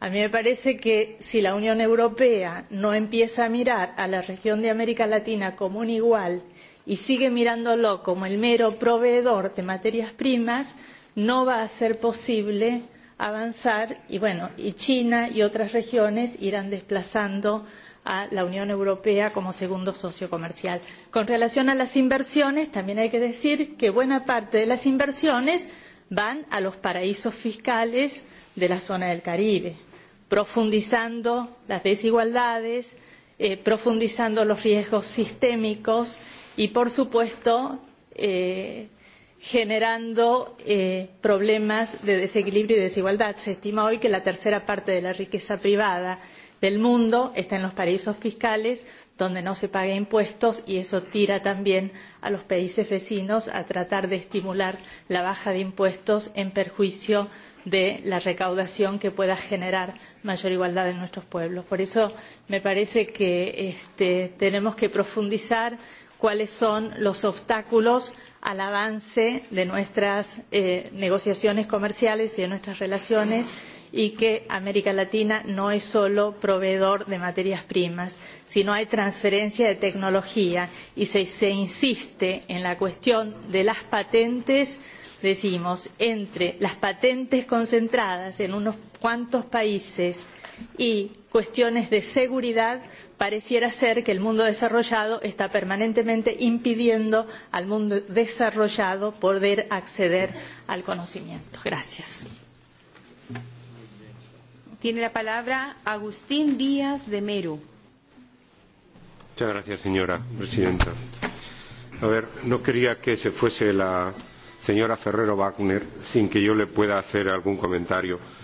Speaker 2: A mí me parece que si la Unión Europea no empieza a mirar a la región de América Latina como un igual y sigue mirándolo como el mero proveedor de materias primas, no va a ser posible avanzar y bueno, y China y otras regiones irán desplazando a la Unión Europea como segundo socio comercial. Con relación a las inversiones, también hay que decir que buena parte de las inversiones van a los paraísos fiscales de la zona del Caribe, profundizando las desigualdades, eh, profundizando los riesgos sistémicos y, por supuesto, eh, generando eh, problemas de desequilibrio y desigualdad. Se estima hoy que la tercera parte de la riqueza privada del mundo está en los paraísos fiscales, donde no se paga impuestos, y eso tira también a los países vecinos a tratar de estimular la baja de impuestos en perjuicio de la recaudación que pueda generar mayor igualdad en nuestros pueblos. Por eso me parece que este, tenemos que profundizar cuáles son los obstáculos al avance de nuestras eh, negociaciones comerciales y de nuestras relaciones y que América Latina no es solo proveedor de materias primas, sino hay transferencia de tecnología y se, se insiste en la cuestión de las patentes, decimos, entre las patentes concentradas en unos cuantos países, y cuestiones de seguridad pareciera ser que el mundo desarrollado está permanentemente impidiendo al mundo desarrollado poder acceder al conocimiento. Gracias.
Speaker 10: Tiene la palabra Agustín Díaz de Mero.
Speaker 1: Muchas gracias, señora presidenta. A ver, no quería que se fuese la señora Ferrero Wagner sin que yo le pueda hacer algún comentario. Eh,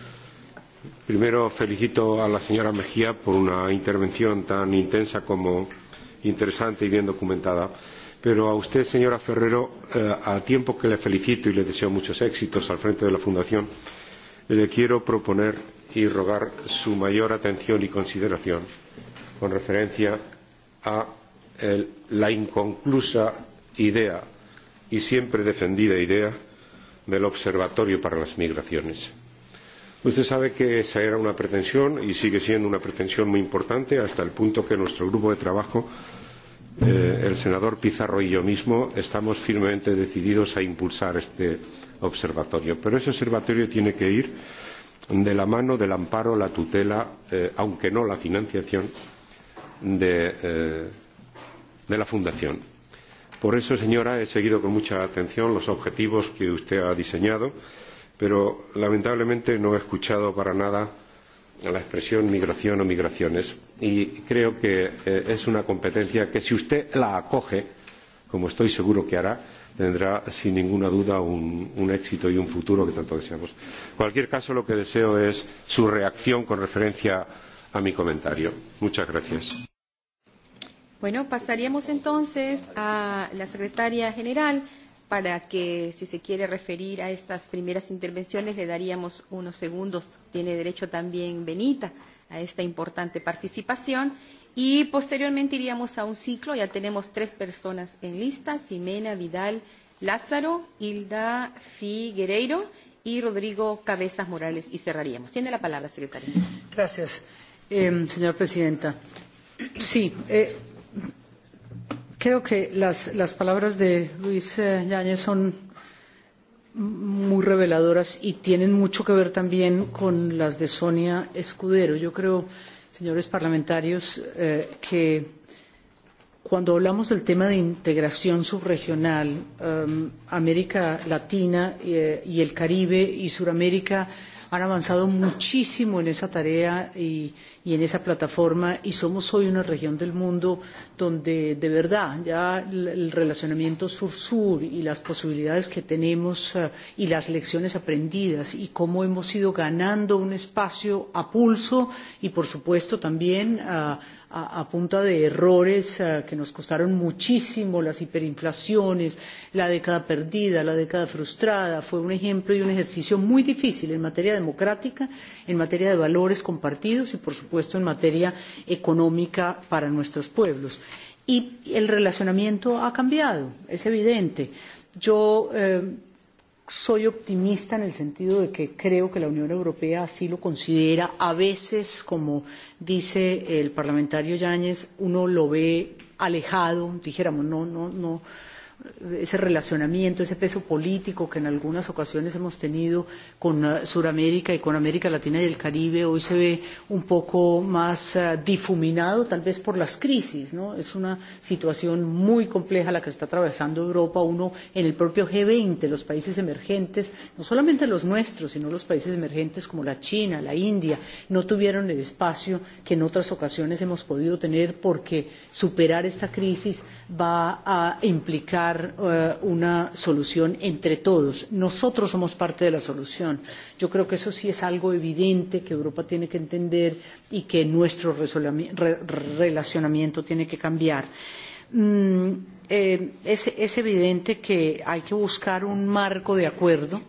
Speaker 1: Primero felicito a la señora Mejía por una intervención tan intensa como interesante y bien documentada. Pero a usted, señora Ferrero, eh, a tiempo que le felicito y le deseo muchos éxitos al frente de la Fundación, le quiero proponer y rogar su mayor atención y consideración con referencia a el, la inconclusa idea y siempre defendida idea del Observatorio para las Migraciones Usted sabe que esa era una pretensión y sigue siendo una pretensión muy importante hasta el punto que nuestro grupo de trabajo, eh, el senador Pizarro y yo mismo, estamos firmemente decididos a impulsar este observatorio. Pero ese observatorio tiene que ir de la mano del amparo, la tutela, eh, aunque no la financiación, de, eh, de la Fundación. Por eso, señora, he seguido con mucha atención los objetivos que usted ha diseñado pero lamentablemente no he escuchado para nada la expresión migración o migraciones y creo que eh, es una competencia que si usted la acoge, como estoy seguro que hará, tendrá sin ninguna duda un, un éxito y un futuro que tanto deseamos. En cualquier caso, lo que deseo es su reacción con referencia a mi comentario. Muchas gracias.
Speaker 10: Bueno, pasaríamos entonces a la secretaria general para que, si se quiere referir a estas primeras intervenciones, le daríamos unos segundos. Tiene derecho también Benita a esta importante participación. Y posteriormente iríamos a un ciclo. Ya tenemos tres personas en lista. Ximena Vidal Lázaro, Hilda Figueiredo y Rodrigo Cabezas Morales. Y cerraríamos. Tiene la palabra, secretaria.
Speaker 11: Gracias, eh, señora presidenta. Sí, eh, Creo que las, las palabras de Luis eh, Yáñez son muy reveladoras y tienen mucho que ver también con las de Sonia Escudero. Yo creo, señores parlamentarios, eh, que cuando hablamos del tema de integración subregional, eh, América Latina eh, y el Caribe y Sudamérica, eh, han avanzado muchísimo en esa tarea y, y en esa plataforma y somos hoy una región del mundo donde de verdad ya el, el relacionamiento sur-sur y las posibilidades que tenemos uh, y las lecciones aprendidas y cómo hemos ido ganando un espacio a pulso y por supuesto también uh, a, a punta de errores uh, que nos costaron muchísimo, las hiperinflaciones, la década perdida, la década frustrada, fue un ejemplo y un ejercicio muy difícil en materia democrática, en materia de valores compartidos y, por supuesto, en materia económica para nuestros pueblos. Y el relacionamiento ha cambiado, es evidente. Yo eh, soy optimista en el sentido de que creo que la Unión Europea así lo considera. A veces, como dice el parlamentario Yáñez, uno lo ve alejado, dijéramos, no, no, no ese relacionamiento, ese peso político que en algunas ocasiones hemos tenido con uh, Sudamérica y con América Latina y el Caribe, hoy se ve un poco más uh, difuminado tal vez por las crisis. ¿no? Es una situación muy compleja la que está atravesando Europa, uno en el propio G20, los países emergentes, no solamente los nuestros, sino los países emergentes como la China, la India, no tuvieron el espacio que en otras ocasiones hemos podido tener porque superar esta crisis va a implicar buscar uh, eh, una solución entre todos. Nosotros somos parte de la solución. Yo creo que eso sí es algo evidente que Europa tiene que entender y que nuestro re relacionamiento tiene que cambiar. Mm, eh, es, es evidente que hay que buscar un marco de acuerdo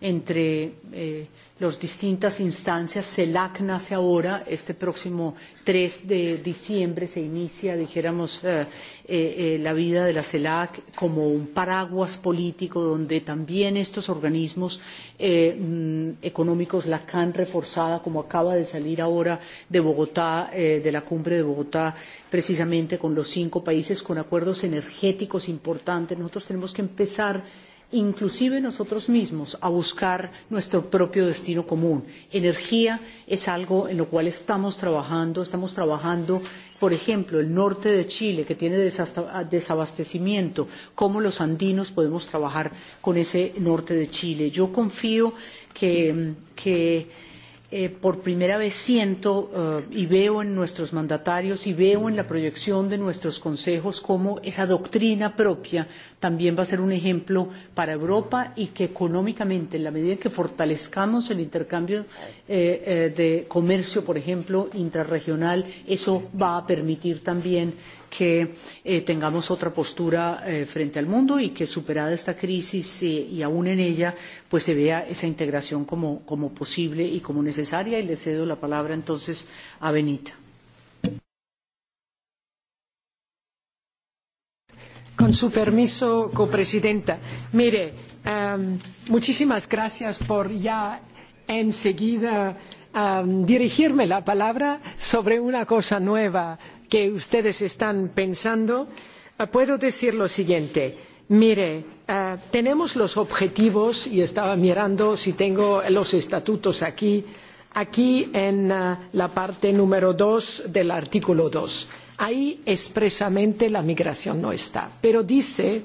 Speaker 11: entre eh, las distintas instancias. CELAC nace ahora, este próximo 3 de diciembre se inicia, dijéramos, eh, eh, eh, la vida de la CELAC como un paraguas político donde también estos organismos eh, mm, económicos, la CAN reforzada, como acaba de salir ahora de Bogotá, eh, de la cumbre de Bogotá, precisamente con los cinco países, con acuerdos energéticos importantes. Nosotros tenemos que empezar a inclusive nosotros mismos, a buscar nuestro propio destino común. Energía es algo en lo cual estamos trabajando. Estamos trabajando, por ejemplo, el norte de Chile, que tiene desabastecimiento, cómo los andinos podemos trabajar con ese norte de Chile. Yo confío que, que eh, por primera vez siento eh, y veo en nuestros mandatarios y veo en la proyección de nuestros consejos cómo esa doctrina propia también va a ser un ejemplo para Europa y que económicamente, en la medida en que fortalezcamos el intercambio eh, eh, de comercio, por ejemplo, intrarregional, eso va a permitir también que eh, tengamos otra postura eh, frente al mundo y que superada esta crisis eh, y aún en ella, pues se vea esa integración como, como posible y como necesaria. Y le cedo la palabra entonces a Benita. Con su permiso, copresidenta. Mire,
Speaker 7: um, muchísimas gracias por ya enseguida um, dirigirme la palabra sobre una cosa nueva que ustedes están pensando eh, puedo decir lo siguiente mire eh, tenemos los objetivos y estaba mirando si tengo los estatutos aquí aquí en uh, la parte número dos del artículo dos ahí expresamente la migración no está pero dice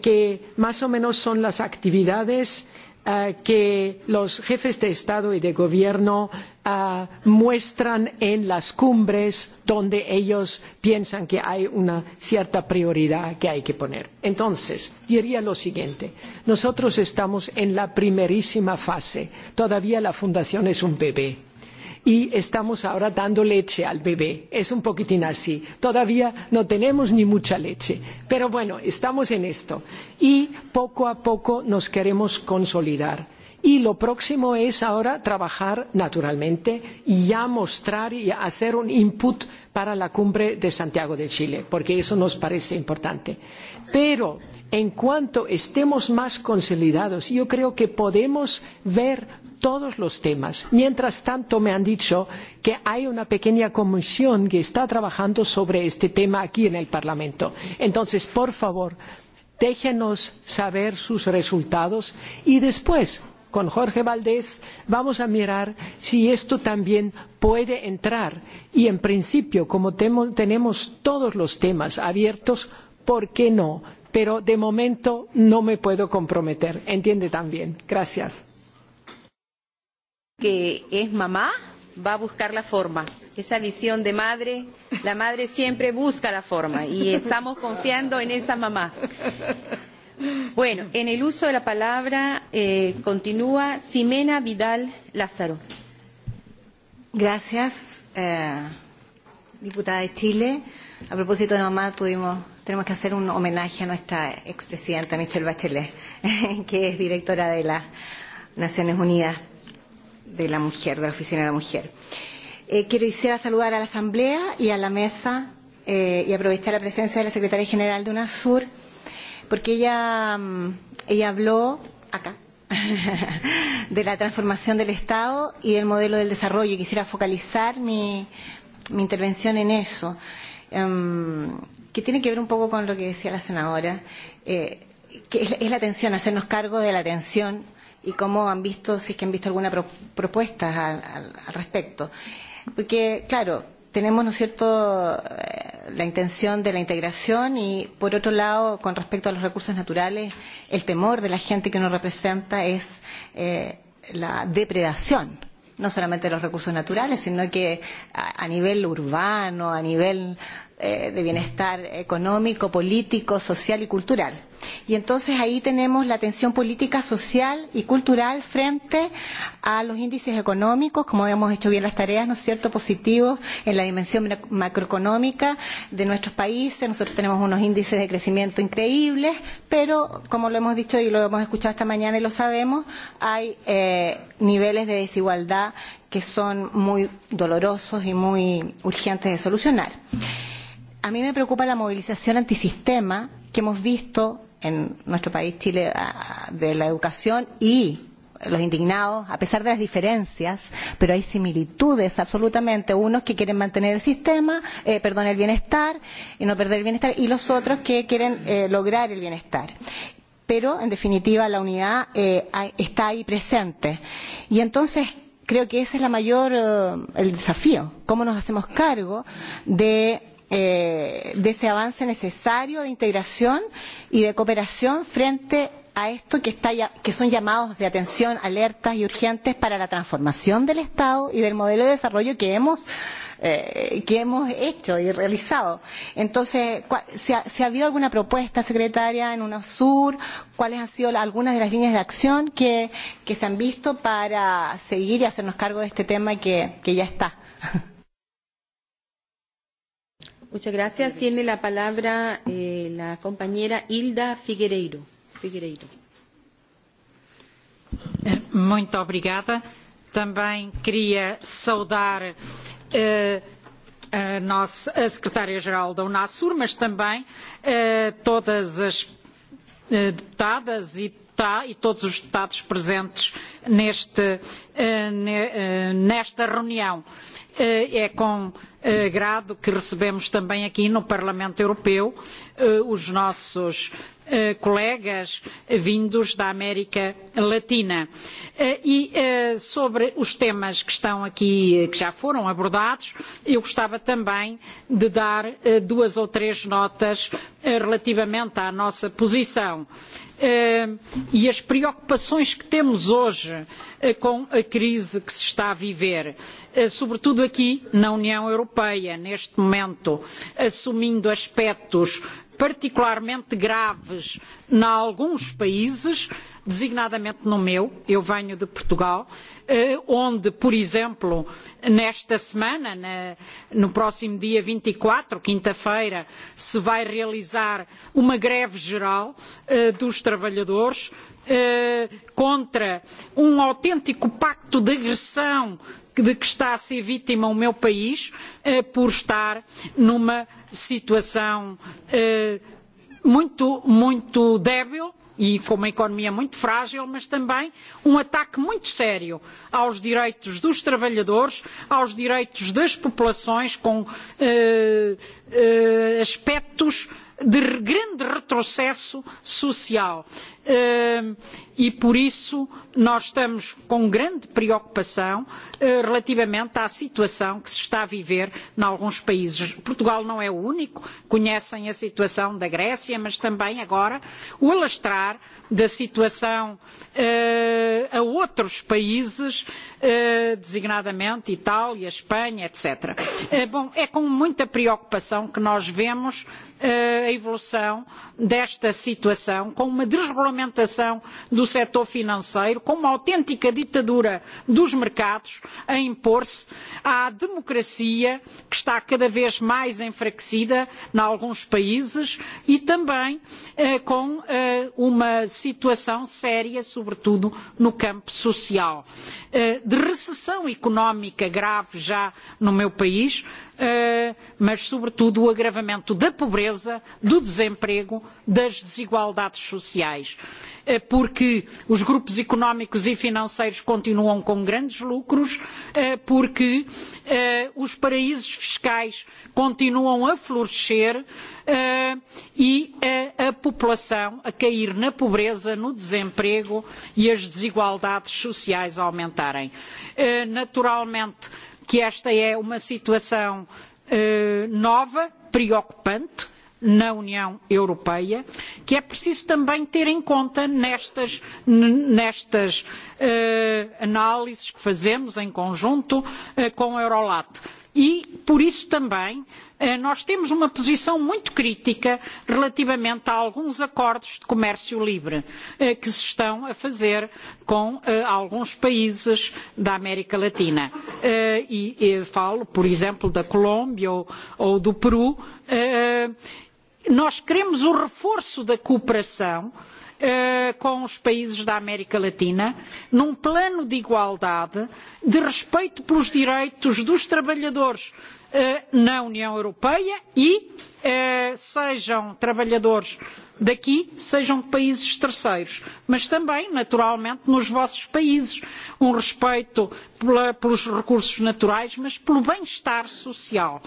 Speaker 7: que más o menos son las actividades que uh, que los jefes de Estado y de Gobierno uh, muestran en las cumbres donde ellos piensan que hay una cierta prioridad que hay que poner. Entonces, diría lo siguiente. Nosotros estamos en la primerísima fase. Todavía la fundación es un bebé y estamos ahora dando leche al bebé. Es un poquitín así. Todavía no tenemos ni mucha leche, pero bueno, estamos en esto y poco a poco nos queremos consolidar. Y lo próximo es ahora trabajar naturalmente y ya mostrar y hacer un input para la cumbre de Santiago de Chile, porque eso nos parece importante. Pero en cuanto estemos más consolidados, yo creo que podemos ver todos los temas. Mientras tanto, me han dicho que hay una pequeña comisión que está trabajando sobre este tema aquí en el Parlamento. Entonces, por favor, déjenos saber sus resultados y después, con Jorge Valdés, vamos a mirar si esto también puede entrar. Y, en principio, como temo, tenemos todos los temas abiertos, ¿por qué no? Pero de momento no me puedo comprometer. Entiende también. Gracias
Speaker 10: que es mamá va a buscar la forma. Esa visión de madre, la madre siempre busca la forma y estamos confiando en esa mamá. Bueno, en el uso de la palabra eh, continúa Ximena Vidal Lázaro.
Speaker 9: Gracias, eh, diputada de Chile. A propósito de mamá, tuvimos, tenemos que hacer un homenaje a nuestra expresidenta Michelle Bachelet, [laughs] que es directora de las Naciones Unidas de la mujer, de la Oficina de la Mujer. Eh, quiero quisiera saludar a la Asamblea y a la mesa eh, y aprovechar la presencia de la Secretaria General de UNASUR, porque ella, mm, ella habló acá [laughs] de la transformación del Estado y del modelo del desarrollo. Quisiera focalizar mi, mi intervención en eso, um, que tiene que ver un poco con lo que decía la senadora, eh, que es, es la atención, hacernos cargo de la atención eh, y cómo han visto, si es que han visto alguna pro, propuesta al, al, al respecto. Porque, claro, tenemos, ¿no es cierto?, eh, la intención de la integración y, por otro lado, con respecto a los recursos naturales, el temor de la gente que nos representa es eh, la depredación no solamente de los recursos naturales, sino que a, a nivel urbano, a nivel eh, de bienestar económico, político, social y cultural. Y entonces ahí tenemos la tensión política, social y cultural frente a los índices económicos, como habíamos hecho bien las tareas, ¿no es cierto?, positivos en la dimensión macroeconómica de nuestros países. Nosotros tenemos unos índices de crecimiento increíbles, pero como lo hemos dicho y lo hemos escuchado esta mañana y lo sabemos, hay eh, niveles de desigualdad que son muy dolorosos y muy urgentes de solucionar. Mm a mí me preocupa la movilización antisistema que hemos visto en nuestro país, Chile, de la educación y los indignados, a pesar de las diferencias, pero hay similitudes absolutamente. Unos que quieren mantener el sistema, eh, perdón, el bienestar, y no perder el bienestar, y los otros que quieren eh, lograr el bienestar. Pero, en definitiva, la unidad eh, está ahí presente. Y entonces, creo que ese es la mayor, eh, el desafío. ¿Cómo nos hacemos cargo de eh, de ese avance necesario de integración y de cooperación frente a esto que, está ya, que son llamados de atención, alertas y urgentes para la transformación del Estado y del modelo de desarrollo que hemos, eh, que hemos hecho y realizado. Entonces, si ha, si ha habido alguna propuesta, secretaria, en UNASUR? ¿Cuáles han sido la, algunas de las líneas de acción que, que se han visto para seguir y hacernos cargo de este tema que, que ya está? [laughs] Muchas gracias. Tiene
Speaker 10: la palabra eh, la compañera Hilda Figueiredo. Figueiredo.
Speaker 13: Muito obrigada. Também queria saudar eh, a, nossa, a secretária-geral da UNASUR, mas também eh, todas as eh, deputadas e está e todos os deputados presentes neste, eh, eh, nesta reunião. É com agrado que recebemos também aqui no Parlamento Europeu os nossos eh, colegas vindos da América Latina. Eh, e eh, sobre os temas que estão aqui, que já foram abordados, eu gostava também de dar eh, duas ou três notas eh, relativamente à nossa posição eh, e as preocupações que temos hoje eh, com a crise que se está a viver, eh, sobretudo aqui na União Europeia, neste momento, assumindo aspectos particularmente graves em alguns países, designadamente no meu, eu venho de Portugal, eh, onde, por exemplo, nesta semana, na, no próximo dia 24, e quinta-feira, se vai realizar uma greve geral eh, dos trabalhadores eh, contra um autêntico pacto de agressão de que está a ser vítima o meu país eh, por estar numa situação eh, muito, muito débil e com uma economia muito frágil, mas também um ataque muito sério aos direitos dos trabalhadores, aos direitos das populações, com eh, eh, aspectos de grande retrocesso social. Eh, Ehm, e por isso nós estamos com grande preocupação eh, relativamente à situação que se está a viver em alguns países. Portugal não é o único, conhecem a situação da Grécia, mas também agora o alastrar da situação eh, a outros países, eh, designadamente Itália, Espanha, etc. Bom, é com muita preocupação que nós vemos a evolução desta situação com uma desregulação regulamentação do setor financeiro, com uma autêntica ditadura dos mercados a impor-se à democracia que está cada vez mais enfraquecida em alguns países e também eh, com eh, uma situação séria, sobretudo no campo social, eh, de recessão económica grave já no meu país, Eh, mas sobretudo o agravamento da pobreza, do desemprego, das desigualdades sociais, eh, porque os grupos económicos e financeiros continuam com grandes lucros, eh, porque os paraísos fiscais continuam a florescer e a população a cair na pobreza, no desemprego e as desigualdades sociais a aumentarem. Naturalmente, que esta é uma situação eh, nova, preocupante, na União Europeia, que é preciso também ter em conta nestas, nestas eh, análises que fazemos em conjunto eh, com a Eurolat. E, por isso também, eh, Eh, nós temos uma posição muito crítica relativamente a alguns acordos de comércio livre eh, que se estão a fazer com eh, alguns países da América Latina. E, e falo, por exemplo, da Colômbia ou, ou do Peru. Nós queremos o reforço da cooperação uh, uh, com os países da América Latina, num plano de igualdade, de respeito pelos direitos dos trabalhadores uh, na União Europeia e uh, sejam trabalhadores daqui sejam de países terceiros, mas também, naturalmente, nos vossos países. Um respeito pela, pelos recursos naturais, mas pelo bem-estar social.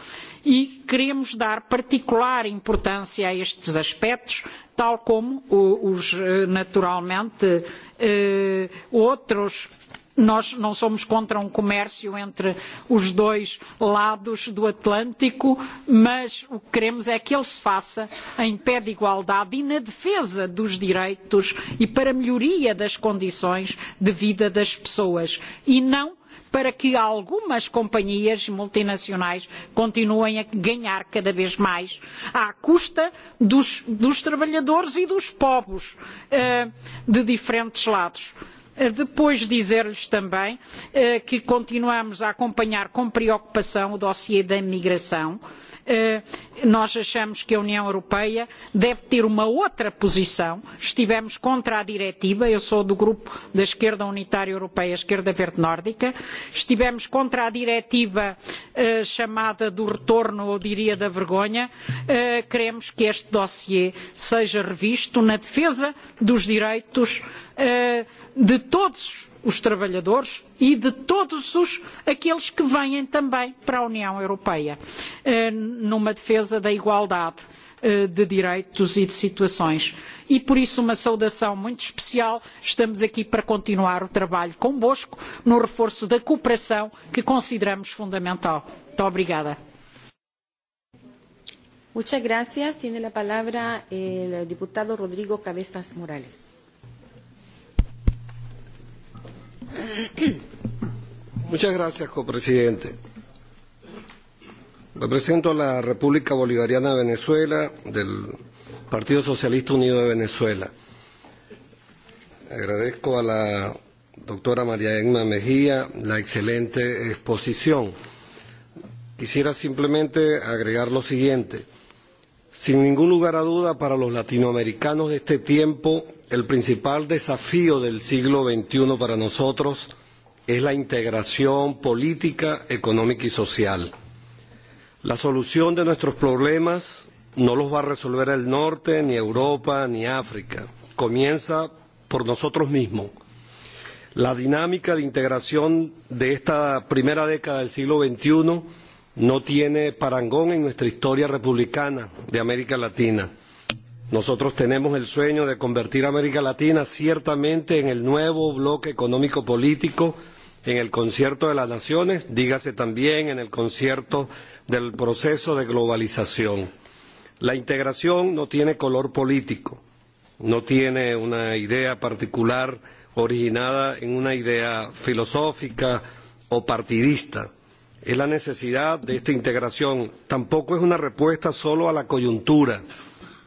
Speaker 13: E queremos dar particular importância a estes aspectos, tal como os, eh, naturalmente, eh, outros nós não somos contra um comércio entre os dois lados do Atlântico, mas o que queremos é que ele se faça em pé de igualdade e na defesa dos direitos e para a melhoria das condições de vida das pessoas e não para que algumas companhias multinacionais continuem a ganhar cada vez mais à custa dos, dos trabalhadores e dos povos uh, eh, de diferentes lados. Uh, Eh, depois dizer-lhes também eh, que continuamos a acompanhar com preocupação o dossiê da migração, uh, Eh, nós achamos que a União Europeia deve ter uma outra posição. Estivemos contra a diretiva, eu sou do grupo da Esquerda Unitária Europeia, Esquerda Verde Nórdica, estivemos contra a diretiva eh, chamada do retorno, ou diria da vergonha. Eh, queremos que este dossiê seja revisto na defesa dos direitos eh, de todos os trabalhadores e de todos os, aqueles que vêm também para a União Europeia, eh, numa defesa da igualdade eh, de direitos e de situações. E por isso uma saudação muito especial. Estamos aqui para continuar o trabalho convosco no reforço da cooperação que consideramos fundamental. Muito obrigada.
Speaker 10: Muchas gracias. Tiene la palabra el diputado Rodrigo Cabezas Morales.
Speaker 14: señor presidente represento a la república bolivariana de venezuela del partido socialista unido de venezuela. agradezco a la doctora maría emma mejía la excelente exposición. quisiera simplemente agregar lo siguiente sin ningún lugar a duda para los latinoamericanos este tiempo el principal desafío del siglo XXI para nosotros es la integración política, económica y social. La solución de nuestros problemas no los va a resolver el norte, ni Europa, ni África. Comienza por nosotros mismos. La dinámica de integración de esta primera década del siglo XXI no tiene parangón en nuestra historia republicana de América Latina Nosotros tenemos el sueño de convertir a América Latina ciertamente en el nuevo bloque económico político en el concierto de las naciones, dígase también en el concierto del proceso de globalización. La integración no tiene color político, no tiene una idea particular originada en una idea filosófica o partidista. Es la necesidad de esta integración. Tampoco es una respuesta solo a la coyuntura.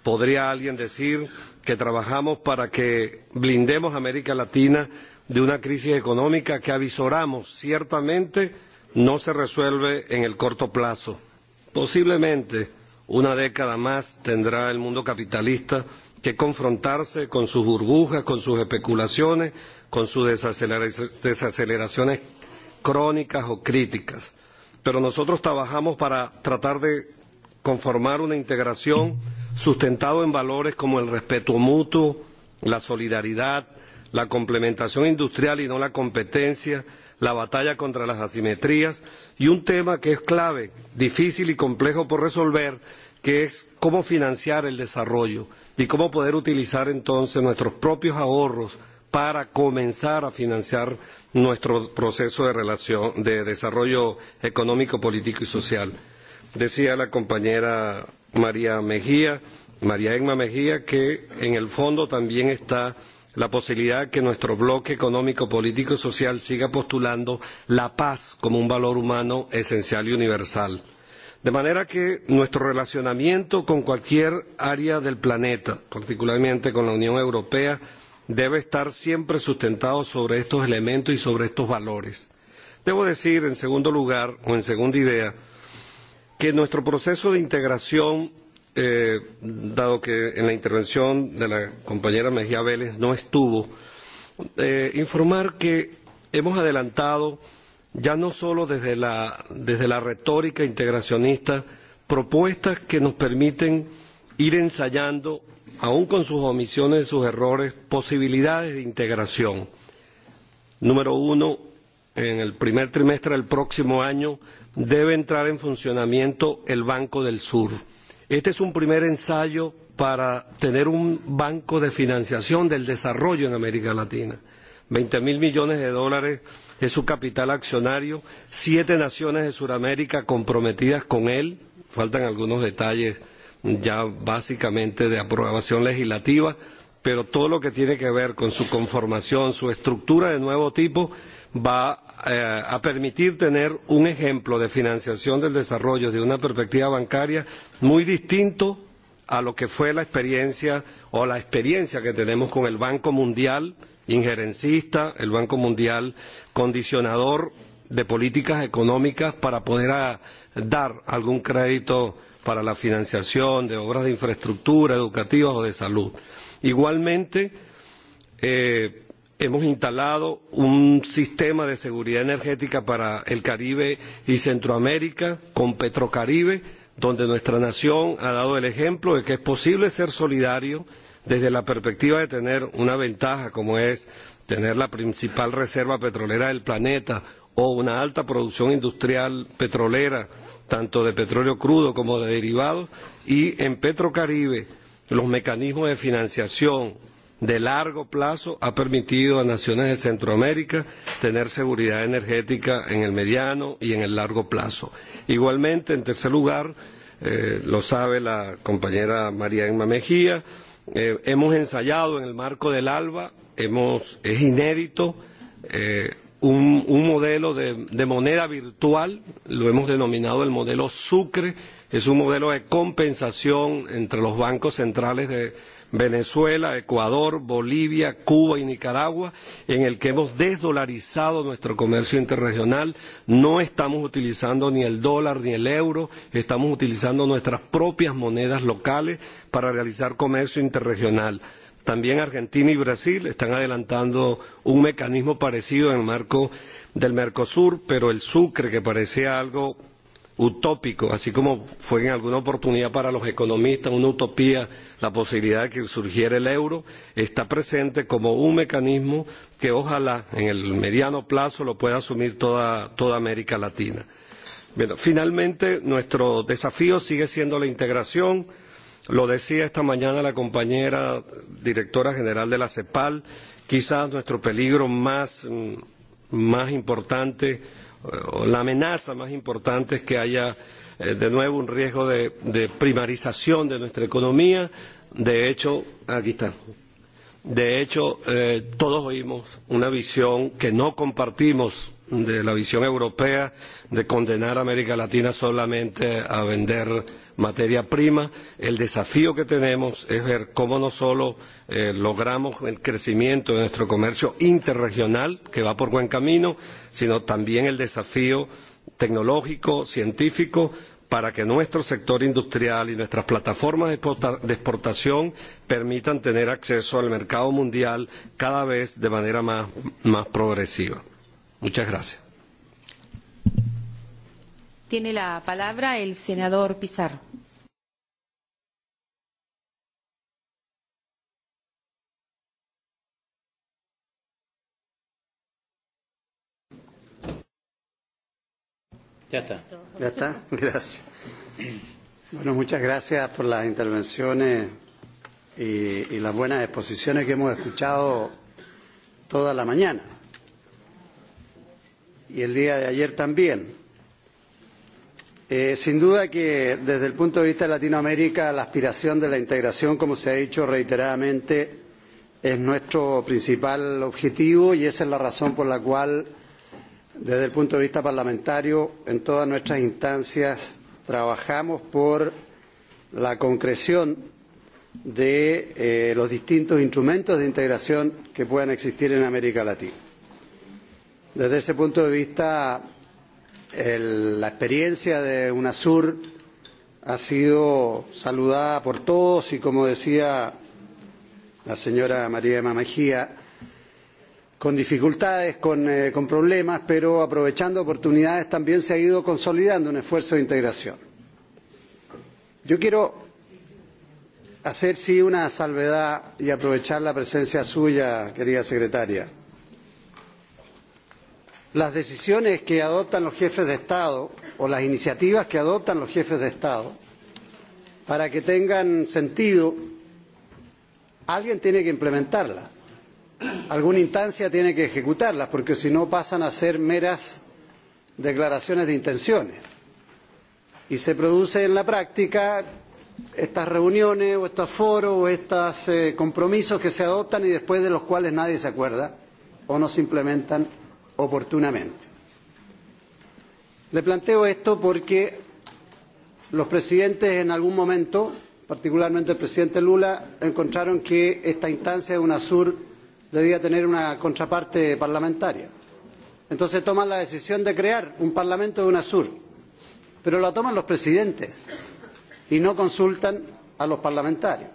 Speaker 14: ¿Podría alguien decir que trabajamos para que blindemos a América Latina de una crisis económica que avisoramos ciertamente no se resuelve en el corto plazo? Posiblemente una década más tendrá el mundo capitalista que confrontarse con sus burbujas, con sus especulaciones, con sus desaceleraciones crónicas o críticas. Pero nosotros trabajamos para tratar de conformar una integración sustentado en valores como el respeto mutuo, la solidaridad, la complementación industrial y no la competencia, la batalla contra las asimetrías y un tema que es clave, difícil y complejo por resolver, que es cómo financiar el desarrollo y cómo poder utilizar entonces nuestros propios ahorros para comenzar a financiar nuestro proceso de, relación, de desarrollo económico, político y social. Decía la compañera María Mejía, María Egma Mejía, que en el fondo también está la posibilidad de que nuestro bloque económico, político y social siga postulando la paz como un valor humano esencial y universal. De manera que nuestro relacionamiento con cualquier área del planeta, particularmente con la Unión Europea, debe estar siempre sustentado sobre estos elementos y sobre estos valores. Debo decir, en segundo lugar, o en segunda idea, que nuestro proceso de integración, eh, dado que en la intervención de la compañera Mejía Vélez no estuvo, eh, informar que hemos adelantado ya no solo desde la, desde la retórica integracionista, propuestas que nos permiten ir ensayando, aún con sus omisiones y sus errores, posibilidades de integración. Número uno, en el primer trimestre del próximo año debe entrar en funcionamiento el Banco del Sur. Este es un primer ensayo para tener un banco de financiación del desarrollo en América Latina. 20 mil millones de dólares es su capital accionario, siete naciones de Sudamérica comprometidas con él, faltan algunos detalles ya básicamente de aprobación legislativa, pero todo lo que tiene que ver con su conformación, su estructura de nuevo tipo, va eh, a permitir tener un ejemplo de financiación del desarrollo de una perspectiva bancaria muy distinto a lo que fue la experiencia o la experiencia que tenemos con el Banco Mundial injerencista, el Banco Mundial condicionador de políticas económicas para poder a, ah, dar algún crédito para la financiación de obras de infraestructura educativas o de salud. Igualmente, eh, hemos instalado un sistema de seguridad energética para el Caribe y Centroamérica con Petrocaribe, donde nuestra nación ha dado el ejemplo de que es posible ser solidario desde la perspectiva de tener una ventaja como es tener la principal reserva petrolera del planeta o una alta producción industrial petrolera, tanto de petróleo crudo como de derivados, y en Petrocaribe los mecanismos de financiación de largo plazo ha permitido a naciones de Centroamérica tener seguridad energética en el mediano y en el largo plazo. Igualmente, en tercer lugar, eh, lo sabe la compañera María Emma Mejía, eh, hemos ensayado en el marco del ALBA, hemos, es inédito, eh, un, un modelo de, de moneda virtual, lo hemos denominado el modelo Sucre, es un modelo de compensación entre los bancos centrales de Venezuela, Ecuador, Bolivia, Cuba y Nicaragua, en el que hemos desdolarizado nuestro comercio interregional. No estamos utilizando ni el dólar ni el euro, estamos utilizando nuestras propias monedas locales para realizar comercio interregional. También Argentina y Brasil están adelantando un mecanismo parecido en el marco del Mercosur, pero el Sucre, que parecía algo utópico, así como fue en alguna oportunidad para los economistas una utopía la posibilidad de que surgiera el euro, está presente como un mecanismo que ojalá en el mediano plazo lo pueda asumir toda, toda América Latina. Bueno, finalmente, nuestro desafío sigue siendo la integración. Lo decía esta mañana la compañera directora general de la CEPAL, quizás nuestro peligro más, más importante o eh, la amenaza más importante es que haya eh, de nuevo un riesgo de, de primarización de nuestra economía. De hecho, aquí está. De hecho, eh, todos oímos una visión que no compartimos de la visión europea de condenar a América Latina solamente a vender materia prima. El desafío que tenemos es ver cómo no solo eh, logramos el crecimiento de nuestro comercio interregional, que va por buen camino, sino también el desafío tecnológico, científico, para que nuestro sector industrial y nuestras plataformas de exportación permitan tener acceso al mercado mundial cada vez de manera más, más progresiva. Muchas gracias.
Speaker 10: Tiene la palabra el senador Pizarro.
Speaker 4: Ya está. Ya está,
Speaker 15: gracias. Bueno, muchas gracias por las intervenciones y, y las buenas exposiciones que hemos escuchado toda la mañana y el día de ayer también. Eh, sin duda que desde el punto de vista de Latinoamérica la aspiración de la integración, como se ha dicho reiteradamente, es nuestro principal objetivo y esa es la razón por la cual desde el punto de vista parlamentario en todas nuestras instancias trabajamos por la concreción de eh, los distintos instrumentos de integración que puedan existir en América Latina. Desde ese punto de vista, el, la experiencia de UNASUR ha sido saludada por todos y, como decía la señora María Emma Mejía, con dificultades, con, eh, con problemas, pero aprovechando oportunidades también se ha ido consolidando un esfuerzo de integración. Yo quiero hacer sí una salvedad y aprovechar la presencia suya, querida secretaria las decisiones que adoptan los jefes de Estado o las iniciativas que adoptan los jefes de Estado, para que tengan sentido, alguien tiene que implementarlas, alguna instancia tiene que ejecutarlas, porque si no pasan a ser meras declaraciones de intenciones. Y se produce en la práctica estas reuniones o estos foros o estos eh, compromisos que se adoptan y después de los cuales nadie se acuerda o no se implementan oportunamente. Le planteo esto porque los presidentes en algún momento, particularmente el presidente Lula, encontraron que esta instancia de UNASUR debía tener una contraparte parlamentaria. Entonces toman la decisión de crear un parlamento de UNASUR, pero la toman los presidentes y no consultan a los parlamentarios.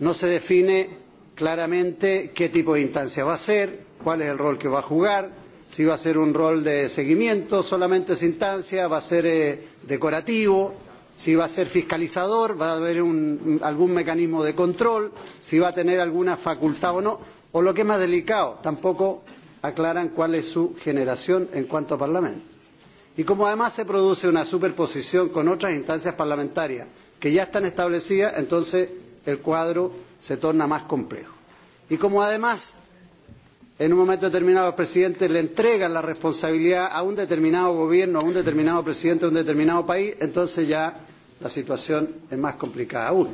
Speaker 15: No se define claramente qué tipo de instancia va a ser, cuál es el rol que va a jugar, si va a ser un rol de seguimiento solamente esa instancia, va a ser eh, decorativo, si va a ser fiscalizador, va a haber un, algún mecanismo de control, si va a tener alguna facultad o no, o lo que es más delicado, tampoco aclaran cuál es su generación en cuanto a Parlamento. Y como además se produce una superposición con otras instancias parlamentarias que ya están establecidas, entonces el cuadro se torna más complejo. Y como además en un momento determinado el presidente le entrega la responsabilidad a un determinado gobierno, a un determinado presidente de un determinado país, entonces ya la situación es más complicada aún.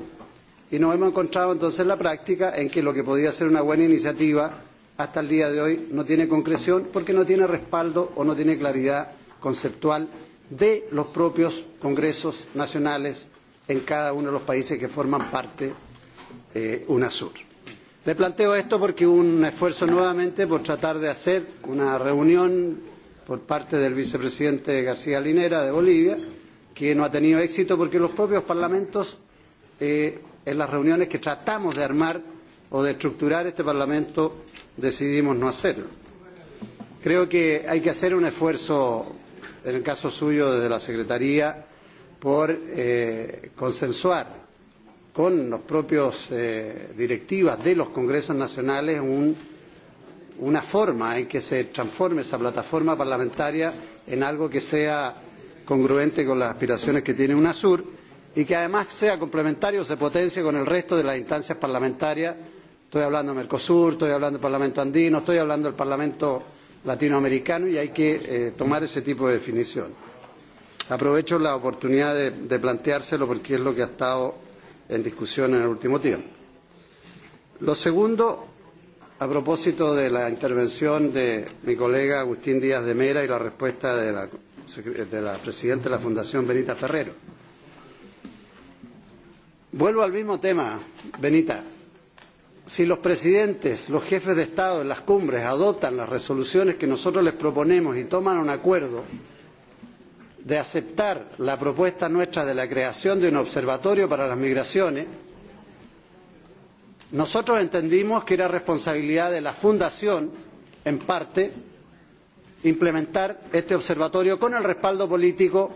Speaker 15: Y nos hemos encontrado entonces en la práctica en que lo que podía ser una buena iniciativa hasta el día de hoy no tiene concreción porque no tiene respaldo o no tiene claridad conceptual de los propios congresos nacionales en cada uno de los países que forman parte eh, UNASUR. Le planteo esto porque un esfuerzo nuevamente por tratar de hacer una reunión por parte del vicepresidente García Linera de Bolivia, que no ha tenido éxito porque los propios parlamentos, eh, en las reuniones que tratamos de armar o de estructurar este Parlamento, decidimos no hacerlo. Creo que hay que hacer un esfuerzo, en el caso suyo, desde la Secretaría, por eh, consensuar con los propios eh, directivas de los congresos nacionales un, una forma en que se transforme esa plataforma parlamentaria en algo que sea congruente con las aspiraciones que tiene UNASUR y que además sea complementario, se potencie con el resto de las instancias parlamentarias. Estoy hablando de Mercosur, estoy hablando del Parlamento andino, estoy hablando del Parlamento latinoamericano y hay que eh, tomar ese tipo de definición. Aprovecho la oportunidad de, de planteárselo porque es lo que ha estado en discusión en el último tiempo. Lo segundo, a propósito de la intervención de mi colega Agustín Díaz de Mera y la respuesta de la, de la presidenta de la Fundación Benita Ferrero. Vuelvo al mismo tema, Benita. Si los presidentes, los jefes de Estado en las cumbres adoptan las resoluciones que nosotros les proponemos y toman un acuerdo, de aceptar la propuesta nuestra de la creación de un observatorio para las migraciones, nosotros entendimos que era responsabilidad de la Fundación, en parte, implementar este observatorio con el respaldo político,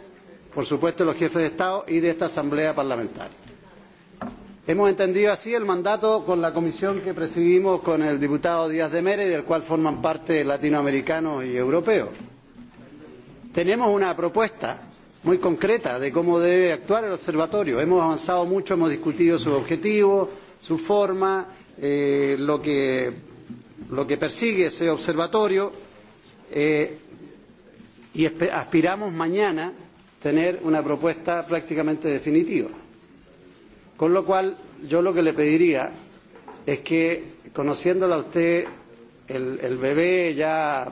Speaker 15: por supuesto, de los jefes de Estado y de esta Asamblea Parlamentaria. Hemos entendido así el mandato con la comisión que presidimos con el diputado Díaz de Mera y del cual forman parte latinoamericanos y europeos tenemos una propuesta muy concreta de cómo debe actuar el observatorio. Hemos avanzado mucho, hemos discutido sus objetivos, su forma, eh, lo, que, lo que persigue ese observatorio eh, y aspiramos mañana tener una propuesta prácticamente definitiva. Con lo cual, yo lo que le pediría es que, conociéndola a usted, el, el bebé ya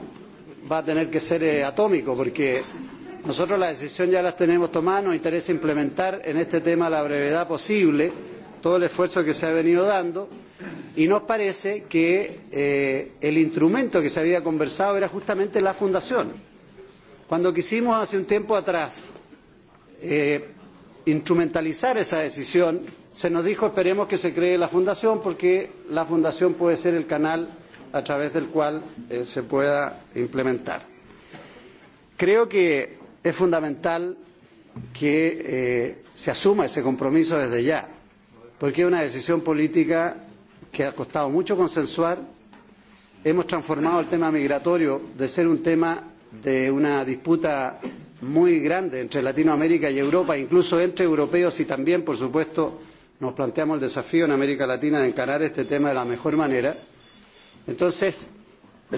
Speaker 15: va a tener que ser eh, atómico, porque nosotros la decisión ya la tenemos tomada, nos interesa implementar en este tema a la brevedad posible todo el esfuerzo que se ha venido dando y nos parece que eh, el instrumento que se había conversado era justamente la fundación. Cuando quisimos hace un tiempo atrás eh, instrumentalizar esa decisión, se nos dijo esperemos que se cree la fundación porque la fundación puede ser el canal a través del cual eh, se pueda implementar. Creo que es fundamental que eh, se asuma ese compromiso desde ya, porque es una decisión política que ha costado mucho consensuar. Hemos transformado el tema migratorio de ser un tema de una disputa muy grande entre Latinoamérica y Europa, incluso entre europeos y también, por supuesto, nos planteamos el desafío en América Latina de encarar este tema de la mejor manera Entonces,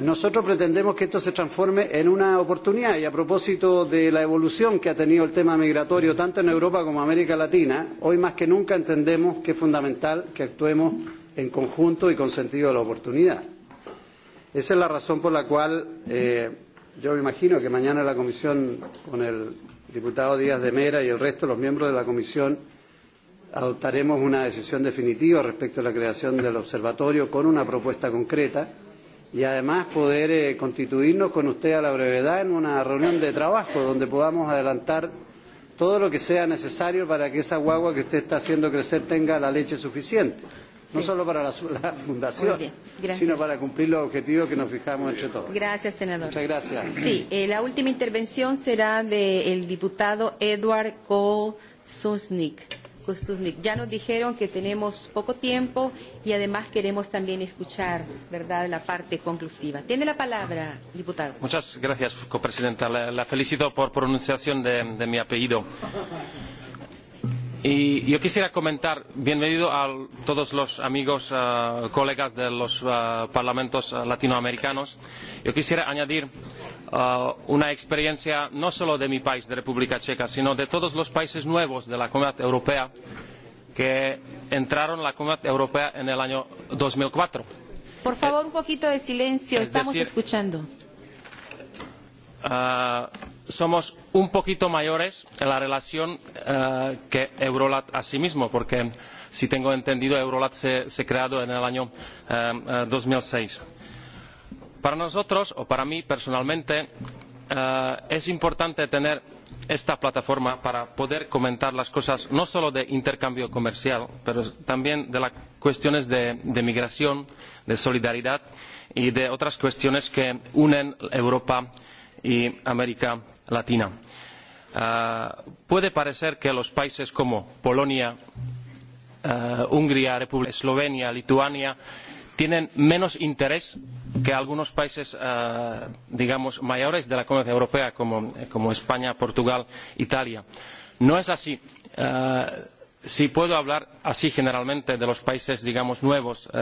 Speaker 15: nosotros pretendemos que esto se transforme en una oportunidad y a propósito de la evolución que ha tenido el tema migratorio tanto en Europa como en América Latina, hoy más que nunca entendemos que es fundamental que actuemos en conjunto y con sentido de la oportunidad. Esa es la razón por la cual eh, yo me imagino que mañana la Comisión, con el diputado Díaz de Mera y el resto de los miembros de la Comisión, adoptaremos una decisión definitiva respecto a la creación del observatorio con una propuesta concreta y además poder eh, constituirnos con usted a la brevedad en una reunión de trabajo donde podamos adelantar todo lo que sea necesario para que esa guagua que usted está haciendo crecer tenga la leche suficiente. Sí. No solo para la, la fundación, sino para cumplir los objetivos que nos fijamos entre todos.
Speaker 10: Gracias, senador. Muchas gracias. Sí, eh, la última intervención será del de diputado Edward Kosusnik. Kostusnik. Ya nos dijeron que tenemos poco tiempo y además queremos también escuchar ¿verdad? la parte conclusiva. Tiene la palabra, diputado.
Speaker 3: Muchas gracias, copresidenta. La, la felicito por pronunciación de, de mi apellido. Y yo quisiera comentar, bienvenido a todos los amigos, uh, colegas de los uh, parlamentos uh, latinoamericanos. Yo quisiera añadir uh, una experiencia no solo de mi país, de República Checa, sino de todos los países nuevos de la Comunidad Europea que entraron a la Comunidad Europea en el año 2004.
Speaker 10: Por favor, eh, un poquito de silencio, es estamos decir, escuchando.
Speaker 3: Uh, somos un poquito mayores en la relación uh, que Eurolat a sí mismo, porque si tengo entendido, Eurolat se, se creado en el año um, uh, uh, 2006. Para nosotros, o para mí personalmente, eh, es importante tener esta plataforma para poder comentar las cosas no solo de intercambio comercial, pero también de las cuestiones de, de migración, de solidaridad y de otras cuestiones que unen Europa y América Latina. Uh, puede parecer que los países como Polonia, uh, Hungría, República Eslovenia, Lituania tienen menos interés que algunos países, eh, digamos, mayores de la Comunidad Europea, como, como España, Portugal, Italia. No es así. Eh, si puedo hablar así generalmente de los países, digamos, nuevos eh,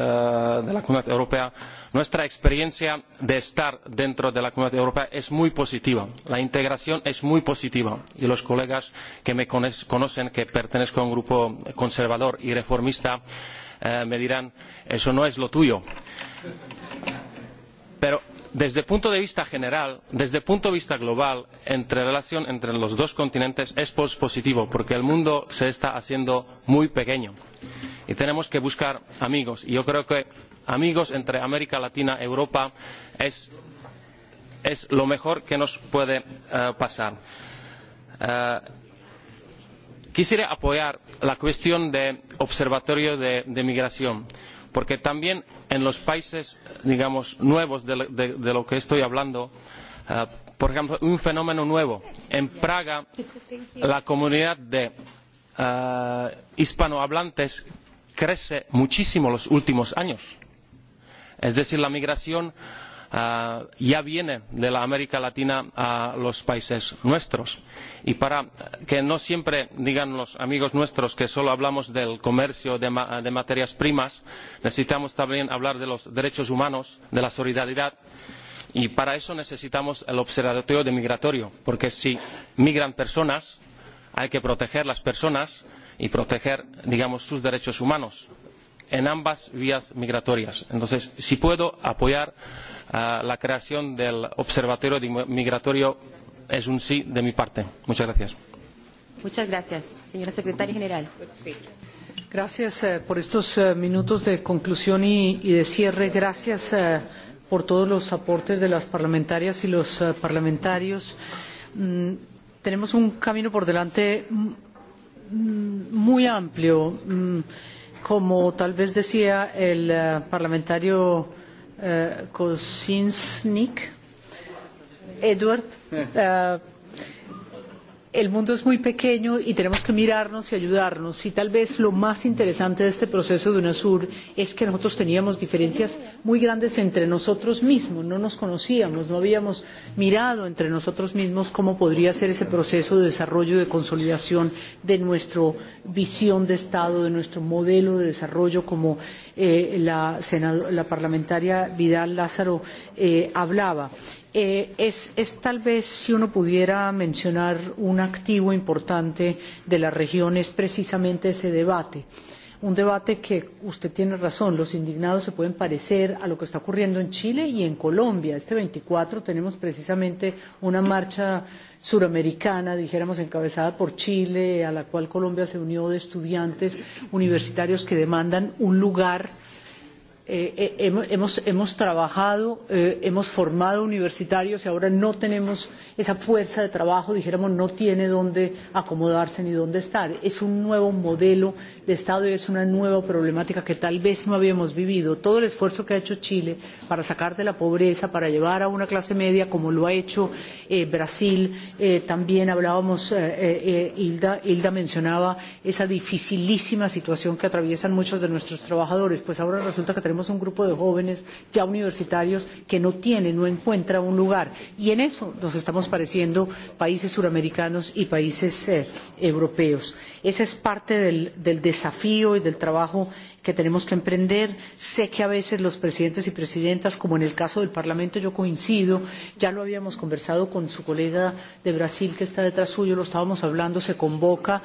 Speaker 3: de la Comunidad Europea, nuestra experiencia de estar dentro de la Comunidad Europea es muy positiva. La integración es muy positiva. Y los colegas que me conocen, que pertenezco a un grupo conservador y reformista, eh, me dirán, eso no es lo tuyo pero desde el punto de vista general desde el punto de vista global la relación entre los dos continentes es pospositiva porque el mundo se está haciendo muy pequeño y tenemos que buscar amigos y yo creo que amigos entre américa latina y europa es, es lo mejor que nos puede uh, pasar. Uh, quisiera apoyar la cuestión del observatorio de, de migración. Uh, porque también en los países, digamos, nuevos de, de, de lo que estoy hablando, uh, por ejemplo, un fenómeno nuevo. En Praga, la comunidad de uh, hispanohablantes crece muchísimo los últimos años. Es decir, la migración uh, uh, ya viene de la América Latina a los países nuestros. Y para que no siempre digan los amigos nuestros que solo hablamos del comercio de, ma de materias primas, necesitamos también hablar de los derechos humanos, de la solidaridad y para eso necesitamos el observatorio de migratorio porque si migran personas hay que proteger las personas y proteger digamos sus derechos humanos en ambas vías migratorias. entonces si puedo apoyar uh, la creación del Observatorio de Migratorio es un sí de mi parte. Muchas gracias.
Speaker 10: Muchas gracias, señora secretaria general.
Speaker 11: Gracias eh, por estos eh, minutos de conclusión y, y de cierre. Gracias eh, por todos los aportes de las parlamentarias y los eh, parlamentarios. Mm, tenemos un camino por delante mm, muy amplio. Mm, como tal vez decía el eh, parlamentario Eh, Kosinski. Edward. Uh, el mundo es muy pequeño y tenemos que mirarnos y ayudarnos. Y tal vez lo más interesante de este proceso de UNASUR es que nosotros teníamos diferencias muy grandes entre nosotros mismos, no nos conocíamos, no habíamos mirado entre nosotros mismos cómo podría ser ese proceso de desarrollo, de consolidación de nuestra visión de Estado, de nuestro modelo de desarrollo, como eh, la, senado, la parlamentaria Vidal Lázaro eh, hablaba. Eh, Eh, es, es tal vez si uno pudiera mencionar un activo importante de la región es precisamente ese debate. Un debate que usted tiene razón, los indignados se pueden parecer a lo que está ocurriendo en Chile y en Colombia. Este 24 tenemos precisamente una marcha suramericana, dijéramos, encabezada por Chile, a la cual Colombia se unió de estudiantes universitarios que demandan un lugar eh, eh, eh hemos, hemos trabajado, eh, hemos formado universitarios y ahora no tenemos esa fuerza de trabajo, dijéramos, no tiene dónde acomodarse ni dónde estar. Es un nuevo modelo de Estado y es una nueva problemática que tal vez no habíamos vivido. Todo el esfuerzo que ha hecho Chile para sacar de la pobreza, para llevar a una clase media, como lo ha hecho eh, Brasil, eh, también hablábamos, eh, eh, eh Hilda, Hilda mencionaba esa dificilísima situación que atraviesan muchos de nuestros trabajadores. Pues ahora resulta que tenemos tenemos un grupo de jóvenes ya universitarios que no tienen, no encuentran un lugar. Y en eso nos estamos pareciendo países suramericanos y países eh, europeos. Ese es parte del, del desafío y del trabajo que tenemos que emprender. Sé que a veces los presidentes y presidentas, como en el caso del Parlamento, yo coincido, ya lo habíamos conversado con su colega de Brasil que está detrás suyo, lo estábamos hablando, se convoca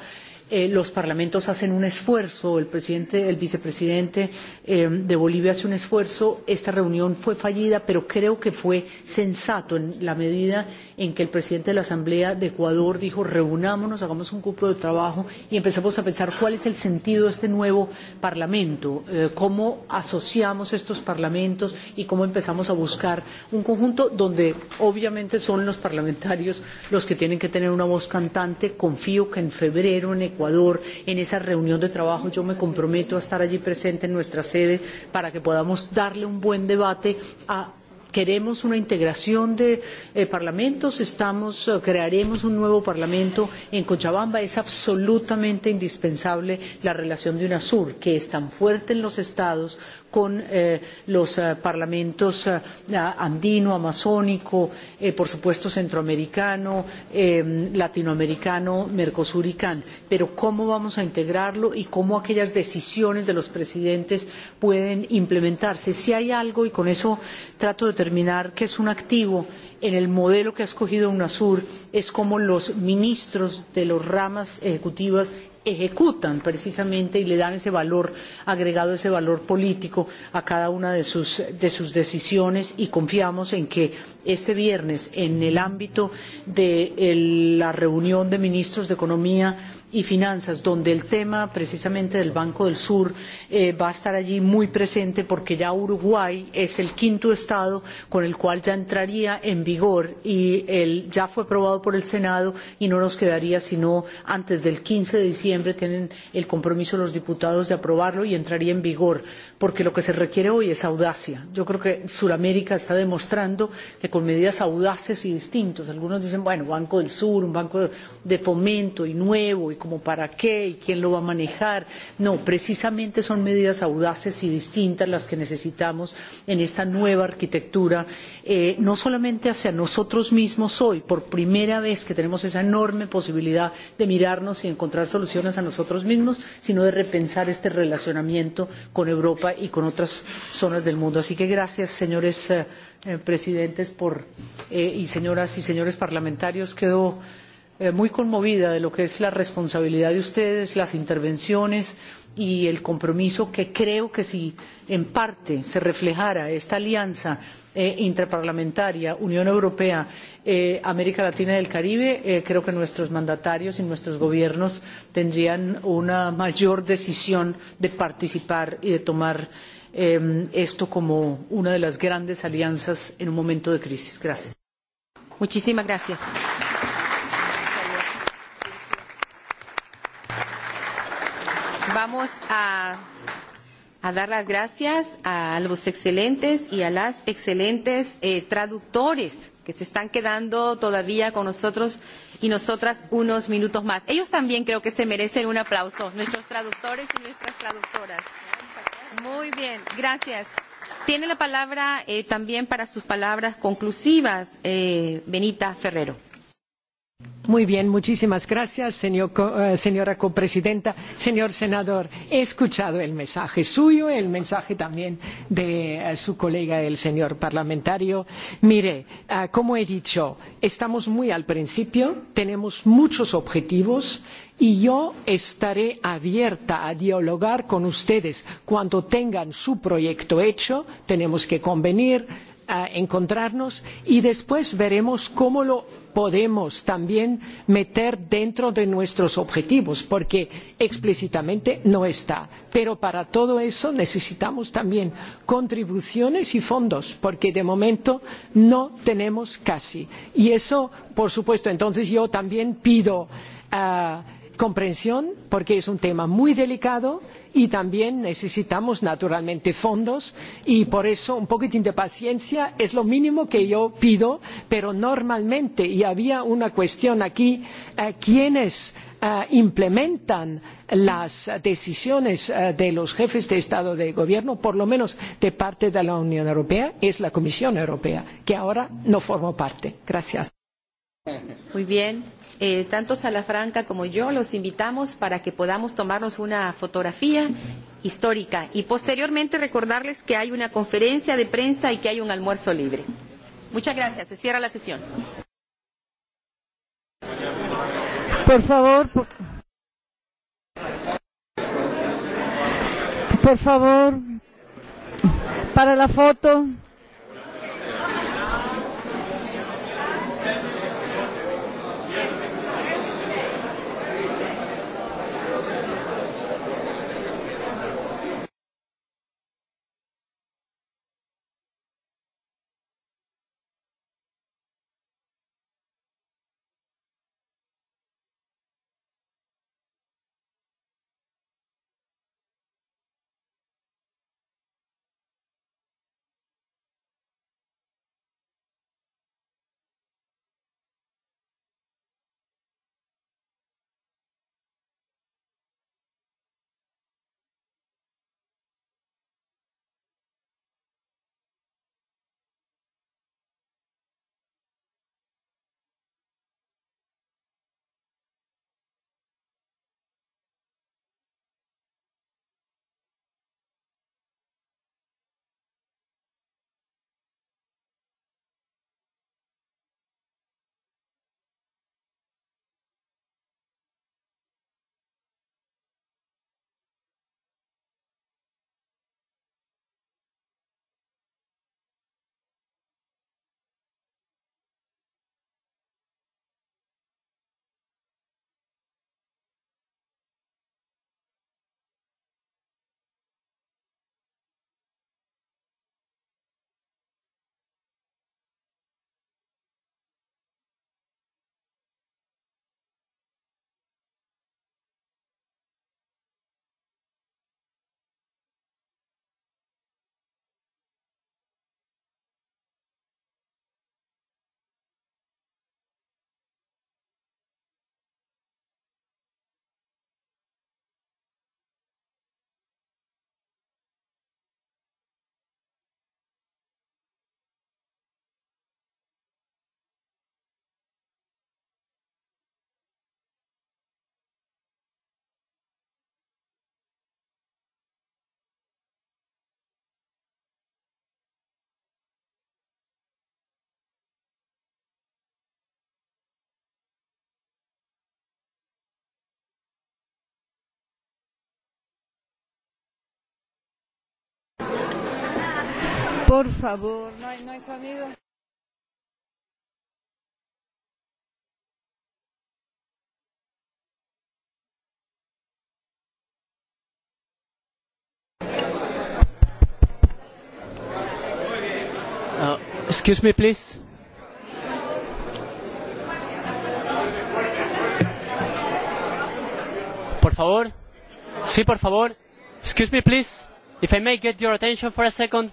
Speaker 11: eh, los parlamentos hacen un esfuerzo, el presidente, el vicepresidente eh, de Bolivia hace un esfuerzo. Esta reunión fue fallida, pero creo que fue sensato en la medida en que el presidente de la Asamblea de Ecuador dijo reunámonos, hagamos un grupo de trabajo y empecemos a pensar cuál es el sentido de este nuevo parlamento, eh, cómo asociamos estos parlamentos y cómo empezamos a buscar un conjunto donde obviamente son los parlamentarios los que tienen que tener una voz cantante. Confío que en febrero en Ecuador Ecuador, en esa reunión de trabajo. Yo me comprometo a estar allí presente en nuestra sede para que podamos darle un buen debate a queremos una integración de eh, parlamentos, estamos, eh, crearemos un nuevo parlamento en Cochabamba. Es absolutamente indispensable la relación de UNASUR, que es tan fuerte en los estados con eh, los eh, parlamentos eh, andino, amazónico, eh, por supuesto centroamericano, eh, latinoamericano, Mercosur y CAN. Pero cómo vamos a integrarlo y cómo aquellas decisiones de los presidentes pueden implementarse. Si hay algo, y con eso trato de terminar, que es un activo en el modelo que ha escogido UNASUR es cómo los ministros de las ramas ejecutivas ejecutan precisamente y le dan ese valor agregado, ese valor político a cada una de sus, de sus decisiones y confiamos en que este viernes, en el ámbito de el, la reunión de ministros de Economía y Finanzas, donde el tema precisamente del Banco del Sur eh, va a estar allí muy presente porque ya Uruguay es el quinto Estado con el cual ya entraría en vigor y el, ya fue aprobado por el Senado y no nos quedaría sino antes del 15 de diciembre tienen el compromiso los diputados de aprobarlo y entraría en vigor porque lo que se requiere hoy es audacia. Yo creo que Sudamérica está demostrando que con medidas audaces y distintas, algunos dicen, bueno, Banco del Sur, un banco de fomento y nuevo, y como para qué, y quién lo va a manejar. No, precisamente son medidas audaces y distintas las que necesitamos en esta nueva arquitectura, eh, no solamente hacia nosotros mismos hoy, por primera vez que tenemos esa enorme posibilidad de mirarnos y encontrar soluciones a nosotros mismos, sino de repensar este relacionamiento con Europa Europa y con otras zonas del mundo. Así que gracias, señores eh, eh presidentes por, eh, y señoras y señores parlamentarios. Quedo eh, muy conmovida de lo que es la responsabilidad de ustedes, las intervenciones y el compromiso que creo que si en parte se reflejara esta alianza eh, interparlamentaria Unión Europea eh, América Latina y el Caribe, eh, creo que nuestros mandatarios y nuestros gobiernos tendrían una mayor decisión de participar y de tomar eh, esto como una de las grandes alianzas en un momento de crisis. Gracias. Muchísimas gracias. vamos a,
Speaker 10: a dar las gracias a los excelentes y a las excelentes eh, traductores que se están quedando todavía con nosotros y nosotras unos minutos más. Ellos también creo que se merecen un aplauso, nuestros traductores y nuestras traductoras. Muy bien, gracias. Tiene la palabra eh, también para sus palabras conclusivas, eh, Benita Ferrero. Muy bien,
Speaker 7: muchísimas gracias, señor, eh, señora copresidenta. Señor senador, he escuchado el mensaje suyo, el mensaje también de eh, su colega, el señor parlamentario. Mire, ah, como he dicho, estamos muy al principio, tenemos muchos objetivos y yo estaré abierta a dialogar con ustedes cuando tengan su proyecto hecho. Tenemos que convenir, a ah, encontrarnos y después veremos cómo lo podemos también meter dentro de nuestros objetivos, porque explícitamente no está. Pero para todo eso necesitamos también contribuciones y fondos, porque de momento no tenemos casi. Y eso, por supuesto, entonces yo también pido uh, comprensión, porque es un tema muy delicado y también necesitamos naturalmente fondos y por eso un poquitín de paciencia es lo mínimo que yo pido pero normalmente y había una cuestión aquí eh, quiénes eh, implementan las decisiones eh, de los jefes de Estado de Gobierno, por lo menos de parte de la Unión Europea, es la Comisión Europea, que ahora no forma parte. Gracias.
Speaker 10: Muy bien eh, tanto Salafranca como yo los invitamos para que podamos tomarnos una fotografía histórica y posteriormente recordarles que hay una conferencia de prensa y que hay un almuerzo libre. Muchas gracias. Se cierra la sesión.
Speaker 15: Por favor. Por,
Speaker 11: por favor. Para la foto. Por favor, no hay, no hay sonido. Uh, excuse me, please.
Speaker 15: Por favor. Sí, por favor. Excuse me, please. If I may get your attention for a second